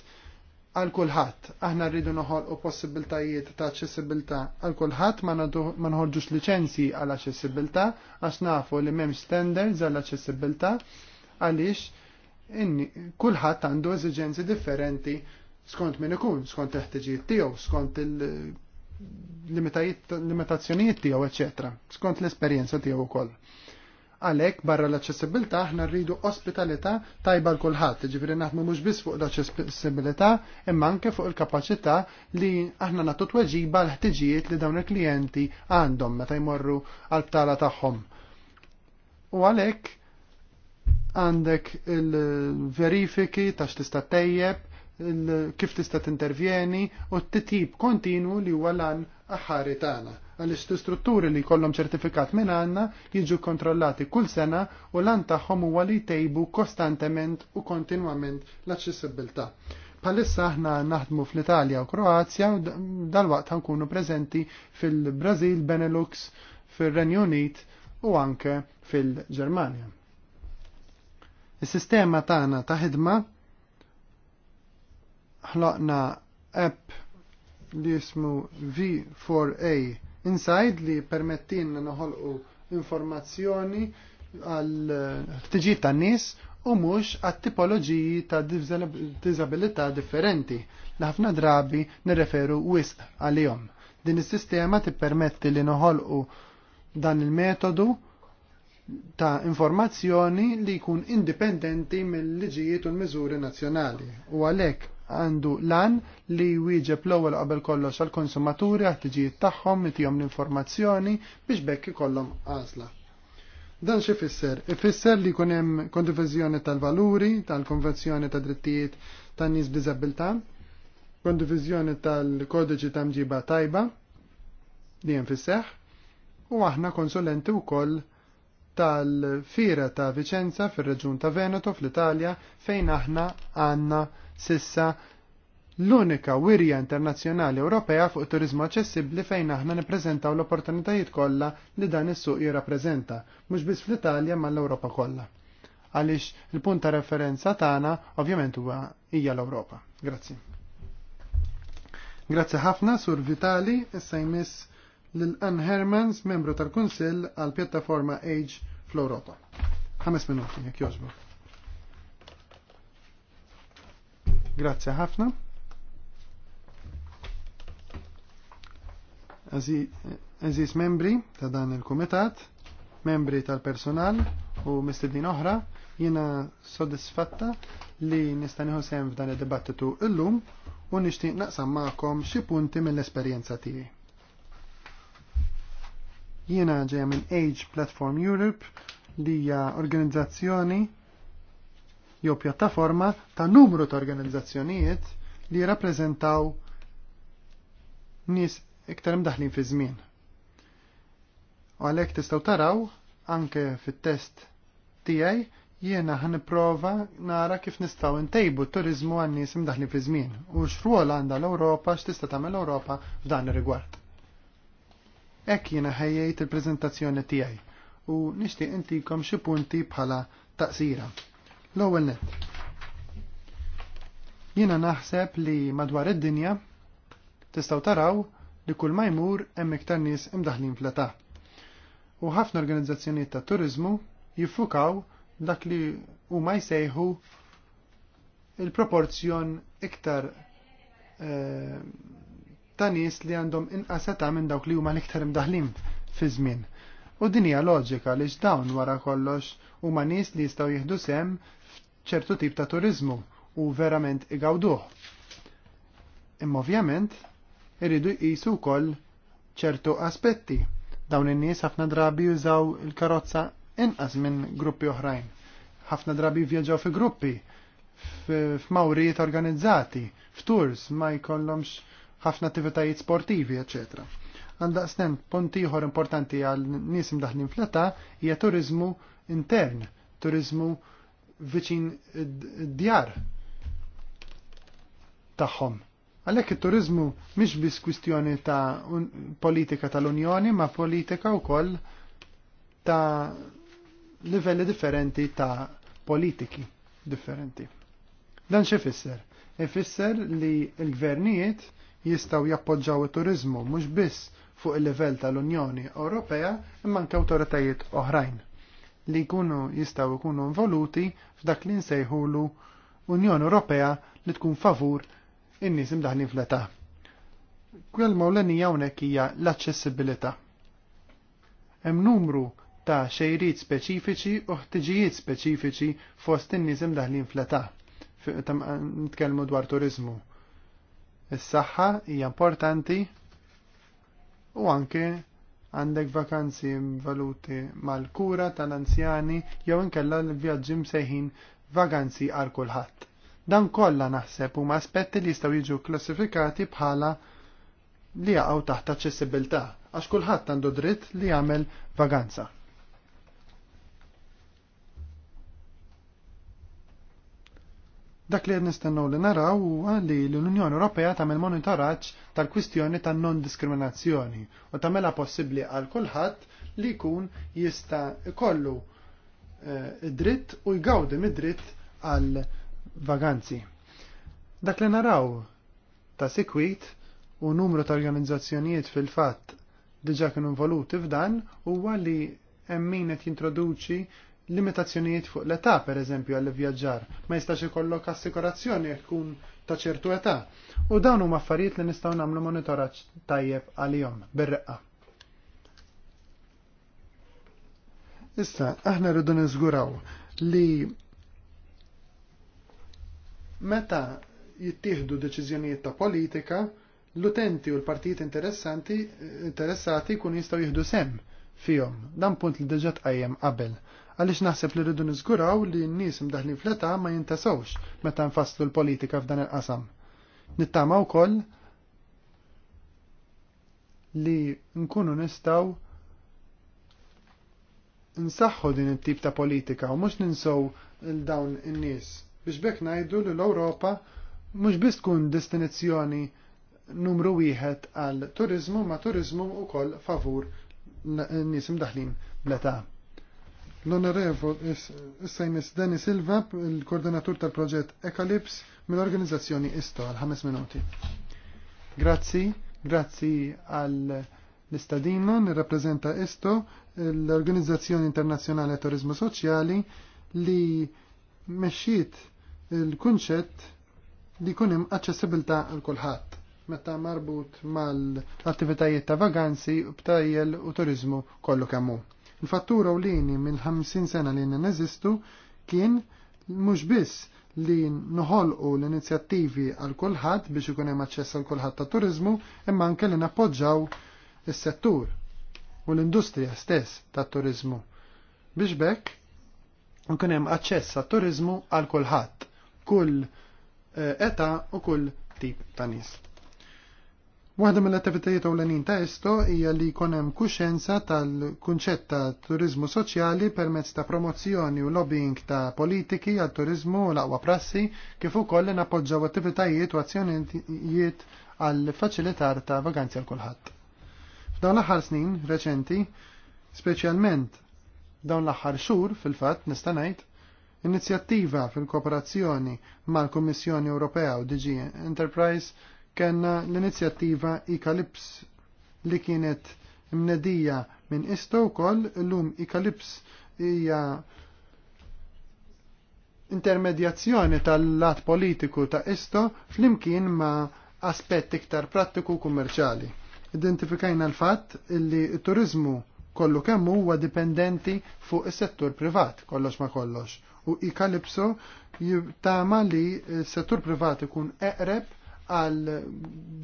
għal kulħadd. Aħna rridu noħolqu possibiltajiet ta' aċċessibilità għal kulħadd ma nħorġux liċenzji għal aċċessibilità għax nafu li m'hemm standards għal aċċessibilità għaliex kulħadd għandu eżiġenzi differenti skont min ikun, skont il-ħtiġijiet tiegħu, skont il-limitazzjonijiet tiegħu, eċċetera, skont l-esperjenza tiegħu wkoll għalek barra l-accessibilità aħna rridu ospitalità tajba l-kulħadd, ġifiri naħdmu mhux biss fuq l-accessibilità imma anke fuq il-kapaċità li aħna nagħtu tweġiba l-ħtiġijiet li dawn il-klijenti għandhom meta jmorru għal btala tagħhom. U għalhekk għandek il-verifiki ta' x'tista' tejjeb, kif tista' tintervjeni u t tip kontinu li huwa lan aħari tagħna għaliex strutturi li jkollhom ċertifikat minn għandna jiġu kontrollati kull sena u lan tagħhom huwa li jtejbu kostantement u kontinwament l-aċċessibilità. Palissa aħna naħdmu fl-Italja u Kroazja u dal-waqt nkunu preżenti fil-Brażil, Benelux, fil-Renju Unit u anke fil-Ġermanja. Is-sistema tagħna ta' ħidma ħloqna app li jismu V4A inside li permettin noħolqu informazzjoni għal ħtiġijiet tan-nies u mhux għat-tipoloġiji ta' diżabilità differenti li ħafna drabi nirreferu wisq għalihom. Din is-sistema tippermetti li noħolqu dan il-metodu ta' informazzjoni li jkun indipendenti mill-liġijiet u l-miżuri nazzjonali u għalhekk għandu lan li jwieġeb l-ewwel qabel kollox għall konsumaturi għat-tiġijiet tagħhom itihom l-informazzjoni biex bekk ikollhom għażla. Dan xi fisser? Ifisser li jkun hemm kondiviżjoni tal-valuri, tal-konvenzjoni ta' drittijiet tan nies b'diżabilità, kondivizjoni tal-kodiċi ta' mġiba tajba li hemm fis u aħna konsulenti wkoll tal-fira ta' Vicenza fir-Reġjun ta' Veneto fl-Italja fejn aħna għandna sissa l-unika wirja internazzjonali Ewropea fuq turizmu aċċessibbli fejn aħna nippreżentaw l-opportunitajiet kollha li dan is-suq jirrappreżenta, mhux biss fl-Italja ma l-Ewropa kollha. Għaliex il-punt ta' referenza tagħna ovvjament huwa hija l-Ewropa. Grazzi. Grazzi ħafna sur Vitali, issa jmiss lil Ann Hermans, membru tal-Kunsill għal pjattaforma Age fl-Ewropa. Ħames minuti, jekk jogħġbu. Grazie ħafna. Aziz membri ta' dan il-Kumitat, membri tal-personal u mistednin oħra, jiena soddisfatta li nistaniħu sem f'dan id-dibattitu illum u nixtieq naqsam magħkom xi punti mill-esperjenza tiegħi. Jiena ġejja minn Age Platform Europe li hija organizzazzjoni jew pjattaforma ta' numru ta' organizzazzjonijiet li jirrappreżentaw nies iktar imdaħlin fi żmien. U għalhekk tistgħu taraw anke fit-test tiegħi jiena ħniprova nara kif nistgħu ntejbu t-turizmu għan nies imdaħlin fi żmien u x'rwol għandha l-Ewropa x'tista' tagħmel ewropa f'dan ir-rigward. Hekk jiena ħejjejt il-preżentazzjoni tiegħi u nixtieq intikom xi punti bħala taqsira. L-ewwel nett. Jiena naħseb li madwar id-dinja tistgħu taraw li kull ma jmur hemm iktar nies imdaħlin fl-età. U ħafna organizzazzjonijiet ta' turizmu jiffukaw dak li huma jsejħu il-proporzjon iktar eh, ta' nies li għandhom inqas età minn dawk li huma l-iktar imdaħlin fi żmien. U din hija loġika li dawn wara kollox huma nies li jistgħu jieħdu sem ċertu tip ta' turizmu u verament igawduh. Imma ovvjament irridu jisu wkoll ċertu aspetti. Dawn in-nies ħafna drabi jużaw il-karozza inqas minn gruppi oħrajn. Ħafna drabi vjaġġaw fi gruppi, f'mawrijiet organizzati, f'tours ma jkollhomx ħafna attivitajiet sportivi, eċetera għandha stent punt ieħor importanti għal nies imdaħlin fl-età hija turizmu intern, turizmu viċin djar tagħhom. Għalhekk it-turizmu mhix biss kwistjoni ta' politika tal-Unjoni, ma' politika wkoll ta' livelli differenti ta' politiki differenti. Dan xe fisser? Ifisser li l-gvernijiet jistaw jappoġġaw it-turizmu mhux biss fuq il-livell tal-Unjoni Ewropea imma anke awtoritajiet oħrajn li jkunu jistaw jkunu involuti f'dak li nsejħulu Unjoni Ewropea li tkun favur in-nies imdaħlin fl-età. Kull mawlenija hawnhekk hija l-aċċessibilità. Hemm numru ta' xejrit speċifiċi u ħtiġijiet speċifiċi fost in-nies imdaħlin fl-età. Nitkellmu dwar turizmu. Is-saħħa hija importanti u anke għandek vakanzi valuti mal-kura tal-anzjani jew inkella l-vjaġġi msejħin vakanzi għal kulħadd. Dan kollha naħseb huma aspetti li jistgħu jiġu klassifikati bħala li jaqgħu taħt aċċessibilità għax kulħadd għandu dritt li jagħmel vaganza. Dak li nistennu li naraw huwa li l-Unjoni Ewropea tagħmel monitoraġġ tal-kwistjoni ta' non-diskriminazzjoni u mela possibbli għal kulħadd li jkun jista' ikollu eh, dritt u jgawdi mid-dritt għal vaganzi. Dak li naraw ta' sikwit u numru ta' organizzazzjonijiet fil-fatt diġa kienu involuti f'dan huwa li hemm min qed jintroduċi limitazzjonijiet fuq l-età per eżempju għall vjaġġar ma jistax ikollok assikurazzjoni tkun ta' ċertu età. U dawn huma affarijiet li nistgħu nagħmlu monitoraġġ tajjeb għalihom bir-reqqa. Issa, aħna rridu niżguraw li meta jittieħdu deċiżjonijiet ta' politika, l-utenti u l-partijiet interessanti interessati kun jistgħu jieħdu sem fihom. Dan punt li diġà tqajjem qabel għaliex naħseb li rridu niżguraw li n-nies imdaħli fl ma jintasawx meta nfasslu l-politika f'dan il-qasam. Nittama wkoll li nkunu nistaw nsaħħu din it-tip ta' politika u mhux ninsow il-dawn in-nies biex bekk ngħidu li l-Ewropa mhux biss tkun destinazzjoni numru wieħed għal turizmu ma turizmu wkoll favur n-nies imdaħlin bl-età. L-onorevol Sejmis Dani Silva, il-koordinatur tal-proġett Ecalips mill-organizzazzjoni ISTO għal ħames minuti. Grazzi, grazzi għal l-istadina, nirrapprezenta ISTO, l-Organizzazzjoni Internazzjonali Turizmu Soċjali li mexxiet il-kunċett li jkun hemm aċċessibilità għal kulħadd meta marbut mal-attivitajiet ta' vaganzi, btajjel u turizmu kollu kemm hu. Il-fattura u lini mill-50 sena li n-nezistu kien mhux biss li nħolqu l-inizjattivi għal kulħadd biex ikun hemm aċċess għal kulħadd ta' turizmu imma anke li nappoġġaw is-settur u l-industrija stess tat turizmu. Biex bekk nkun hemm aċċess ta' turizmu għal kulħadd, kull eh, eta u kull tip ta' nies. Waħda mill-attivitajiet ewlenin ta' esto hija li jkun hemm kuxenza tal-kunċett ta' turiżmu soċjali permezz ta' promozzjoni u lobbying ta' politiki għal turiżmu u l-aqwa prassi kif ukoll nappoġġaw attivitajiet u azzjonijiet għal faċilitar ta' vaganzi għal kulħadd. F'dawn l-aħħar snin reċenti, speċjalment dawn l-aħħar xhur fil-fatt nista' ngħid, inizjattiva fil-kooperazzjoni mal-Kummissjoni Ewropea u DG Enterprise kena l-inizjattiva Ikalips li kienet mnedija minn isto wkoll illum Ikalips hija intermedjazzjoni tal-lat politiku ta' isto flimkien ma' aspetti iktar prattiku kummerċali. Identifikajna l-fatt li t-turizmu kollu kemm huwa dipendenti fuq is-settur privat kollox ma kollox u ikalipso jibtama li s-settur privat ikun eqreb għal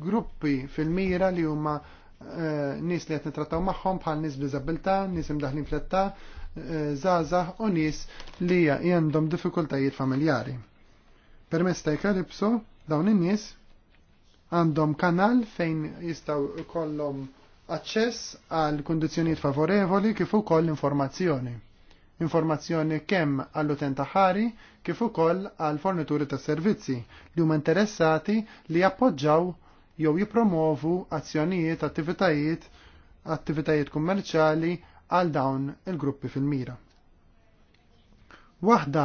gruppi fil-mira li huma eh, nis li qed nitrattaw magħhom bħal nies b'diżabilità, nies imdaħlin fletta, eh, zaza u nies li għandhom diffikultajiet familjari. Permezz ta' Ekaripso, dawn in-nies għandhom kanal fejn jistgħu kollom aċċess għal kundizzjonijiet favorevoli kif ukoll informazzjoni informazzjoni kemm għall-utent ħari kif ukoll għall fornituri ta' servizzi li huma interessati li jappoġġaw jew jipromovu azzjonijiet, attivitajiet, attivitajiet kummerċali għal dawn il-gruppi fil-mira. Waħda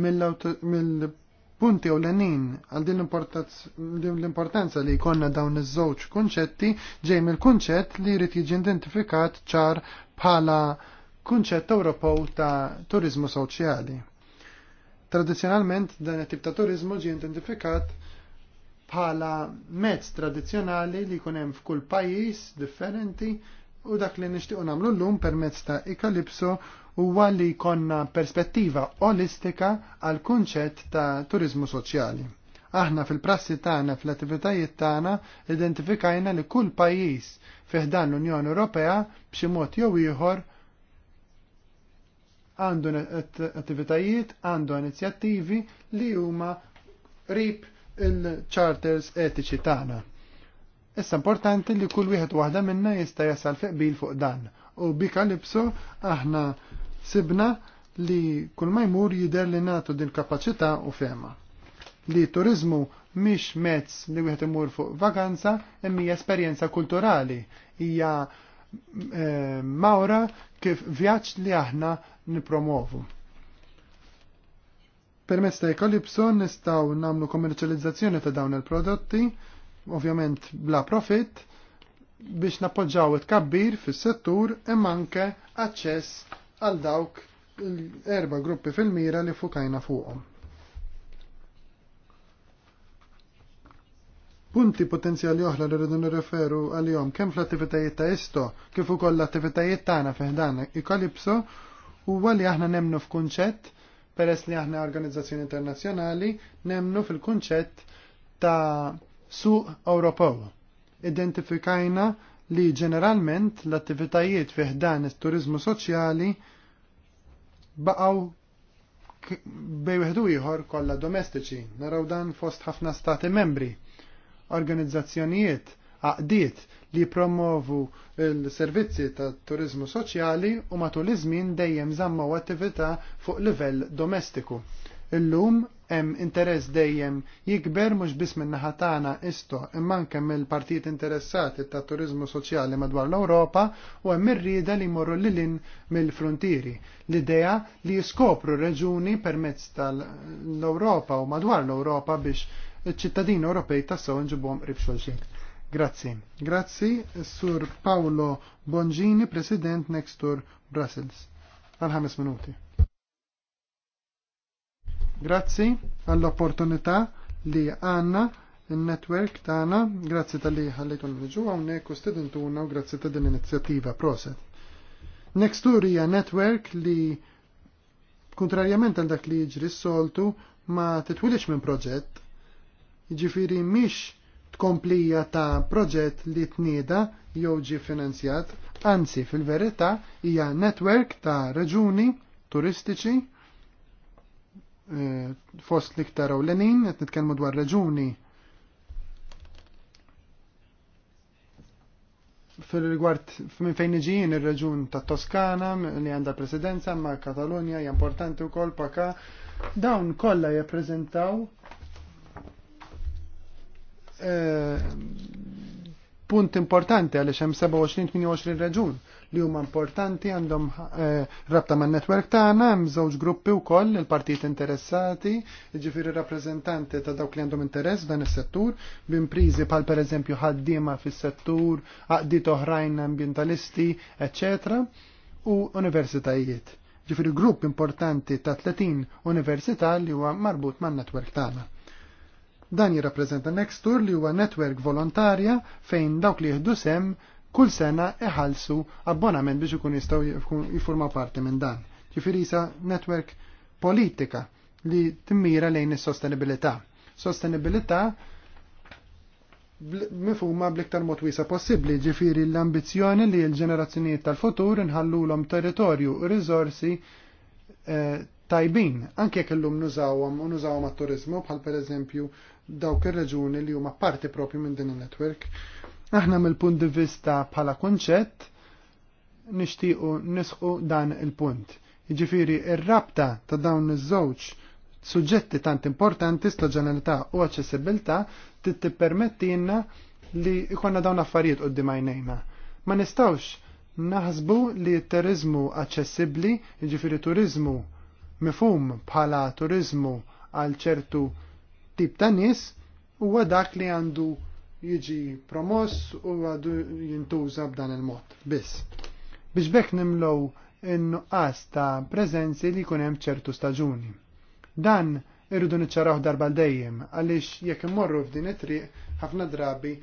mill-punti u l-enin għal din l-importanza li jkonna dawn iż-żewġ kunċetti ġej mill-kunċett li jrid jiġi identifikat ċar bħala kunċett Ewropew ta' turizmu soċjali. Tradizzjonalment dan it-tip ta' turizmu ġie identifikat bħala mezz tradizzjonali li jkun hemm f'kull pajjiż differenti u dak li nixtiequ nagħmlu llum permezz ta' Ikalipso huwa li jkollna perspettiva olistika għal kunċett ta' turizmu soċjali. Aħna fil-prassi tagħna fl-attivitajiet tagħna identifikajna li kull pajjiż fih dan l-Unjoni Ewropea b'xi mod jew ieħor għandu attivitajiet, għandu inizjattivi li huma rib il-charters etiċi tagħna. Issa importanti li kull wieħed waħda minna jista' jasal feqbil fuq dan. U bikalipso aħna sibna li kull ma jmur jidher li nagħtu din kapaċità u fema. Li turizmu mhix mezz li wieħed imur fuq vakanza, imma esperjenza kulturali hija Eh, mawra kif vjaġġ li aħna nipromovu. Permezz ta' Ekolipso nistgħu nagħmlu kommerċjalizzazzjoni ta' dawn il-prodotti, ovvjament bla profit, biex nappoġġaw it-kabbir fis-settur imma e anke aċċess għal dawk l-erba gruppi fil-mira li fukajna fuqhom. Punti potenzjali oħra li rridu nirreferu għal-jom kemm fl-attivitajiet ta' isto kif ukoll l-attivitajiet tagħna fiħdan ikolibso huwa li aħna nemnu f'kunċett peress li aħna organizzazzjoni internazzjonali nemnu fil-kunċett ta' suq Ewropew. Identifikajna li ġeneralment l-attivitajiet fiħdan il turizmu soċjali baqgħu bej wieħdu ieħor kollha domestiċi, naraw dan fost ħafna stati membri organizzazzjonijiet għaqdiet li promovu il-servizzi ta' turizmu soċjali u matul iż-żmien dejjem żammaw attività fuq livell domestiku. Illum hemm interess dejjem jikber mhux biss minn naħa tagħna isto imma anke mill-partit interessati ta' turizmu soċjali madwar l-Ewropa u hemm irrieda li jmorru lilin mill-fruntieri. L-idea li jiskopru reġuni permezz tal-Ewropa u madwar l-Ewropa biex il-ċittadin Ewropej tassaw nġibhom qrib Grazzi. Grazzi, Sur Paolo Bongini, President Nextur Brussels. Għal ħames minuti. Grazzi għall-opportunità li għanna il-network tagħna, grazzi tal-li ħallejtu l-ġu hawnhekk u stedentuna u grazzi ta' din inizjattiva proset. Nextur hija network li kontrarjament għal dak li ġri s-soltu ma titwilix minn proġett ġifiri miex tkomplija ta' proġett li tnieda jew ġi finanzjat, anzi fil-verità hija netwerk ta' reġuni turistiċi eh, fost liktar lenin qed nitkellmu dwar reġuni fil-rigward minn fejn iġijin ir-reġun ta' Toskana li għandha presidenza ma' Katalunja hija importanti wkoll paka dawn kollha jappreżentaw. Eh, punt importanti għaliex hemm 27-28 reġun li huma importanti għandhom eh, rabta man netwerk tagħna hemm żewġ gruppi wkoll il-partit interessati, jiġifieri rappreżentanti ta' dawk li għandhom interess dan is-settur, b'imprizi bħal pereżempju ħaddiema fis-settur, għaqdiet oħrajn ambjentalisti, etc. u universitajiet. Ġifiri grupp importanti ta' 30 università li huwa marbut man netwerk tagħna. Dan jirrappreżenta Next Tour li huwa netwerk volontarja fejn dawk li jieħdu sem kull sena iħalsu abbonament biex ikun jistgħu jiformaw parti minn dan. Ġifieri sa netwerk politika li timmira lejn is-sostenibilità. Sostenibilità mifhuma bl-iktar mod wiesa possibbli, ġifieri l-ambizzjoni li l-ġenerazzjonijiet tal-futur inħallulhom territorju u riżorsi eh, tajbin, anke jekk illum nużawhom u nużawhom għat-turiżmu bħal pereżempju dawk ir-reġuni li huma parti propju minn din il-netwerk. Aħna mill-punt di vista bħala kunċett nixtiequ nisqu dan il-punt. Jiġifieri ir-rabta ta' dawn iż-żewġ suġġetti tant importanti staġjonalità u aċċessibilità tippermettilna li jkollna dawn affarijiet qudiem għajnejna. Ma nistawx naħsbu li t-turizmu aċċessibbli, jiġifieri turizmu mifhum bħala turizmu għal ċertu tip ta' nies huwa dak li għandu jiġi promoss u għadu jintuża b'dan il-mod biss. Biex bekk nimlow in-nuqqas ta' preżenzi li jkun hemm ċertu staġuni. Dan irridu niċċaraw darba dejjem għaliex jekk imorru f'din it-triq ħafna drabi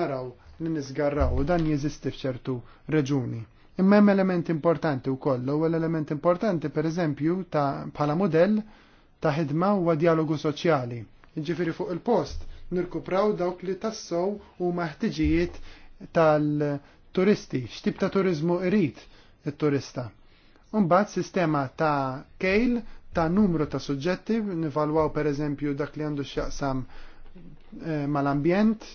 naraw li nisgarraw u dan jeżisti f'ċertu reġuni. Imma hemm element importanti wkoll, u l-element importanti pereżempju ta' bħala modell ta' ħidma huwa dialogu soċjali ġifiri fuq il-post, nirkupraw dawk li tassow u maħtiġijiet tal-turisti, xtib ta' turizmu irrit il-turista. Unbat sistema ta' kejl ta' numru ta' suġġetti, nivalwaw per eżempju dak li għandu xjaqsam eh, mal-ambjent,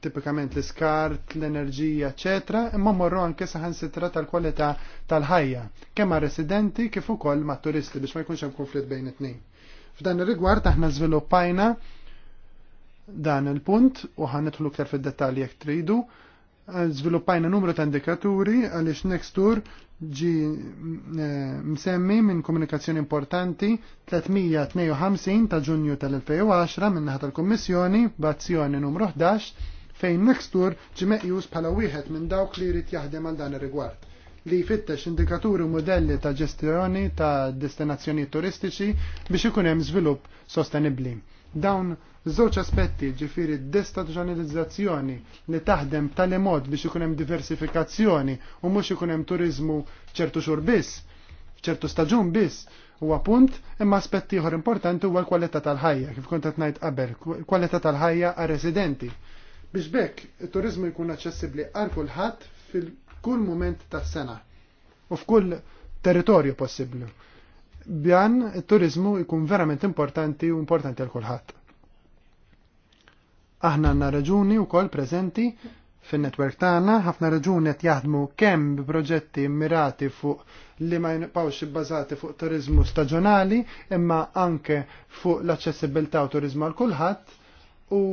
tipikament l-iskart, l-enerġija, ecc. imma morru anke saħansitra tal-kwalità tal-ħajja, kemm ma' residenti kif ukoll ma' turisti biex ma jkunx hemm konflitt bejn it-tnejn. F'dan ir-rigward aħna żviluppajna dan il-punt u ħanidħlu ktar fid-dettalji jekk tridu. Eh, żviluppajna numru ta' indikaturi għaliex nextur ġi eh, msemmi minn komunikazzjoni importanti 352 ta' ġunju tal-2010 min naħa tal-Kummissjoni b'azzjoni numru 11 fejn nextur ġi meqjus bħala wieħed minn dawk li jrid jaħdem għal dan ir-rigward li jfittex indikaturi u modelli ta' ġestjoni ta' destinazzjoni turistiċi biex ikun hemm żvilupp sostenibbli. Dawn żewġ aspetti ġifiri destaġjonalizzazzjoni li taħdem tali mod biex ikun hemm diversifikazzjoni u mhux ikun hemm turiżmu ċertu xhur biss, ċertu staġun biss, huwa punt imma aspett ieħor importanti huwa l-kwalità tal-ħajja kif kont qed ngħid qabel, kwalità tal-ħajja għar-residenti. Biex bekk, it-turizmu jkun aċċessibbli għal kulħadd fil f'kull mument tas-sena u f'kull territorju possibbli. Bjan il turizmu jkun verament importanti u importanti għal kulħadd. Aħna għandna raġuni wkoll preżenti fin-netwerk tagħna, ħafna raġuni qed jaħdmu kemm b'proġetti mirati fuq li ma jinqgħux bbażati fuq turizmu staġjonali, imma anke fuq l-aċċessibilità u turizmu għal kulħadd u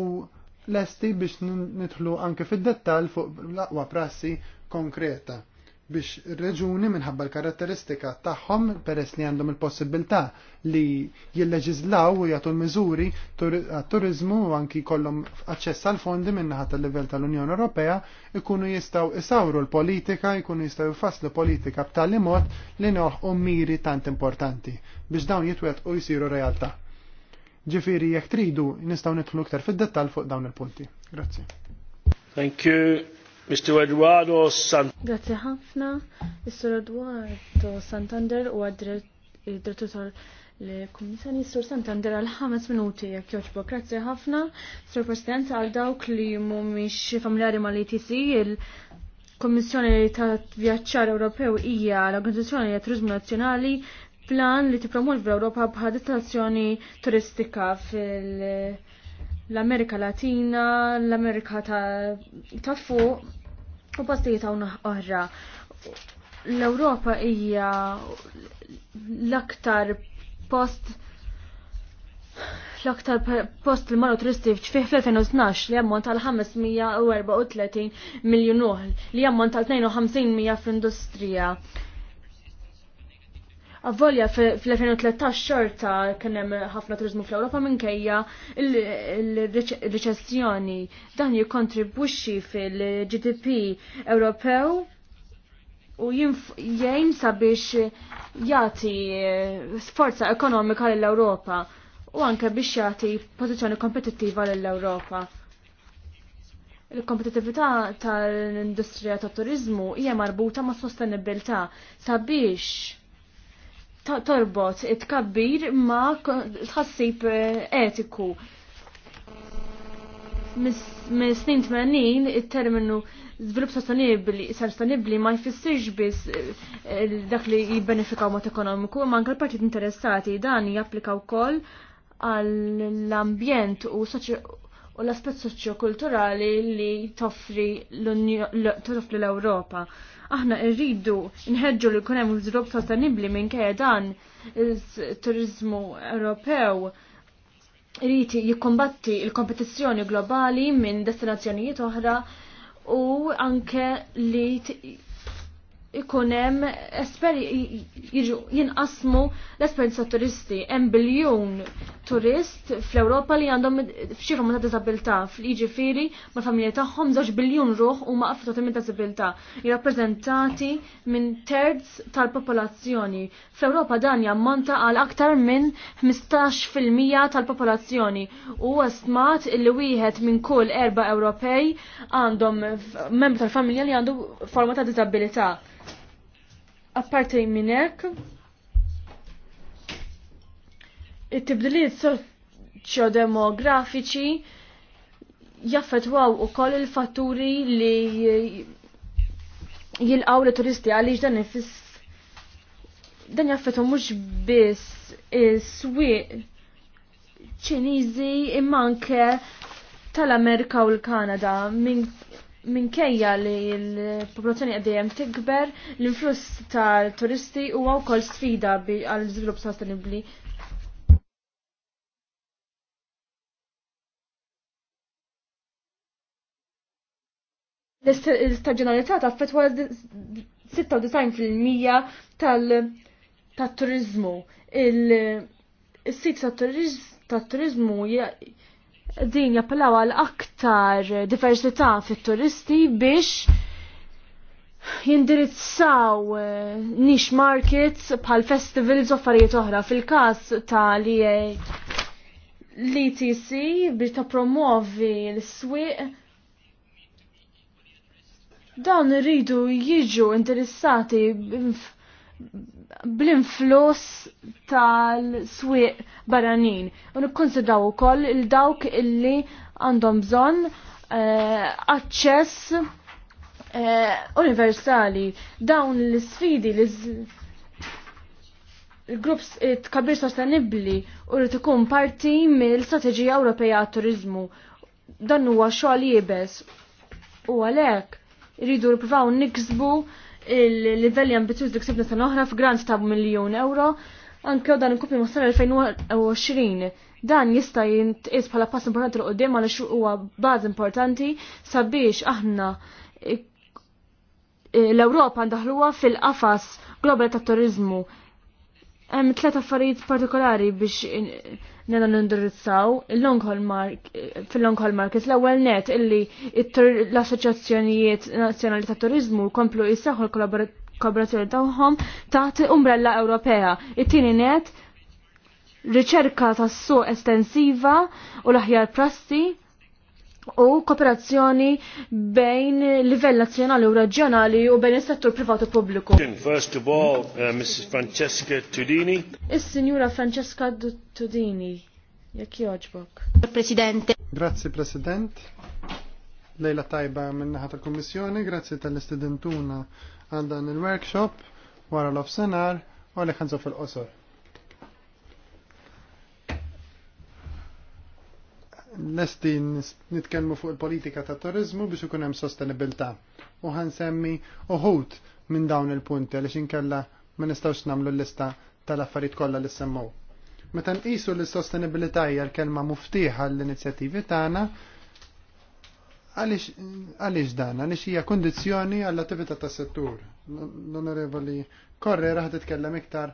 lesti biex nidħlu anke fid-dettall fuq l-aqwa prassi konkreta biex ir-reġuni minħabba l-karatteristika tagħhom peress li għandhom il-possibilità li jilleġizlaw u jagħtu l-miżuri għat-turiżmu u anki jkollhom aċċess għal fondi minnaħat tal-livell tal-Unjoni Ewropea ikunu jistgħu isawru l-politika, jkunu jistgħu jfasslu politika b'tali mod li noħqu miri tant importanti biex dawn jitwettqu jsiru realtà. Ġifieri jekk tridu nistgħu nidħlu iktar fid-dettall fuq dawn il-punti. Grazzi. Thank you. Mr. Eduardo Sant. Grazie ħafna. Mr. Eduardo Santander u għad-direttur l kommissjoni Sur Santander għal ħames minuti jekk joġbok. Grazie ħafna. Sur President għal dawk li mhumiex familjari l etc il-Kommissjoni ta' Vjaċċar Ewropew hija l-Organizzazzjoni ta' Turizmu Nazzjonali plan li tippromov l europa bħad turistika fil- l-Amerika Latina, l-Amerika ta', ta fuq u postijiet hawn oħra. L-Ewropa hija l-aktar post l-aktar post li marru turisti fih fl-2012 li jammon għal 534 miljon uħl li jammon tal 52 fl-industrija. Avvolja fl-2013 xorta kien hemm ħafna turizmu fl-Ewropa minkejja il-reċessjoni dan jikkontribwixxi fil-GDP Ewropew u jgħin sabiex jagħti eh, sforza ekonomika lill-Ewropa u anke biex jagħti pożizzjoni kompetittiva lill-Ewropa il-kompetitività tal-industrija tat-turiżmu hija marbuta ma' sostenibilità sabiex torbot it-kabbir ma tħassib eh, etiku. Mis snin 80 il-terminu zvilup sostenibli, sostenibli ma jfissirx biss eh, dak li jibbenefikaw mod ekonomiku, ma anke l-partit interessati dan japplika wkoll għall-ambjent u l-aspett soċjokulturali li toffri l-Ewropa. l europa l aħna rridu nħedġu li kunem l-żvilupp sostenibli minn dan il-turizmu Ewropew rriti jikkombatti il-kompetizzjoni globali minn destinazzjonijiet oħra u anke li ikunem jinqasmu l-esperienza turisti. Hemm biljun turist fl-Ewropa li għandhom f'xi forma ta' diżabilità, fl-iġifieri mal-familja tagħhom żewġ biljun ruħ huma affettwati minn diżabilità jirrappreżentati minn terz tal-popolazzjoni. Fl-Ewropa dan jammonta għal aktar minn 15% tal-popolazzjoni u stmat li wieħed minn kull erba' Ewropej għandhom membru tal-familja li għandu forma ta' diżabilità. Apparti minn hekk, it-tibdiliet demografiċi jaffetwaw ukoll il-fatturi li jilqaw li turisti għaliex dan ifis dan jaffetu mhux biss is-swieq ċiniżi imma anke tal-Amerika u l-Kanada minkejja li l-popolazzjoni għaddejem tikber, l-influss tal-turisti u għaw kol sfida għal żvilupp sostenibli. L-istaġjonalità ta' fetwa 96% tal-turizmu. Il-sit tal turizmu din jappellaw għal aktar diversità fit-turisti biex jindirizzaw eh, niche markets bħal festivals u affarijiet oħra fil-każ ta' li l-ETC biex ta' promuovi l-swieq dawn irridu jiġu interessati bl-influss tal-swieq baranin. U koll ukoll il-dawk illi għandhom bżonn eh, aċċess eh, universali dawn l-sfidi il-grups kabir sostenibli u li tkun parti mill-Strateġija Ewropea għat-Turizmu. Dan huwa xogħol jibes u għalhekk iridu nippruvaw niksbu il-livelli ambizjuż li ksibna sa noħra f'grant ta' miljon euro anke dan inkupi ma' sena 2020. Dan jista' jintqis bħala pass importanti l qudiem għaliex huwa baż importanti sabiex aħna l-Ewropa ndaħluha fil-qafas globali tat-turizmu. Hemm tliet affarijiet partikolari biex nena nindirizzaw fil-long haul markets l-ewwel net illi l-assoċjazzjonijiet nazzjonali ta' turizmu komplu jissaħu l-kollaborazzjoni tagħhom taħt umbrella Ewropea. It-tieni net riċerka tas-suq estensiva u l-aħjar prassi u kooperazzjoni bejn livell nazzjonali u reġjonali u bejn is-settur privat u pubbliku. First of all, uh, Mrs. Francesca Tudini. Is-Sinjura Francesca Tudini, jekk joġbok. Presidente. Grazzi President. Lejla tajba minnaħat tal-Kommissjoni, grazzi tal-istudentuna għal dan il-workshop wara l-offsenar u għalli ħanżu fil-qosor. Nesti nitkellmu fuq il-politika ta' turizmu biex ikun hemm sostenibilità. U ħansemmi uħud minn dawn il-punti għaliex inkella ma nistgħux nagħmlu l-lista tal-affarijiet kollha li semmew. Meta nqisu lis sostenibilità hija l-kelma muftiħa l-inizjattivi tagħna, għaliex dan, għaliex hija kondizzjoni għall-attività tas-settur. L-Onorevoli Korre raħ titkellem iktar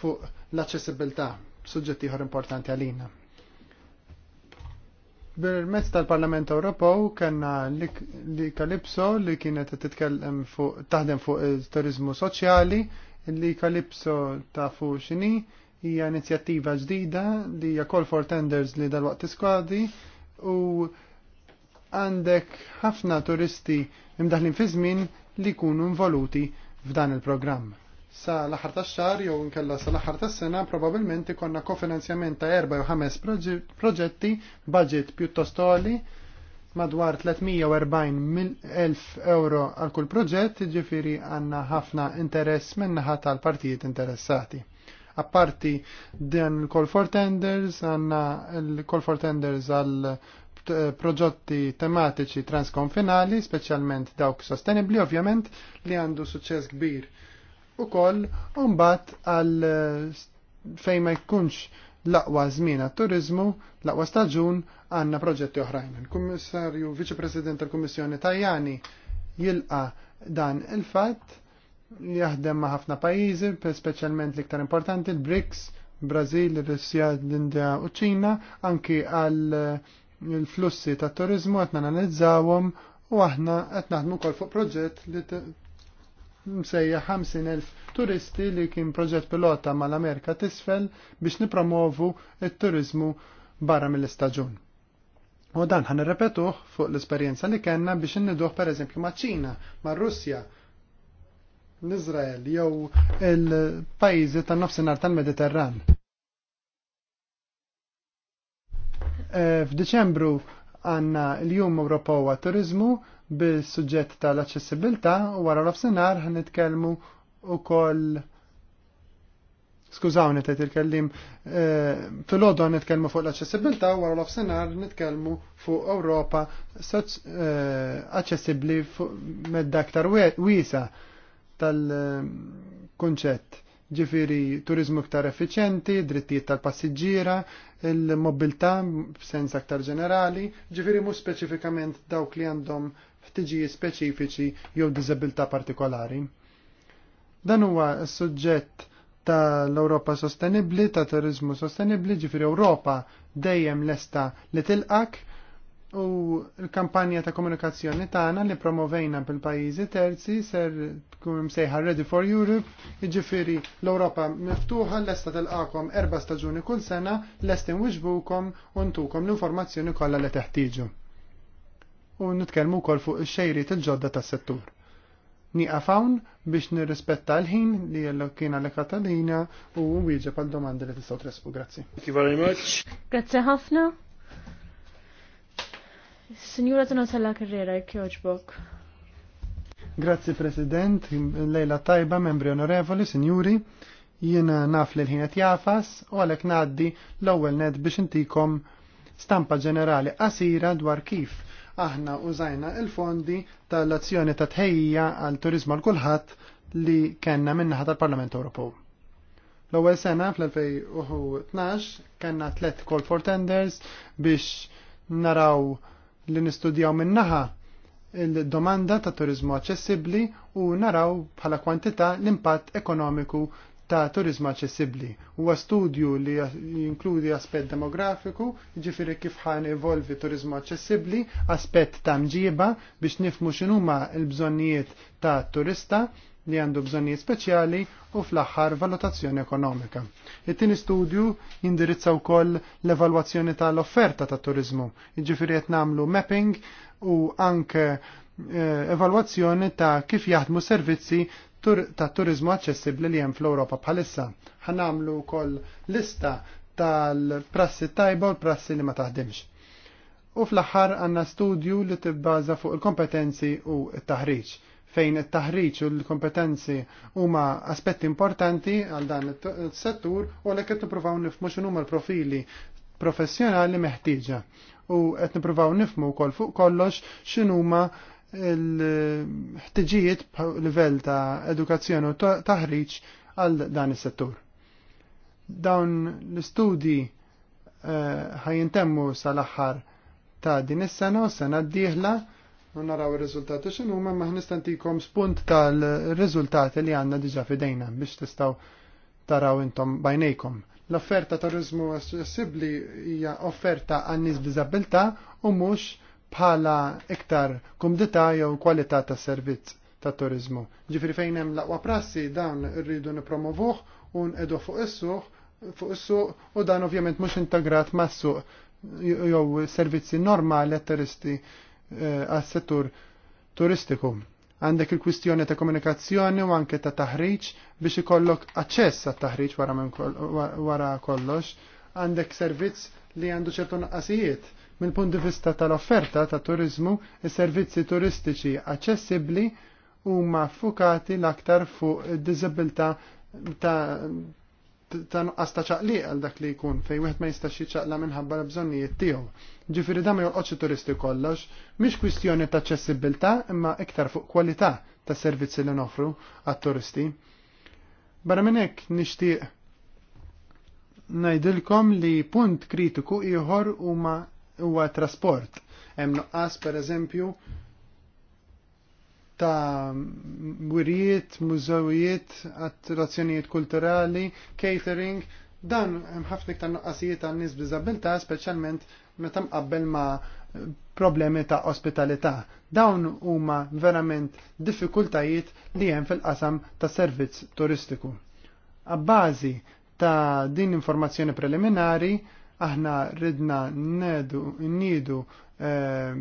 fuq l-aċċessibilità, suġġetti ieħor importanti għalina. Bil-mezz tal-Parlament Ewropew kellna li Kalipso li kienet titkellem fuq taħdem fuq il-turizmu soċjali, li Kalipso ta' fuq xini hija inizjattiva ġdida li hija call for tenders li dal-waqt iskwadi u għandek ħafna turisti imdaħlin fi żmien li jkunu involuti f'dan il-programm sa l-aħħar tax-xahar jew inkella sa l-aħħar tas-sena probabbilment ikonna kofinanzjament ta' erba' jew ħames proġetti budget pjuttost għali madwar 340.000 euro għal kull proġett, ġifiri għanna ħafna interess minnaħa tal-partijiet interessati. Apparti dan il-call for tenders, għanna il-call for tenders għal proġetti tematiċi transkonfinali, specialment dawk sostenibli ovvjament, li għandu suċċess kbir u koll unbat għal eh, fejn ma jkunx laqwa żmien għat-turizmu, laqwa staġun għanna proġetti oħrajn. Il-Kummissarju Viċi-President tal-Kummissjoni Tajani jilqa dan il-fatt jaħdem ma' ħafna pajjiżi, speċjalment l-iktar importanti l-BRICS, Brazil, Russja, l-Indja u ċina, anki għal eh, il-flussi ta' turizmu għatna analizzawhom u aħna qed naħdmu kol fuq proġett li msejja 50.000 turisti li kien proġett pilota mal-Amerika tisfel biex nipromovu il-turizmu barra mill-istaġun. U dan ħan irrepetuh fuq l-esperjenza li kellna biex nidduħ per eżempju maċ-Ċina, mar-Russja, l-Izrael jew il-pajjiżi tan-nofsinhar tal-Mediterran. Eh, F'Diċembru għanna l-Jum Ewropew għat-Turizmu bil-suġġett tal-aċċessibilità u wara nofsinhar nitkellmu ukoll skużawni tajt il-kellim, eh, fil-ħodu nitkellmu fuq l-accessibilta u għarlof senar nitkellmu fuq Europa accessibli med daktar wisa tal-kunċett ġifiri turizmu iktar effiċenti, drittijiet tal-passiġġiera, il-mobilità b'sens aktar ġenerali, ġifiri mhux speċifikament dawk li għandhom ħtiġijiet speċifiċi jew diżabilità partikolari. Dan huwa s-suġġett tal-Europa sostenibli, ta' turizmu sostenibli, ġifiri Ewropa dejjem lesta li tilqak u l-kampanja ta' komunikazzjoni tagħna li promovejna bil-pajjiżi terzi ser tkun msejħa Ready for Europe, jiġifieri l-Ewropa miftuħa lesta tilqakom erba' staġuni kull sena lest inwiġbukom u ntukom l-informazzjoni kollha li teħtieġu. U nitkellmu wkoll fuq ix-xejri il-ġodda tas-settur. Nieqaf hawn biex nirrispetta l-ħin li kien li Katalina u wieġeb għal domandi li tistgħu tresqu. Grazzi. Thank you very much. Grazzi ħafna. Signora Tonatella Carrera, Kjoġbok. Grazzi President, lejla tajba, membri onorevoli, signori, jiena naf li l-ħinet jafas u għalek naddi l-ewwel net biex intikom stampa ġenerali qasira dwar kif aħna użajna il-fondi tal-azzjoni ta' tħejja għal turizmu għal kulħadd li kenna minnaħa tal-Parlament Ewropew. L-ewwel sena fl-2012 kellna tlet call for tenders biex naraw li nistudjaw minnaħa il-domanda ta' turizmu aċċessibbli u naraw bħala kwantità l-impatt ekonomiku ta' turizmu aċċessibbli. Huwa studju li jinkludi aspett demografiku, ġifiri kif ħan evolvi turizmu aċċessibbli, aspett ta' mġiba biex nifmu x'inhuma l-bżonnijiet ta' turista li għandu bżonni speċjali u fl-aħħar valutazzjoni ekonomika. It-tieni studju jindirizza wkoll l-evalwazzjoni tal-offerta ta' turizmu, jiġifieri qed nagħmlu mapping u anke eh, evalwazzjoni ta' kif jaħdmu servizzi ta' turizmu aċċessibbli li hemm fl-Ewropa bħalissa. Ħanamlu wkoll lista tal-prassi tajba u l-prassi li ma taħdimx. U fl-aħħar għandna studju li tibbaża fuq il-kompetenzi u t-taħriġ fejn it-taħriġ u l-kompetenzi huma aspetti importanti għal dan is-settur u għalhekk qed nippruvaw nifhmu x'inhuma l-profili professjonali meħtieġa u qed nippruvaw nifhmu wkoll fuq kollox x'inhuma l-ħtiġijiet livell ta' edukazzjoni u taħriġ għal dan is-settur. Dawn l-istudji eh, ħajintemmu sal-aħħar ta' din is-sena u sena d-dieħla u naraw ir-riżultati x'inhu ma ħnistantikom spunt tal-riżultati li għandna diġà fidejna biex tistgħu taraw intom bajnejkom. L-offerta turizmu assibbli hija offerta għan nies b'diżabilità u mhux bħala iktar kumdità jew kwalità tas servizz ta' turizmu. Ġifri fejn hemm l-aqwa prassi dawn irridu nipromovuh u nqedu fuq is-suq fuq is-suq u dan ovvjament mhux integrat mas-suq jew servizzi normali għat turisti Eh, għas-settur turistiku. Għandek il-kwistjoni ta' komunikazzjoni u anke ta' taħriġ biex ikollok aċċess għat taħriġ wara, kollox. Għandek servizz li għandu ċertu naqqasijiet. Mill-punt di vista tal-offerta ta' turizmu, is-servizzi turistiċi aċċessibbli huma ffukati l-aktar fuq id-diżabilità ta' ta' ta' ċaqliq għal dak li jkun fej wieħed ma jistax jiċċaqla minħabba l-bżonnijiet tiegħu. Ġifieri da ma jolqodx turisti kollox, mhix kwistjoni ta' ċessibilità imma iktar fuq kwalità ta' servizzi li nofru għat-turisti. Barra minn hekk nixtieq ngħidilkom li punt kritiku ieħor huma huwa trasport. Hemm nuqqas pereżempju ta' wirijiet, mużewijiet, attrazzjonijiet kulturali, catering, dan hemm ħafna iktar nuqqasijiet għan nies b'diżabilità, speċjalment meta mqabbel ma' problemi ta' ospitalità. Dawn huma verament diffikultajiet li hemm fil-qasam ta' servizz turistiku. Abbażi ta' din informazzjoni preliminari, aħna ridna nedu, nidu eh,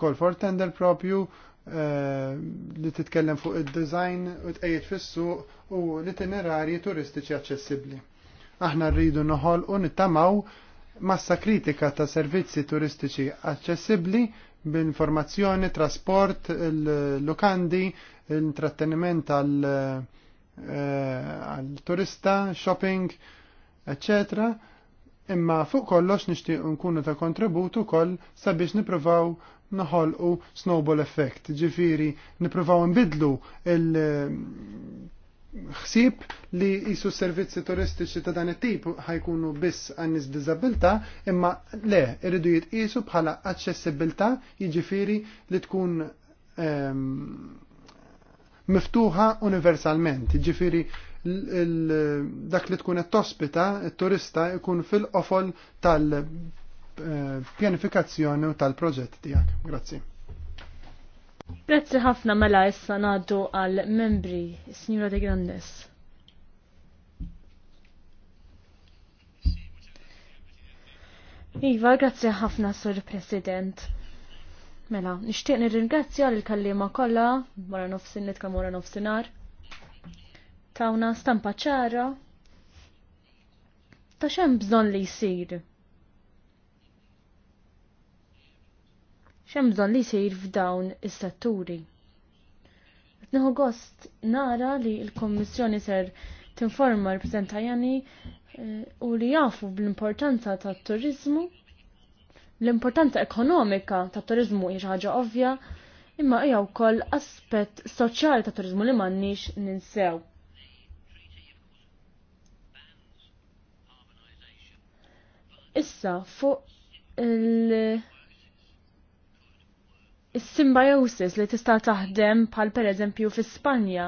call for tender propju, Eh, li titkellem fuq id-design u tqejjed fis-suq u l-itinerarji turistiċi aċċessibbli. Aħna rridu noħol u nittamaw massa kritika ta' servizzi turistiċi aċċessibbli b'informazzjoni, trasport, l-lukandi, l-intratteniment għal-turista, eh, shopping, eccetera imma fuq kollox nixtieq nkunu ta' kontributu koll sabiex niprovaw naħolqu snowball effect, ġifiri niprofaw nbidlu il-ħsib eh, li jisu servizzi turistiċi ta' dan it-tip ħajkunu biss għannis disabilta, imma le, irridu jitqisu bħala accessibilta, jiġifieri li tkun ehm, miftuħa universalment, ġifiri dak li tkun tospita, il-turista, ikun fil-qofol tal- pjanifikazzjoni tal-proġett tiegħek. Grazzi. Grazzi ħafna mela issa ngħaddu għal membri Signora De Grandes. Iva, grazzi ħafna, Sur President. Mela, nixtieq nirringrazzja l kallima kollha wara nofsin nitka mora nofsinhar. Tawna stampa ċara ta' xem bżon li jisir xem bżon li sejr f'dawn is-setturi. Nħu gost nara li l-Kommissjoni ser tinforma l-prezentajani eh, u li jafu bl-importanza ta' turizmu l-importanza ekonomika ta' turizmu hija ovvja, imma hija wkoll aspett soċjali ta' turizmu li m'għandniex ninsew. Issa fuq il- is li tista' taħdem bħal pereżempju fi Spanja.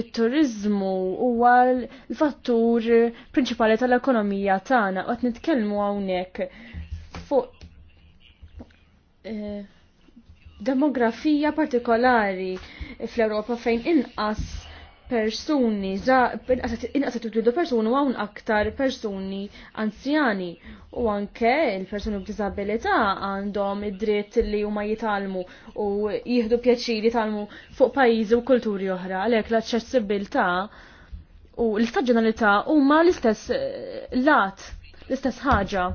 It-turizmu huwa l-fattur prinċipali tal-ekonomija tagħna għat nitkelmu nitkellmu hawnhekk fuq eh, demografija partikolari fl-Ewropa fejn inqas persuni, inqasat jitludu persuni għawn aktar persuni anzjani u anke il-persuni b'disabilità għandhom id-dritt li huma jitalmu u jihdu pjaċir jitalmu fuq pajjiżi u kulturi oħra għalhekk l-aċċessibilità u l-istaġġjonalità huma l-istess eh, lat, l-istess ħaġa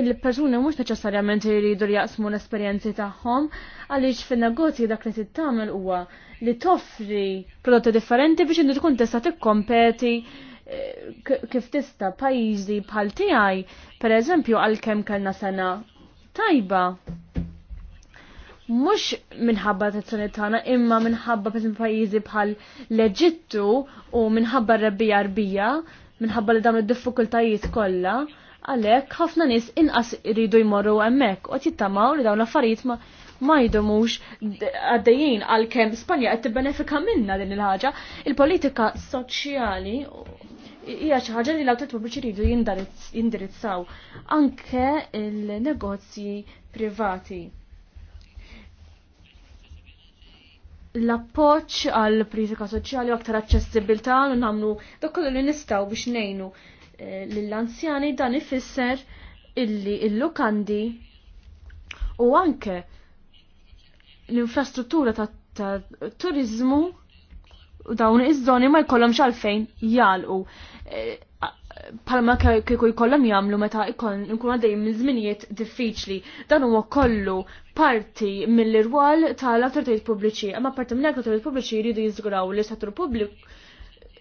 il-persuni mhux neċessarjament jridu li jaqsmu l-esperjenzi tagħhom għaliex fin-negozji dak li tittamel huwa li toffri prodotti differenti biex inti tkun tista' tikkompeti eh, kif tista' pajjiżi bħal tiegħi, pereżempju għalkemm kellna sena tajba. Mhux minħabba t-tazzjoni tagħna imma minħabba pajjiżi bħal l-Eġittu u minħabba r-rebbija rbija minħabba li dawn id-diffikultajiet kollha għalhekk ħafna nies inqas iridu jmorru hemmhekk u qed jittamaw li dawn l-affarijiet ma ma jidumux għaddejjien għal kem Spanja qed tibbenefika minna din il-ħaġa, il-politika soċjali hija xi ħaġa li l-awtorit pubbliċi jridu jindirizzaw anke il-negozji privati. L-appoċ għal politika soċjali u aktar aċċessibilta u nagħmlu dak kollu li nistgħu biex ngħinu Eh, lill-anzjani dan ifisser illi il-lukandi u anke l-infrastruttura ta', ta turizmu u dawn iż-żoni ma jkollhomx għalfejn jalqu. Eh, palma kieku jkollhom jagħmlu meta jkun għaddejjin minn żminijiet diffiċli. Dan huwa kollu parti mill-irwal tal-awtoritajiet pubbliċi, imma parti minn l-awtoritajiet pubbliċi jridu jiżguraw li settur pubbliku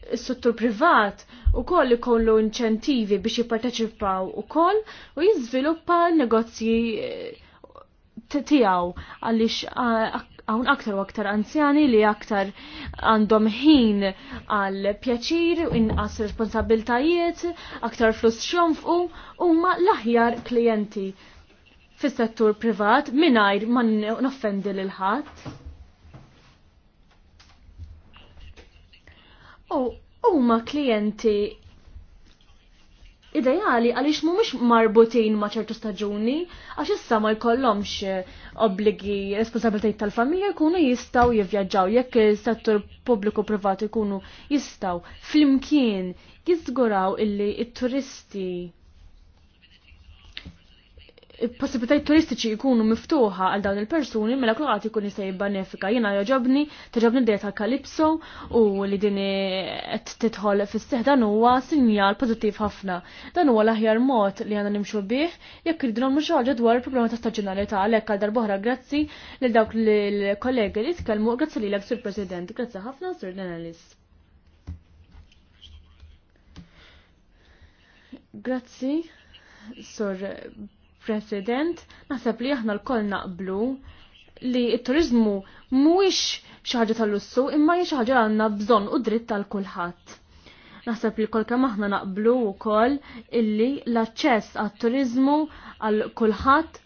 s-suttur privat u koll ikollu inċentivi biex jipparteċipaw u koll u jizviluppa negozji eh, tijaw għalix għawn aktar u aktar anzjani li aktar għandhom ħin għal pjaċir u inqas responsabiltajiet, aktar flus xonfqu u ma l-aħjar klijenti fis-settur privat minajr ma noffendi l-ħadd. U huma klijenti ideali għaliex mhumiex marbutin ma' ċertu staġuni għax issa ma jkollhomx eh, obbligi responsabiltajt tal-familja jkunu jistgħu jivvjaġġaw jekk il settur pubbliku privat jkunu jistgħu flimkien jiżguraw illi t turisti possibilitajiet turistiċi jkunu miftuħa għal dawn il-persuni mela kulħadd ikun jista' jibbanefika. Jiena jaġobni, tiġobni d tal Kalipso u li din qed tidħol fis-seħ dan huwa sinjal pożittiv ħafna. Dan huwa l-aħjar mod li għandna nimxu bih jekk irridu nagħmlu xi ħaġa dwar il-problema ta' staġjonalità għalhekk għal darbohra grazzi lil dawk l kollegi li tkellmu grazzi lilek sur President. Grazzi ħafna sur Denalis. Grazzi, sur President, naħseb li aħna l-koll naqblu li il-turizmu mhuwiex xi ħaġa tal-lussu imma hija xi ħaġa għandna bżonn u dritt tal kulħadd. Naħseb li kol kemm aħna naqblu wkoll illi l-aċċess għat-turizmu għal kulħadd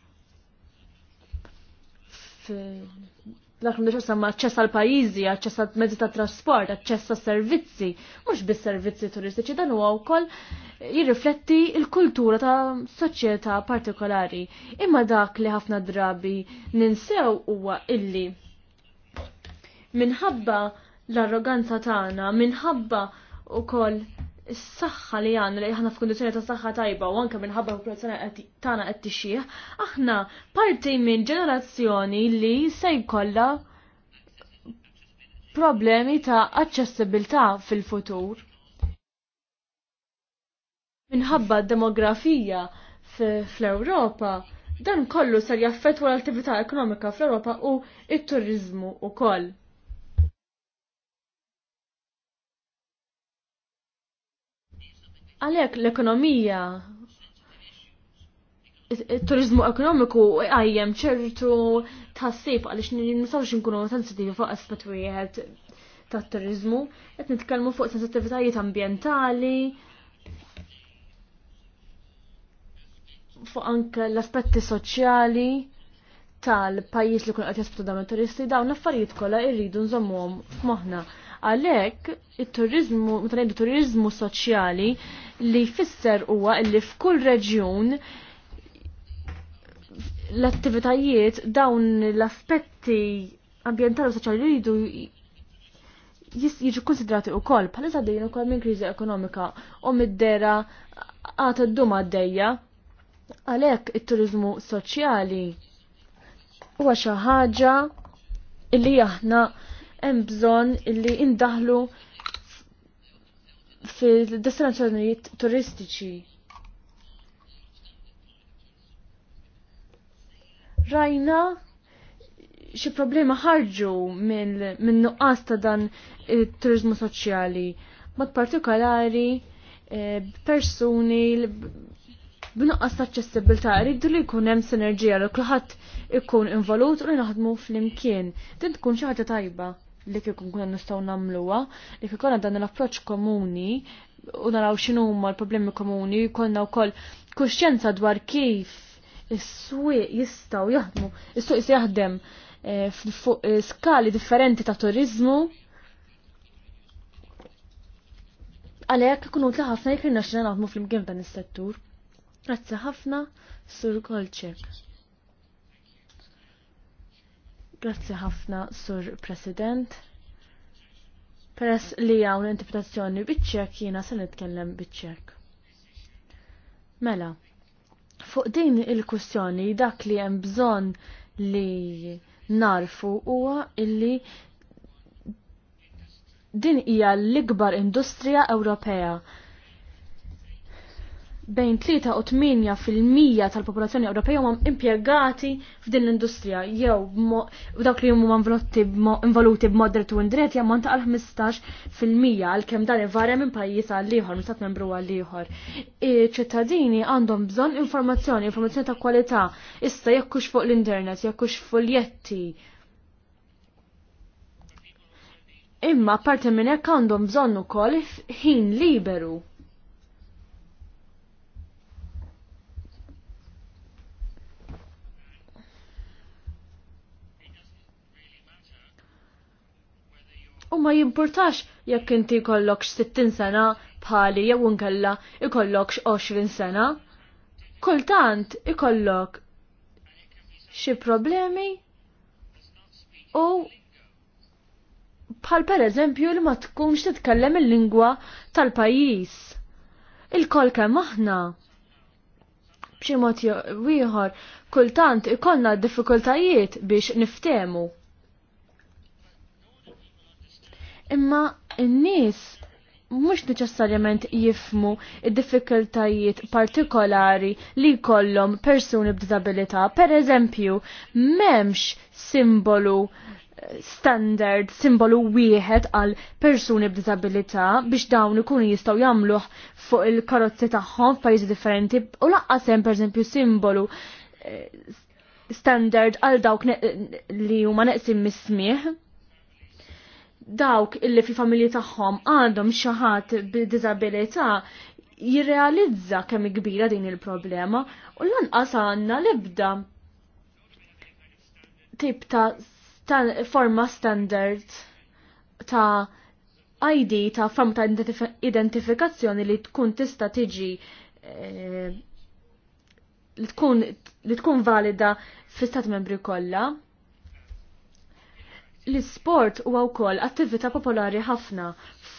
dak li samma aċċess l pajjiżi, aċċess għal mezzi ta' trasport, aċċess servizzi, mhux bis servizzi turistiċi, dan huwa wkoll jirrifletti l-kultura ta' soċjetà partikolari. Imma dak li ħafna drabi ninsew huwa illi minħabba l-arroganza tagħna, minħabba ukoll s-saxħa li għandna li ħana f'kondizjoni ta' saħħa tajba u anke minħabba l-popolazzjoni tagħna qed tixjih, aħna parti minn ġenerazzjoni li se jkollha problemi ta' aċċessibilità fil-futur. Minħabba d-demografija fl-Ewropa, dan kollu ser jaffettwa l-attività ekonomika fl-Ewropa u it-turizmu u koll. Għalhekk l-ekonomija turizmu ekonomiku għajjem ċertu tassib għalix nisawx nkunu sensitivi fuq aspet wieħed ta' turizmu, qed nitkellmu fuq sensitivitajiet ambientali, fuq anke l-aspetti soċjali tal-pajjiż li kun qed jaspetu dawn il turisti dawn l-affarijiet kollha irridu nżommuhom f'moħħna. Għalhekk it-turizmu, meta ngħidu turizmu soċjali li jfisser huwa li f'kull reġjun l-attivitajiet dawn l-aspetti ambientali u soċjali li jidu jiġu konsidrati u kol, palisa dejn u kol minn krizi ekonomika u mid-dera għat d-duma d-dejja, għalek il-turizmu soċjali u ħaġa illi aħna hemm bżonn illi indaħlu fil-destinazzjonijiet turistiċi. Rajna xi problema ħarġu minn nuqqas ta' dan it-turizmu soċjali, mod partikolari e, persuni b'nuqqas ta' aċċessibilità rridu li jkun hemm sinerġija li kulħadd ikun involut u li naħdmu flimkien. Din tkun xi ħaġa tajba li kikun kuna nistaw namluwa, li kikonna dan l-approċ komuni u naraw xinu ma l-problemi komuni, konna u koll dwar kif is-swieq jistaw jaħdmu, is-suq jis jaħdem eh, fuq eh, skali differenti ta' turizmu. Għalek kunu tlaħafna jekk naxxina naħdmu fl-imkien dan is-settur. Grazzi ħafna, Sur Kolċek. Grazzi ħafna, Sur President. Peress li hawn interpretazzjoni biċċek jiena se nitkellem biċċek. Mela, fuq din il kustjoni dak li hemm bżonn li narfu huwa illi din hija l-ikbar industrija Ewropea bejn 3 u 8% tal-popolazzjoni Ewropea huma impjegati f'din l-industrija jew dawk li huma involuti b'mod dritt u indirett jammont għal 15% fil-mija, għalkemm dan ivarja minn pajjiż għal ieħor minn stat membru għal ieħor. Iċ-ċittadini għandhom bżonn informazzjoni, informazzjoni ta' kwalità, issa jekk hux fuq l-internet, jekk hux foljetti. Imma parti minn hekk għandhom bżonn ukoll ħin liberu. U ma jimportax jekk inti kollok 60 sena bħali jew inkella ikollok 20 sena. Kultant ikollok xi problemi u bħal per eżempju li ma tkunx titkellem il-lingwa tal-pajjiż. Il-kol kemm aħna b'xi mod ieħor kultant ikollna diffikultajiet biex niftemu imma n-nies mhux neċessarjament jifmu id-diffikultajiet partikolari li jkollhom persuni b'disabilità. Per eżempju, m'hemmx simbolu eh, standard, simbolu wieħed għal persuni b'disabilità biex dawn ikunu jistgħu jagħmluh fuq il-karozzi tagħhom f'pajjiżi differenti u laqqas hemm pereżempju simbolu eh, standard għal dawk li huma neqsim mismieħ dawk illi fi familji tagħhom għandhom xi ħadd b'diżabilità jirrealizza kemm kbira din il-problema u lanqas għandna l-ebda tip ta' stan forma standard ta' ID ta' forma ta' identifikazzjoni li tkun tista' tiġi eh, li tkun valida fi stat membri kollha l-sport huwa wkoll attività popolari ħafna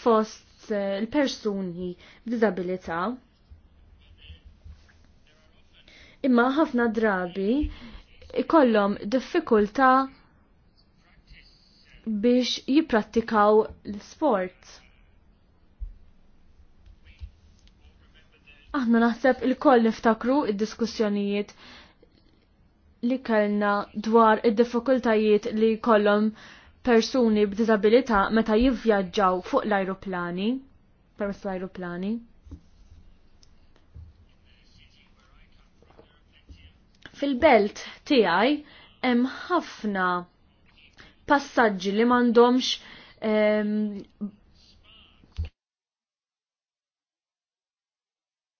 fost eh, l-persuni b'disabilità. Imma ħafna drabi ikollhom diffikultà biex jipprattikaw l-sport. Aħna naħseb il-koll niftakru id-diskussjonijiet il li kellna dwar id-diffikultajiet li kollhom persuni b'disabilità meta jivvjaġġaw fuq l-ajruplani, permess l-ajruplani. Fil-belt tiegħi hemm ħafna passaġġi li m'għandhomx ehm,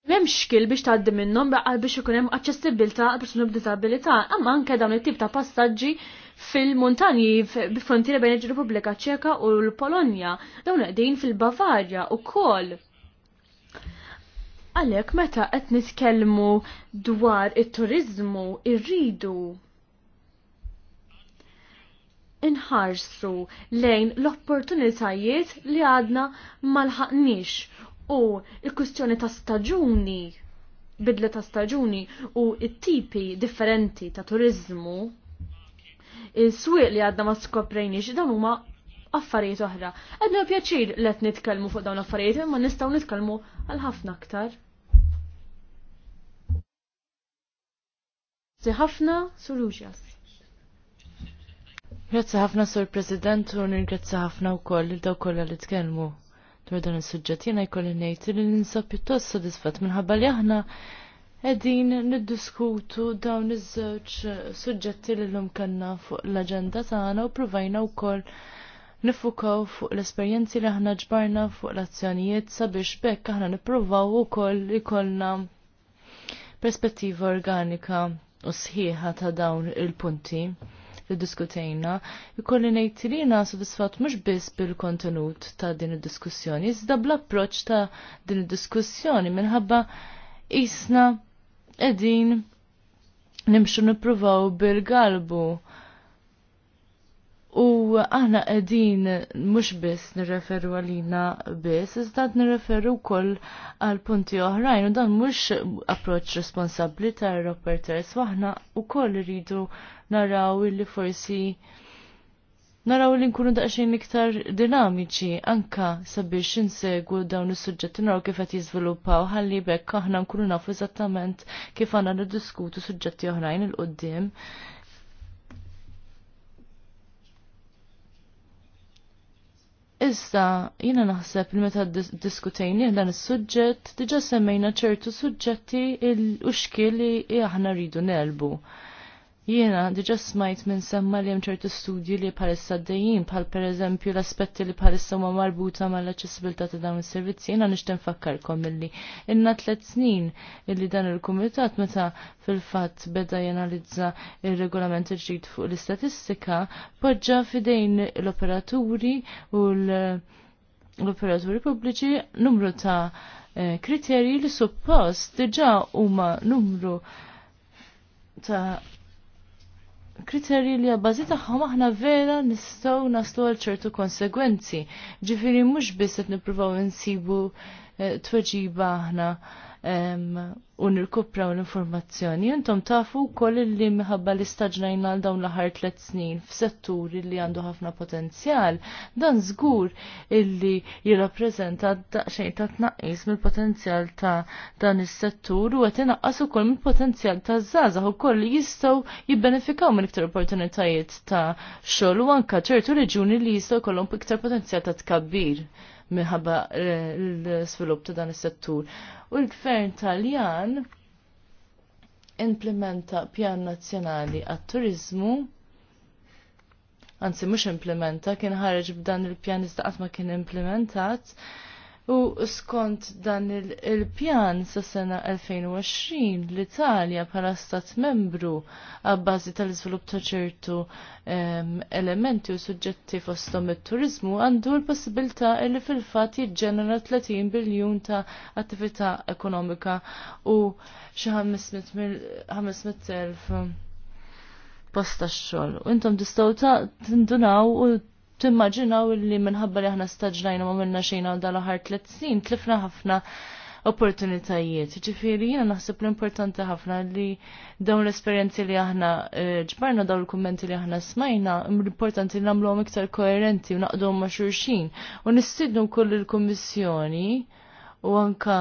M'hemm xkil biex tgħaddi minnhom baqal biex ikun hemm aċċessibilità għal persuni b'disabilità, imma anke dawn it-tip ta' passaġġi fil-montanji b'frontiera bejn il repubblika Ċeka u l-Polonja, dawn qegħdin fil-Bavarja wkoll. Għalhekk meta qed nitkellmu dwar it-turiżmu irridu inħarsu lejn l-opportunitajiet li għadna malħaqnix u il-kustjoni ta' staġuni bidla ta' staġuni u it-tipi differenti ta' turizmu il-swieq li għadna ma skoprejniex dan huma affarijiet oħra. Għadna pjaċir let nitkellmu fuq dawn affarijiet imma nistgħu nitkellmu għal ħafna aktar. Grazzi ħafna, Sur Uġas. Grazzi ħafna, Sur President, u nirgrazzi ħafna wkoll il-daw kollha li tkellmu dwar dan is-suġġett jiena jkolli ngħid li ninsa pjuttost sodisfatt minħabba li aħna qegħdin niddiskutu dawn iż-żewġ suġġetti li llum kellna fuq l-aġenda tagħna u pruvajna wkoll nifukaw fuq l-esperjenzi li aħna ġbarna fuq l-azzjonijiet sabiex bekk aħna nippruvaw ukoll ikollna perspettiva organika u sħiħa ta' dawn il-punti li diskutejna. Ikolli ngħid li jiena sodisfatt mhux biss bil-kontenut ta' din id-diskussjoni, iżda bl-approċċ ta' din id-diskussjoni minħabba isna qegħdin nimxu nippruvaw bil-galbu. U aħna qegħdin mhux biss nirreferu għalina biss, iżda nirreferu wkoll għal punti oħrajn u dan mhux approċċ responsabbli ta' reporters waħna wkoll iridu naraw li forsi naraw li nkunu daqsxejn iktar dinamiċi anka sabiex insegwu dawn is-suġġetti naraw kif qed jiżviluppaw ħalli bekk aħna nkunu nafu eżattament kif għandna niddiskutu suġġetti oħrajn il qudiem Issa, jina naħseb li meta diskutejni dan is-suġġett, diġà semmejna ċertu suġġetti l uxkil li aħna rridu nelbu. Jiena diġa smajt minn semma li hemm ċertu studji li palissa d pal bħal pereżempju l-aspetti li palissa ma marbuta mal accessibilta ta' dawn is-servizzi. Jiena nixtieq nfakkarkom illi inna tliet snin illi dan il-kumitat meta fil-fatt beda jenalizza il regolament il-ġid fuq l-istatistika poġġa fidejn l-operaturi u l-operaturi pubbliċi numru ta' eh, kriterji li suppost diġa huma numru ta' kriterji li għabbażi tagħhom aħna vera nistgħu naslu għal ċertu konsegwenzi. Ġifieri mhux biss qed nippruvaw insibu eh, tweġiba aħna u nirkupraw l-informazzjoni. Intom tafu koll li minħabba li staġnajna għal dawn l-ħar tlet snin f'setturi li għandu ħafna potenzjal, dan żgur illi jirrappreżenta daqsxejn ta' tnaqqis mill-potenzjal ta' dan is-settur u qed inaqqas ukoll mill-potenzjal ta' żgħażagħ ukoll li jistgħu jibbenefikaw minn iktar opportunitajiet ta' xogħol u anke ċertu reġuni li jistgħu jkollhom iktar potenzjal ta' tkabbir minħabba l svilup ta' dan is-settur. U l-gvern Taljan implementa pjan nazzjonali għat-turizmu anzi mhux implementa, kien ħareġ b'dan il-pjan iżda qatt ma kien implementat U skont dan il-pjan sa sena 2020 l-Italja bħala stat membru għabbażi tal-iżvilupp ta' ċertu elementi u suġġetti fostom it-turizmu għandu l-possibilità li fil-fatt jiġġenera 30 biljun ta' attività ekonomika u xi 500,000 posta xogħol. U intom tistgħu tindunaw u timmaġinaw li minħabba li aħna staġnajna ma minna xejn għal dal-aħar sin snin, tlifna ħafna opportunitajiet. Ġifiri, jina naħseb l-importanti ħafna li dawn l-esperienzi li aħna eh, ġbarna dawn l-kommenti li aħna smajna, l-importanti li namlu iktar koerenti u naqdu ma maċurxin. U nistidnu koll il-kommissjoni u anka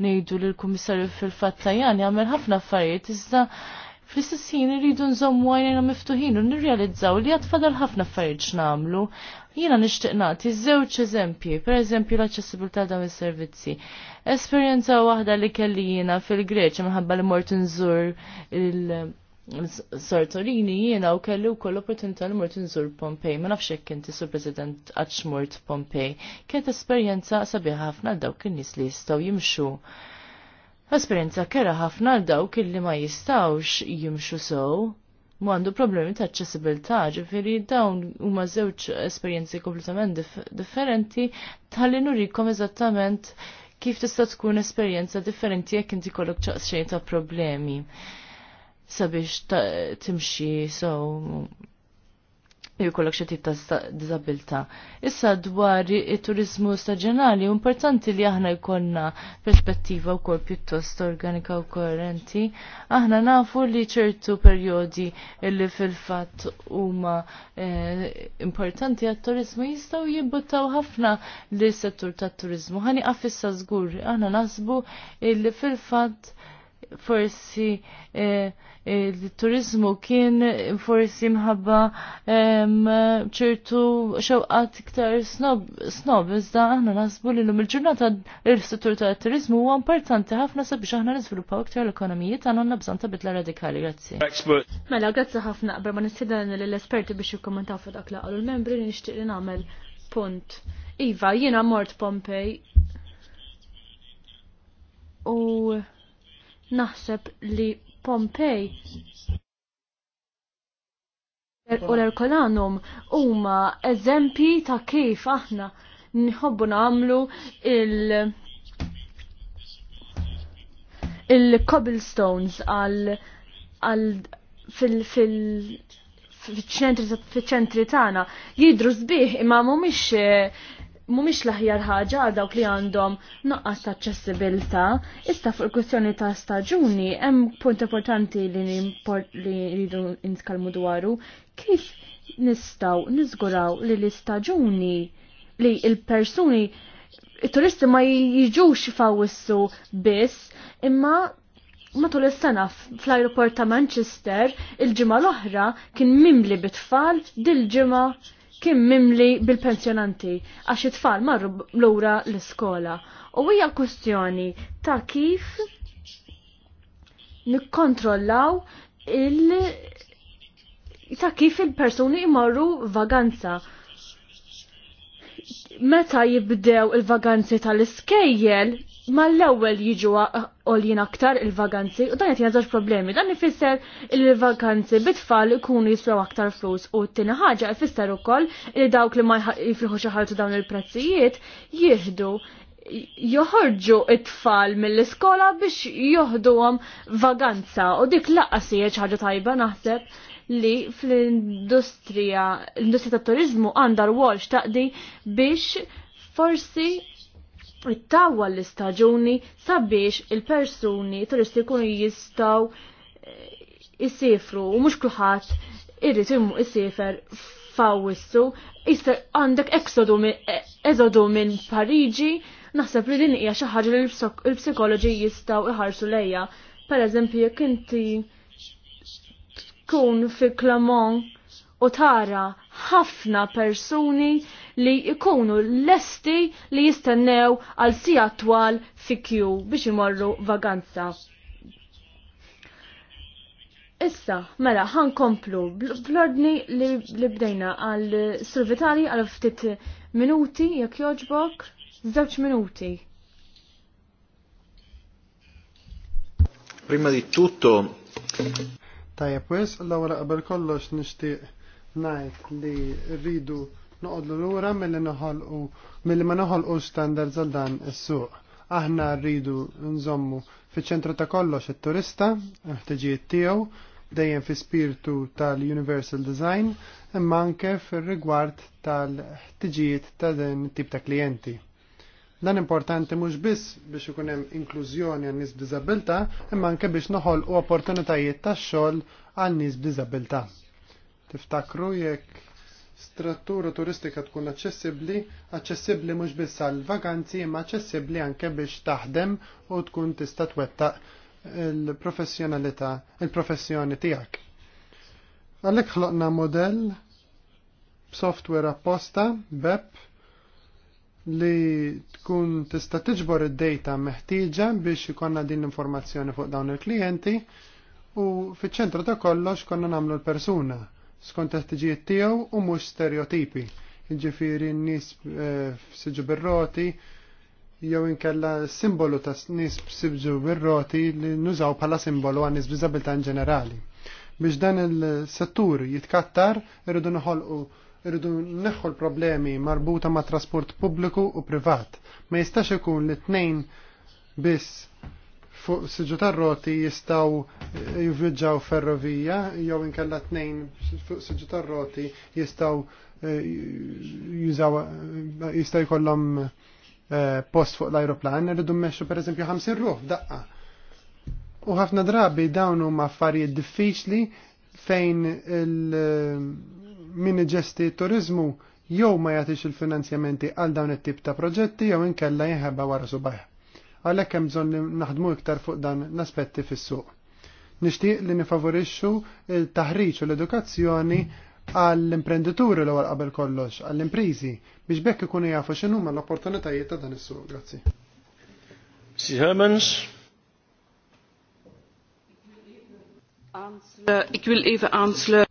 nejdu l-kommissarju fil-fattajani għamil ħafna affarijiet, iżda fl istessin ħin irridu nżommu miftuħin u nirrealizzaw li għatfadal fadal ħafna affarijiet x'namlu. Jiena nixtieq nagħti żewġ eżempji, pereżempju l-aċċessibilità dawn is-servizzi. Esperjenza waħda li kelli jiena fil-Greċja minħabba li mort nżur il- Sartorini jiena u kelli wkoll opportunità li mort nżur Pompej, ma nafx hekk inti sur President għax mort Pompej. Kienet esperjenza sabiħa ħafna dawk in-nies li jistgħu jimxu Esperjenza kera ħafna għal dawk illi ma jistawx jimxu sew, Mu għandu problemi ta' ċessibilità, ġifiri dawn huma żewġ esperjenzi kompletament dif differenti tal-li nurikom eżattament kif tista' tkun esperjenza differenti jekk inti kollok ċaqsxejn ta' problemi sabiex timxi so jew kollok xi tip ta' diżabilità. Issa dwar it-turizmu staġjonali importanti li aħna jkollna perspettiva wkoll pjuttost organika u koerenti. Aħna nafu li ċertu perjodi li fil-fatt huma e, importanti għat-turizmu jistgħu jibbuttaw ħafna li settur tat-turizmu. Ħani qaf żgur aħna nasbu li fil-fatt forsi eh, il-turizmu kien forsi mħabba ċertu xewqat iktar snob, iżda aħna nasbu li l-lum il-ġurnata il-settur ta' turizmu huwa importanti ħafna sabiex aħna nizviluppaw iktar l-ekonomijiet għandna nabżon ta' bidla radikali, grazzi. Mela, grazzi ħafna qabel ma nistidan l-esperti biex jikkommentaw fuq dak laqgħu l-membri nixtieq li nagħmel punt. Iva, jiena mort Pompej. U naħseb li Pompei u l-Erkolanum huma eżempji ta' kif aħna nħobbu namlu il- il-cobblestones għal għal fil fil fiċ-ċentri tagħna jidru sbieħ imma mhumiex eh, mumiex l-aħjar ħaġa għal dawk li għandhom noqqas ta' ċessibilta, issa fuq il-kwestjoni ta' staġuni, hemm punt importanti li rridu nitkellmu dwaru, kif nistaw niżguraw li l-istaġuni li il-persuni il turisti ma jiġux fawissu biss, imma matul is-sena fl-aeroport ta' Manchester il-ġimgħa l-oħra kien mimli bit-tfal dil-ġimgħa kien mimli bil-pensjonanti għax it-tfal marru lura l-iskola. U hija kustjoni ta' kif nikkontrollaw il- ta' kif il-persuni imorru vaganza meta jibdew il-vaganzi tal-iskejjel, mal-ewwel jiġu għoljin aktar il-vaganzi u dan qed jażax problemi. Dan ifisser il-vaganzi bit-tfal ikunu jiswew aktar flus u t-tieni ħaġa ifisser ukoll li dawk li ma jifriħu xi ħaltu dawn il-prezzijiet jieħdu joħorġu it-tfal mill-iskola biex joħduhom vaganza u dik laqas hija ħaġa tajba naħseb li fl-industrija, l-industrija tat-turizmu għandha rwol xtaqdi biex forsi It-tawwa l-istaġuni sabiex il-persuni turisti jkunu jistaw jisifru eh, u mux kulħadd irrit immu jisifer fawissu jista għandek eżodu minn Pariġi naħseb li din hija xi ħaġa li l-psikoloġi jistgħu iħarsu lejja. Pereżempju jekk inti tkun fi Clermont u tara ħafna persuni li ikunu lesti li jistennew għal si twal fi kju biex imorru vaganza. Issa, mela, ħan komplu bl-ordni li, li bdejna għal survitali għal ftit minuti, jekk joġbok, żewġ minuti. Prima di tutto. Tajja, pues, l-għura qabel kollox nishtiq najt li rridu noqodlu lura milli mill milli ma noħol u standard dan is-suq. Aħna rridu nżommu fiċ-ċentru ta' kollox it-turista, ħtiġijiet tiegħu, dejjem fi spirtu tal-Universal Design, imma anke fir-rigward tal-ħtiġijiet ta' din tip ta' klijenti. Dan importanti mhux biss biex ikun hemm inklużjoni għan nies b'diżabilità, imma anke biex noħolqu opportunitajiet tax-xogħol għan nies b'diżabilità. Tiftakru jekk struttura turistika tkun aċċessibbli, aċċessibbli mhux biss għal vaganzi imma aċċessibbli anke biex taħdem u tkun tista' twettaq il-professjonalità, il-professjoni tiegħek. Għalhekk ħloqna modell b'software apposta, BEP, li tkun tista' tiġbor id-data meħtieġa biex ikonna din l-informazzjoni fuq dawn il-klijenti u fiċ-ċentru ta' kollox konna nagħmlu l-persuna skont taħtiġijiet tiegħu u mhux stereotipi. Jiġifieri n-nies eh, siġu bir-roti jew inkella simbolu ta' nis siġu bir-roti li nużaw bħala simbolu għan nies in ġenerali. Biex dan il-settur jitkattar irridu noħolqu irridu neħħu l-problemi marbuta ma' trasport pubbliku u privat. Ma jistax ikun li tnejn biss fuq siġu tar-roti jistaw jivvjaġġaw ferrovija, jew inkella tnejn fuq siġu tar-roti jistaw eh, jużaw jistaw jkollhom eh, post fuq l-ajroplan, rridu mmexxu pereżempju 50 ruħ daqqa. U ħafna drabi dawn huma affarijiet diffiċli fejn il eh, min ġesti turizmu jew ma jagħtix il-finanzjamenti għal dawn it-tip ta' proġetti jew inkella jinħebba wara subajħ għalhekk hemm bżonn naħdmu iktar fuq dan l-aspetti fis-suq. Nixtieq li nifavorixxu il-taħriġ u l-edukazzjoni għall imprenditur l ewwel qabel kollox, għall-imprizi, biex bekk ikunu jafu x'inhuma l-opportunitajiet ta' dan is-suq. Grazzi. Hermans. Ik even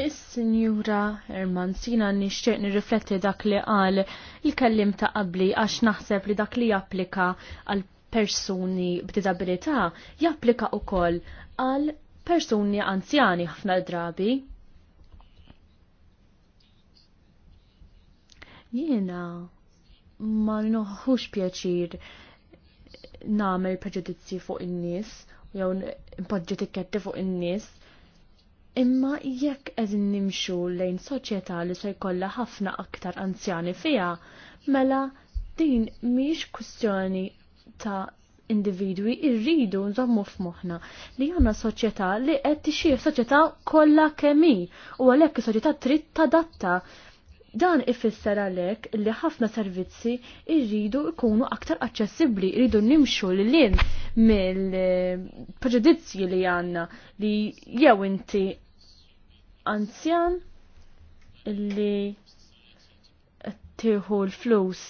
Is-Sinjura Herman Sina nixtieq nirrifletti dak li qal il-kellim ta' qabli għax naħseb li dak li japplika għal persuni b'disabilità japplika ukoll għal persuni anzjani ħafna drabi. Jiena ma noħux pjaċir namel preġudizzi fuq in-nies jew impoġġi tikketti fuq in-nies. Imma jekk qegħdin nimxu lejn soċjetà li se jkollha ħafna aktar anzjani fiha, mela din mhix kwistjoni ta' individwi irridu nżommu f'moħħna li għandna soċjetà li qed tixir soċjetà kollha kemmi u għalhekk is-soċjetà trid tadatta. Dan ifisser għalhekk li ħafna servizzi irridu jkunu aktar aċċessibbli, irridu nimxu l lin mill-preġudizzji li għandna li jew inti anzjan li tieħu l-flus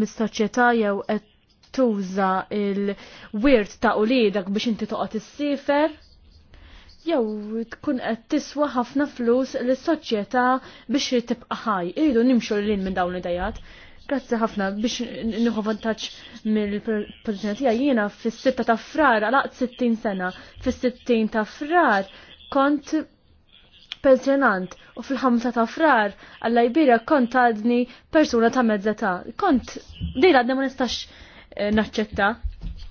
mis-soċjetà jew qed tuża il-wirt ta' uliedek biex inti toqgħod issifer jew tkun qed tiswa ħafna flus lis-soċjetà biex tibqa' ħaj. Iridu nimxu lil minn dawn l-idejat. Grazzi ħafna biex nieħu vantaġġ mill-pożizzjoni tiegħi jiena fis-sitta ta' frar għalaq 60 sena. fis sittin ta' frar kont pensjonant u fil-ħamsa ta' frar għalla jbira kont għadni persuna ta' mezzata. Kont dejla għadna ma nistax eh, naċċetta.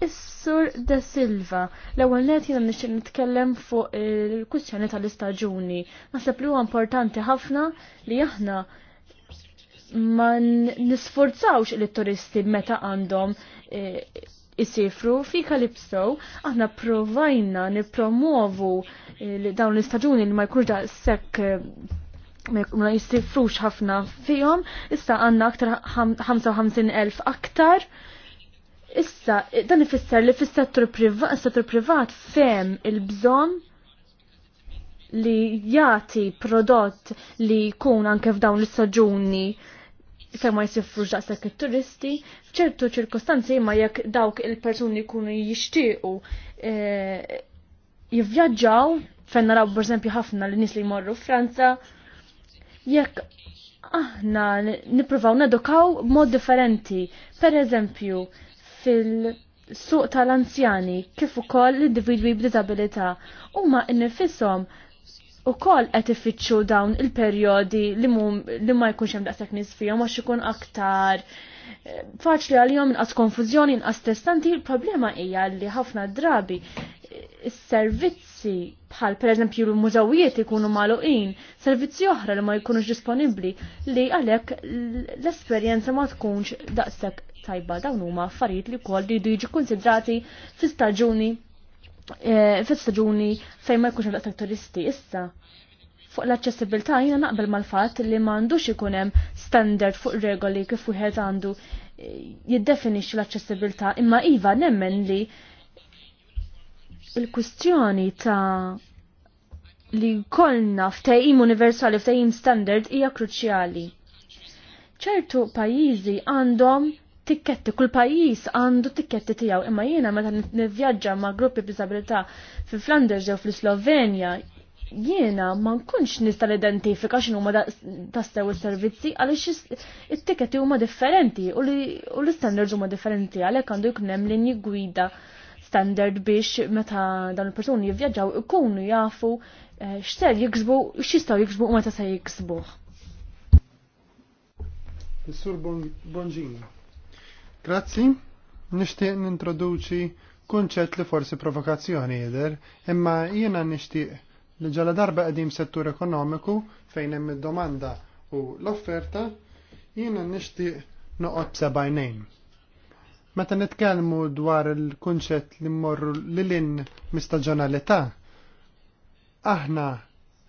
Is-sur De Silva, l-ewwel net jiena nixtieq nitkellem fuq il-kwistjoni tal-istaġuni. Naħseb li huwa importanti ħafna li aħna ma nisforzawx il-turisti meta għandhom eh, isifru fi Kalipso aħna provajna nipromovu eh, dawn l-istaġuni li ma jkunx da sekk eh, ma jistifrux ħafna fihom, issa għanna aktar 55,000 aktar. Issa, eh, dan ifisser li fis-settur privat, settur privat fem il-bżonn li jati prodott li jkun anke f'dawn l-istaġuni se ma jsifrux daqshekk it-turisti, f'ċertu ċirkostanzi ma jekk dawk il-persuni jkunu jixtiequ eh, jivvjaġġaw, fejn naraw esempio ħafna l nisli li jmorru Franza, jekk aħna nippruvaw nedokaw b'mod differenti, pereżempju fil-suq tal-anzjani kif ukoll l-individwi u huma nifishom u koll qed ifittxu dawn il-perjodi li, ma jkunx hemm daqshekk nies fihom għax ikun aktar eh, faċli għalihom inqas konfużjoni inqas testanti, il-problema hija li ħafna drabi is-servizzi eh, bħal pereżempju l-mużawijiet ikunu magħluqin, servizzi oħra li ma jkunux disponibbli li għalhekk l-esperjenza ma tkunx daqshekk tajba dawn huma affarijiet li wkoll li jiġi konsidrati fi staġuni E, fil staġuni fejn ma jkunx hemm daqshekk turisti issa fuq l-accessibilità jina naqbel mal-fatt li m'għandux ikun hemm standard fuq regoli kif wieħed għandu e, jiddefinixxi l-accessibilità imma iva nemmen li il kustjoni ta' li kollna ftejim universali ftejim standard hija kruċjali. ċertu pajjiżi għandhom tikketti, kull pajis għandu tikketti tijaw, imma jiena meta nivvjaġġa ma' gruppi b'disabilità fi Flanders jew fi slovenja jiena ma nkunx nista' identifika x'inhu huma tassew is-servizzi għaliex it-tikketti huma differenti u l-istandards huma differenti għalhekk għandu jkun hemm linji gwida standard biex meta dan il-persuni jivvjaġġaw ikunu jafu eh, x'ser jiksbu, x'jistgħu jiksbu u meta se jiksbuh. Is-sur Bonġina. Grazzi, nishtiq nintroduċi kunċett li forsi provokazzjoni jider, imma jiena nishtiq li ġala darba qedim settur ekonomiku fejn hemm id-domanda u l-offerta, jiena nishtiq noqgħod b'sebajnejn. Meta nitkellmu dwar il-kunċett li mmorru lil-in mistaġjonalità, aħna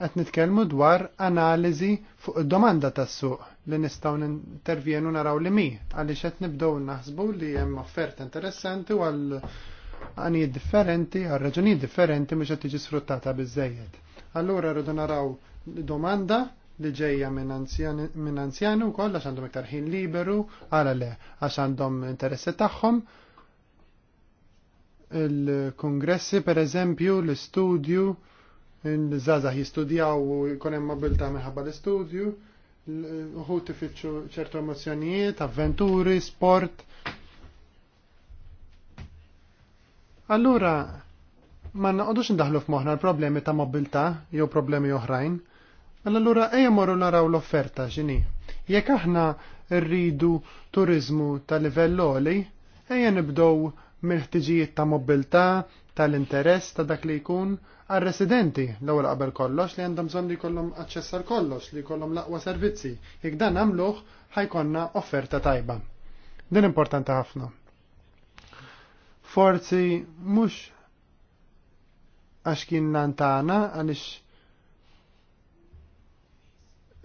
qed nitkellmu dwar analiżi fuq domanda tas-suq li nistgħu nintervjenu naraw li mi għaliex qed nibdew naħsbu li hemm offerta interessanti u għal għani differenti, għal raġunijiet differenti mhux qed tiġi sfruttata biżejjed. Allura rridu naraw domanda li ġejja minn u koll għax għandhom iktar ħin liberu għala le għax għandhom interessi tagħhom il-kongressi per eżempju l-istudju n-żazah jistudjaw u jkun hemm mobilità minħabba l-istudju, uħu tifittxu ċertu emozjonijiet, avventuri, sport. Allura, ma naqodux ndaħlu f'moħna l-problemi ta' mobilità jew problemi oħrajn. Mela allura ejja morru naraw l-offerta x'inhi. Jekk aħna rridu turizmu ta' livell oli, ejja nibdow mill-ħtiġijiet ta' mobilta, tal-interess ta' dak li jkun għal residenti l-ewwel qabel kollox li għandhom bżonn li jkollhom aċċess għal kollox li jkollhom l-aqwa servizzi. Jekk dan nagħmluh ħajkonna offerta tajba. Din importanti ħafna. Forzi mhux għax kien tagħna għaliex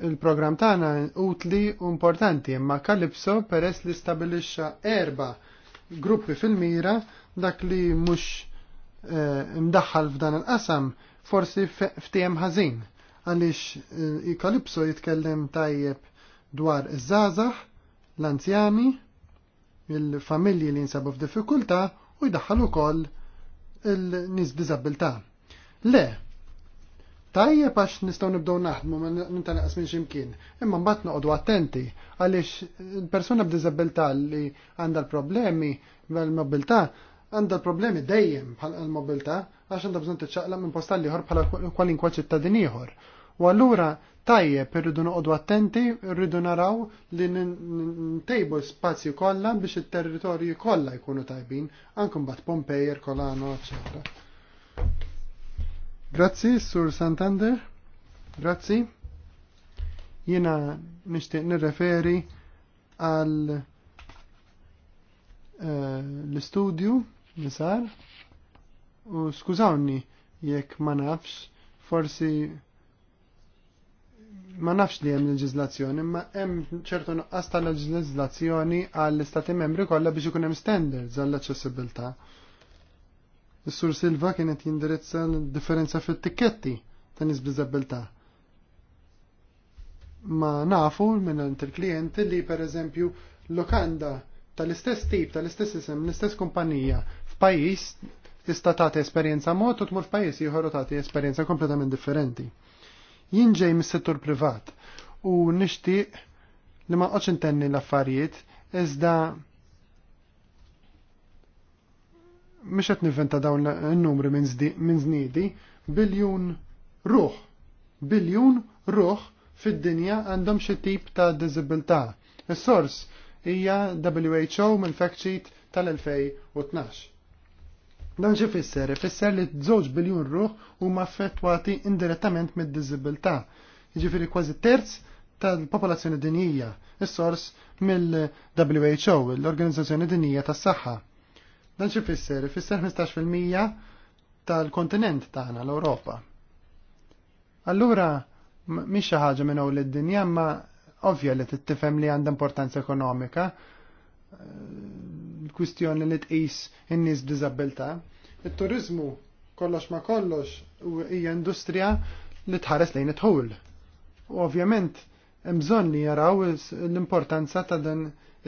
il-programm tagħna utli u importanti, imma Kalipso peress li stabilixxa erba' gruppi fil-mira dak li mhux Eh, imdaħħal f'dan il-qasam forsi ftiem ħażin għaliex Kalipso eh, jitkellem tajjeb dwar iż-żgħażagħ, l-anzjani, il-familji li jinsabu f'diffikultà u jdaħħal ukoll il-nies diżabilità Le, tajjeb għax nistgħu nibdew naħdmu ma nintanaqas minn x'imkien, imma mbagħad noqogħdu attenti għaliex il-persuna b'diżabilità li għandha l-problemi mal-mobilità għanda problemi dejjem bħal mobilità għax għandha bżonn ċaqla minn postal ieħor bħala kwalinkwa ċittadin ieħor. U allura tajjeb irridu noqogħdu attenti, rridu naraw li ntejbu spazju kollha biex it territorju kollha jkunu tajbin, anke bat Pompejer, kolano, ecc. Grazzi, Sur Santander. Grazzi. Jiena nixtieq nirreferi għal eh, l-istudju li sar. U skużawni jekk ma nafx, forsi ma nafx li hemm leġislazzjoni ma hemm ċertu nuqqas ta' leġislazzjoni għall-istati membri kollha biex ikun hemm standards għall-aċċessibilità. Is-Sur Silva kienet jindirizza l-differenza fit-tikketti ta' nies Ma nafu minn il-klijenti li pereżempju lokanda tal-istess tip, tal-istess isem, l-istess kumpanija f'pajjiż tista' tagħti esperjenza mod u tmur f'pajjiż ieħor u tagħti esperjenza kompletament differenti. Jien ġej mis-settur privat u nixtieq li ma qoċ intenni l-affarijiet iżda mhux qed nivventa dawn in-numri minn żniedi biljun ruħ. Biljun ruħ fid-dinja għandhom xi tip ta' diżibilità. Is-sors hija WHO mill-fact sheet tal-2012. Dan xi fisser? Ifisser li żewġ biljun ruħ huma affettwati indirettament mid-diżibilità. Jiġifieri kważi terz tal-popolazzjoni dinija, il sors mill-WHO, l-Organizzazzjoni Dinija tas-Saħħa. Dan xi fisser? Ifisser 15% tal-kontinent tagħna l-Ewropa. Allura miex xi ħaġa minn hawn lid-dinja ma ovvja li tittifhem li għandha importanza ekonomika l-kwistjoni li tqis in-nies b'diżabilità. It-turizmu kollox ma kollox hija industrija li tħares lejn it-ħul. U ovvjament hemm bżonn li jaraw l-importanza ta' dan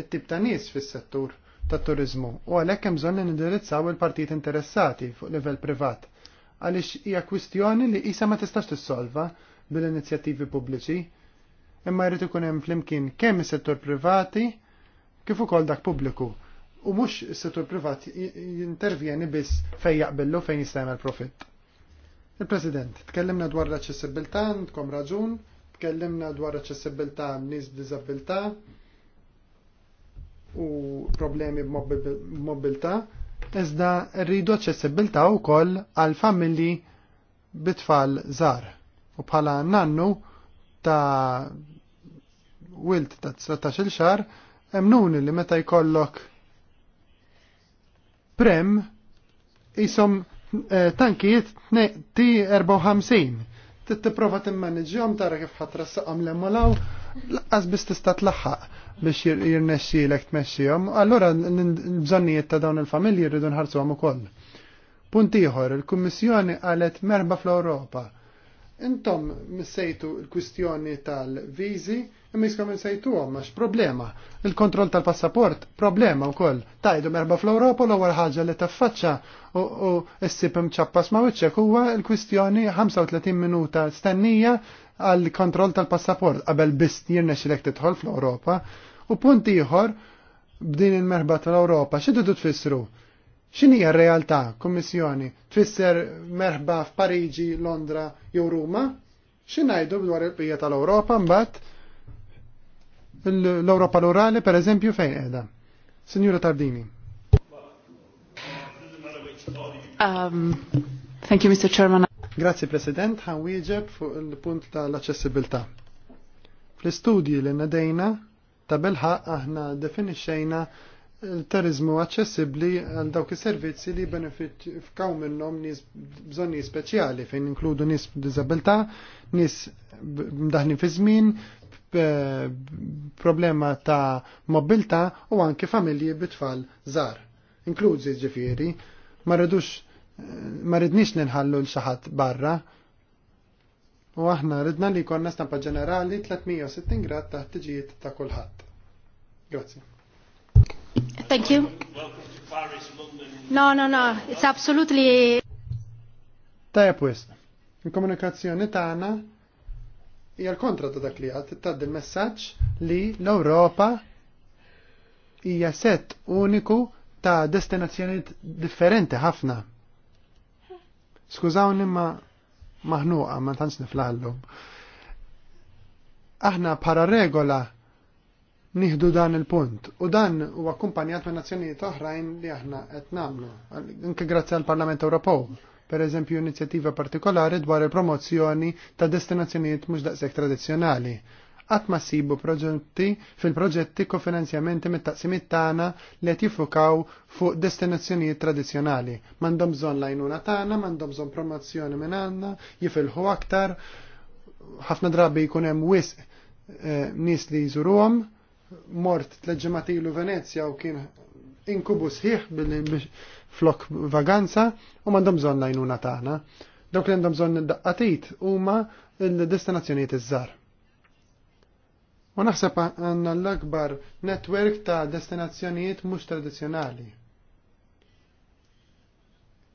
it-tip ta' nies fis-settur tat turizmu u għalhekk hemm bżonn li nindirizzaw il-partit interessati fuq livell privat għaliex hija kwistjoni li qisha ma tistax tissolva bil-inizjattivi pubbliċi imma jrid ikun hemm flimkien kemm is-settur privati kif ukoll dak pubbliku. U mhux is-settur privat jintervjeni biss fejn jaqbillu fejn jista' jagħmel profitt. Il-President, tkellimna dwar l-aċċessibilità, għandkom raġun, tkellimna dwar aċċessibilità nies b'diżabilità u problemi b'mobilità, iżda rridu aċċessibilità wkoll għal familji bitfall żgħar. U bħala nannu ta' wilt ta' 19 xar emnun li meta jkollok prem jisom eh, tankijiet T54 t timmanġjom tara kif ħatrassaqhom l-emmolaw laqqas biss tista' tlaħħaq biex jirnexxielek tmexxihom, allura l-bżonnijiet ta' dawn il-familji rridu nħarsuhom ukoll. Punt ieħor, il-Kummissjoni qalet merba fl-Ewropa. Intom missejtu l-kwistjoni tal-viżi imma jiskom insejtu għax problema. Il-kontroll tal-passaport, problema u koll. Tajdu merba fl-Europa l ewwel ħaġa li taffaċċa u s-sib mċappas ma wiċċek huwa il-kwistjoni 35 minuta stennija għal kontroll tal-passaport qabel biss xilek titħol fl-Europa. U punt ieħor b'din il-merba tal-Europa, x'tidu tfissru? X'inhi r-realtà, Kummissjoni? Tfisser merħba f'Pariġi, Londra jew Ruma? X'ingħidu dwar il-qija tal-Ewropa mbagħad? l-Europa l orale per eżempju fejn edha. Signora Tardini. Um, thank you, Mr. Chairman. Grazie, President. Għan wieġeb fuq il-punt tal-accessibilità. Fl-istudji li nadejna ta' belħaq aħna definixxejna il terizmu aċċessibbli għal dawk is-servizzi li f'kaw minnhom nies bżonni speċjali fejn inkludu nies b'diżabilità, nies mdaħni fi żmien, problema ta' mobilta u anke familji bitfall zar. Inklużi ġifiri, ma rridux ma rridnix ninħallu l-xaħat barra. U aħna ridna li konna stampa ġenerali 360 grad taħt tiġijiet ta' kulħadd. Grazie. Thank you. No, no, no, it's absolutely. Tajab wis. Il-komunikazzjoni tagħna hija l-kontra ta' dak li għad tgħaddi l-messaġġ li l-Ewropa hija set uniku ta' destinazzjonijiet differenti ħafna. Skużawni ma maħnuqa ma tantx niflaħallu. Aħna para regola nieħdu dan il-punt u dan huwa kumpanjat ma' nazzjonijiet oħrajn li aħna qed nagħmlu, anke grazzi għall-Parlament Ewropew per eżempju inizjattiva partikolari dwar il-promozzjoni ta' destinazzjonijiet mhux daqshekk tradizzjonali. Qatt ma ssibu proġetti fil-proġetti kofinanzjamenti mit-taqsimiet tagħna li qed jifukaw fuq destinazzjonijiet tradizzjonali. M'għandhom bżonn lajnuna tagħna, m'għandhom bżonn promozzjoni minn għandna, jifilħu aktar, ħafna drabi jkun hemm wisq eh, nies li jżuruhom, mort tleġġematilu Venezja u kien inkubu sħiħ flok vaganza u mandom zon lajnuna taħna. Dawk li għandhom bżonn daqqatit huma l-destinazzjonijiet iż-żar. U naħseb għanna l-akbar netwerk ta' destinazzjonijiet mhux tradizzjonali.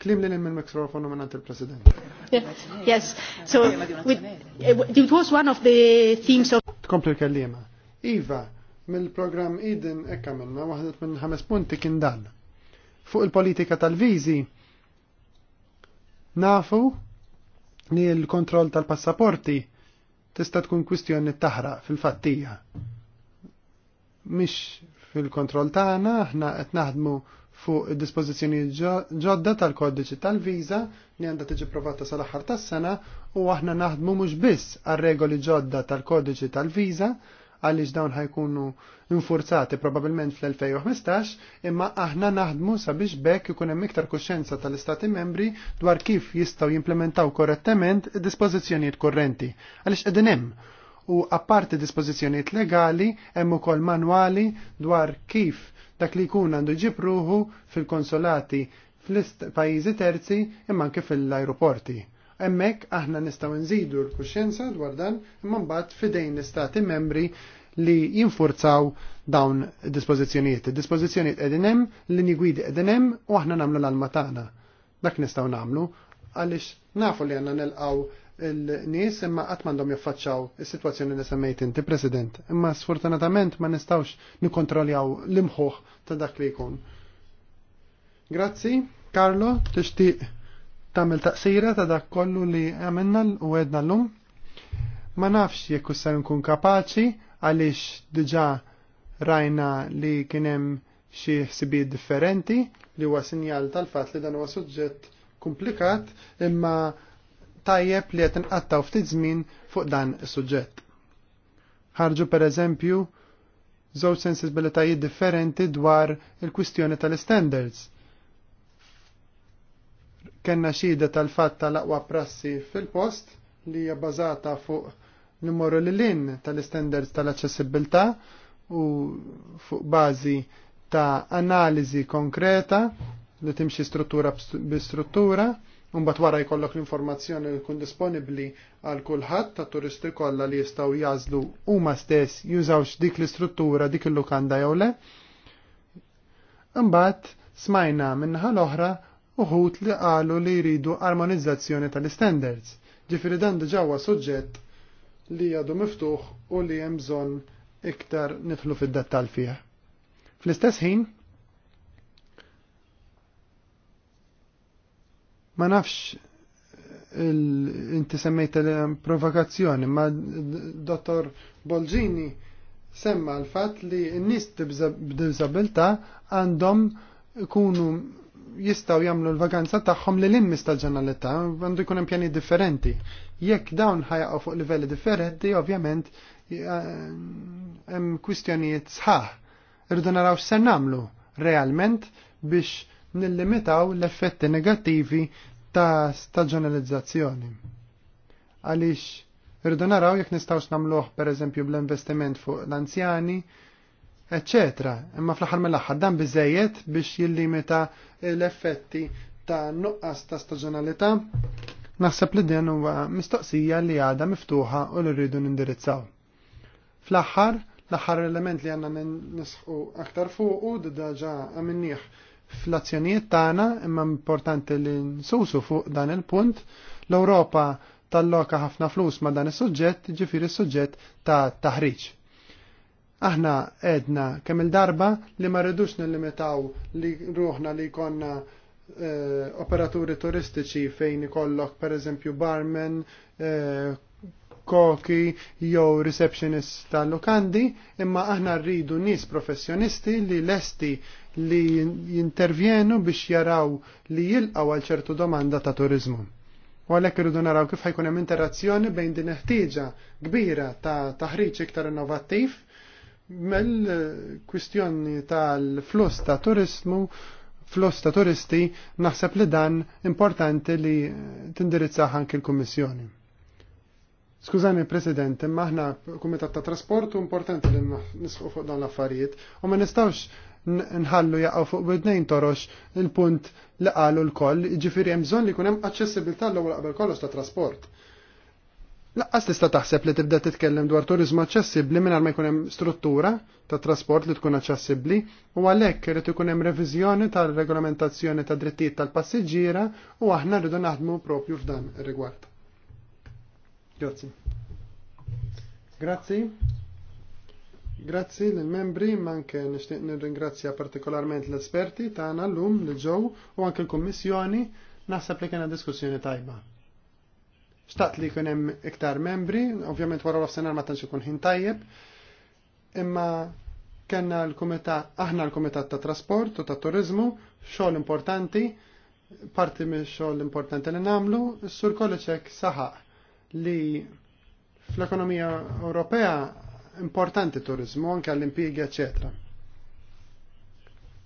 Klim li minn mikrofonu minn il-President. Yes, so eh, it was one of the themes of. Tkompli kellima. Iva, mill-program Eden ekka minna, waħdet minn ħames punti kien dan. Fuq il-politika tal-viżi nafu li l-kontroll tal-passaporti tista' tkun kwistjoni taħraq fil-fattija. Mhix fil-kontroll tagħna aħna qed naħdmu fuq id-dispożizzjoni ġodda tal-kodiċi tal-viża li għandha tiġi provata sal-aħħar tas-sena u aħna naħdmu mhux biss għar-regoli ġodda tal-kodiċi tal-viża għaliex dawn ħajkunu infurzati probabbilment fl-2015 imma aħna naħdmu sabiex bekk ikun hemm iktar kuxjenza tal-Istati membri dwar kif jistgħu jimplementaw korrettament dispożizzjonijiet korrenti għaliex qegħdin hemm u apparti dispożizzjonijiet legali hemm ukoll manwali dwar kif dak li jkun għandu ġib fil-konsolati fl-pajjiżi terzi imma anke fil-ajruporti. Hemmhekk aħna nistgħu nżidu l-kuxjenza dwar dan imma mbagħad fidejn l-istati membri li jinfurzaw dawn dispożizzjonijiet. Dispożizzjonijiet qegħdin hemm, linji gwidi qegħdin hemm u aħna nagħmlu l-alma tagħna. Dak nistgħu nagħmlu għaliex nafu li għandna nilqgħu il-nies imma qatt m'għandhom jaffaċċaw is-sitwazzjoni li semmejt inti President. Imma sfortunatament ma nistgħux nikkontrolljaw l-imħuħ ta' dak li jkun. Grazzi, Carlo, tixtieq Tamil taqsira ta' dak kollu li għamilna u għedna llum. Ma nafx jekk sar nkun kapaċi għaliex diġà rajna li kien hemm xi ħsibijiet differenti li huwa sinjal tal-fatt li dan huwa suġġett komplikat imma tajjeb li qed inqattaw ftit żmien fuq dan is-suġġett. Ħarġu pereżempju żewġ sensibilitajiet differenti dwar il-kwistjoni tal-standards Kenna xida tal-fatt tal-aqwa prassi fil-post li hija bażata fuq numru l-lin tal-standards tal-aċċessibilità u fuq bażi ta' analiżi konkreta li timxi struttura bi struttura bat wara jkollok l-informazzjoni li kun disponibli għal kulħadd ta' turisti kollha li jistgħu jażlu huma stess jużawx dik l-istruttura dik il-lukanda jew le. Imbagħad smajna minnaħa l-oħra uħut li qalu li jridu armonizzazzjoni tal-standards. Ġifiri dan ġawa suġġett li għadu miftuħ u li hemm bżonn iktar nitħlu fid-dettal fih. Fl-istess ħin, ma nafx eh, inti semmejta provokazzjoni, ma dottor Bolġini semma l-fat li n-nis b'disabilta għandhom ikunu jistaw jamlu l-vaganza tagħhom li l-immis tal-ġurnalità għandu jkun hemm pjani differenti. Jekk dawn ħajaqgħu fuq livelli differenti, ovvjament hemm kwistjonijiet sħaħ. Irridu naraw x'ser nagħmlu realment biex nillimitaw l-effetti negattivi ta' staġjonalizzazzjoni. Għaliex irridu naraw jekk nistgħux nagħmluh pereżempju bl-investiment fuq l-anzjani, eccetera. Imma fl-aħħar mill-aħħar dan biżejjed biex jillimita l-effetti ta' nuqqas ta' staġjonalità. Naħseb li din huwa mistoqsija li għadha miftuħa u li rridu nindirizzaw. Fl-aħħar, l-aħħar element li għandna nisħu aktar fuq u diġà għamilnieh fl-azzjonijiet tagħna imma importanti li nsusu fuq dan il-punt l-Ewropa talloka ħafna flus ma dan is-suġġett, ġifieri is-suġġett ta' taħriġ. Aħna edna kemm il-darba li ma rridux nillimitaw li ruħna li konna eh, operaturi turistiċi fejn ikollok per eżempju barmen, eh, koki jew receptionist tal-lukandi, imma aħna rridu nis professjonisti li lesti li jintervjenu biex jaraw li jilqaw għal ċertu domanda ta' turizmu. U għalhekk irridu naraw kif ħajkun hemm interazzjoni bejn din ħtieġa kbira ta' taħriġ iktar innovattiv Mel-kwistjoni tal-flus ta' turismu, flus ta' turisti, naħseb li dan importanti li tindirizzaħ anki l-Kummissjoni. Skużani, President, m'aħna kumitat ta' trasport importanti li nisħu fuq dawn l-affarijiet u ma nistawx nħallu jaqgħu fuq bidnejn torox il-punt li qalu l-koll, ġifieri hemm bżonn li jkun hemm aċċessibilità l-ewwel qabel kollox ta' trasport. Laqqas tista' taħseb li tibda titkellem dwar turizmu aċċessibbli mingħajr ma jkun hemm struttura ta' trasport li tkun aċċessibbli u għalhekk irid ikun hemm reviżjoni tal-regolamentazzjoni ta' drittijiet tal-passiġġiera u aħna rridu naħdmu propju f'dan ir-rigward. Grazzi. Grazzi. Grazzi lill membri ma anke nixtieq nirringrazzja partikolarment l-esperti tagħna llum li ġew u anke l-Kummissjoni naħseb li kienet diskussjoni tajba. Xtaqt li jkun hemm iktar membri, ovvjament wara l-offsenar ma tantx ikun ħin tajjeb, imma kellna l-kumitat aħna l-kumitat ta' trasport u ta' turizmu, xogħol importanti, parti minn xogħol importanti li nagħmlu, s sur kolleċek saħaq li fl-ekonomija Ewropea importanti turizmu, anke għall impiegi ecc.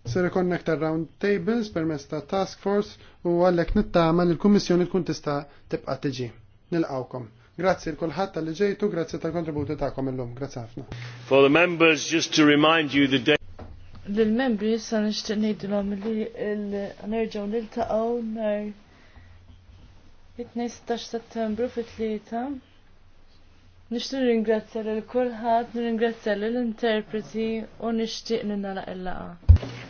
Ser ikon aktar round tables permezz ta' task force u għallek nittama li l-Kummissjoni tkun tista' tibqa' tiġi nilqawkom. Grazzi l-kulħadd tal-li ġejtu, grazzi tal ta'kom tagħkom illum. Grazzi ħafna. For the members, just to remind you the day Lill-membri issa nixtieq ngħidulhom li nerġgħu niltaqgħu nar 16 Settembru fit-tlieta. Nixtieq l lil kulħadd, nirringrazzja lill interpreti u nixtieq ninalaq il-laqa.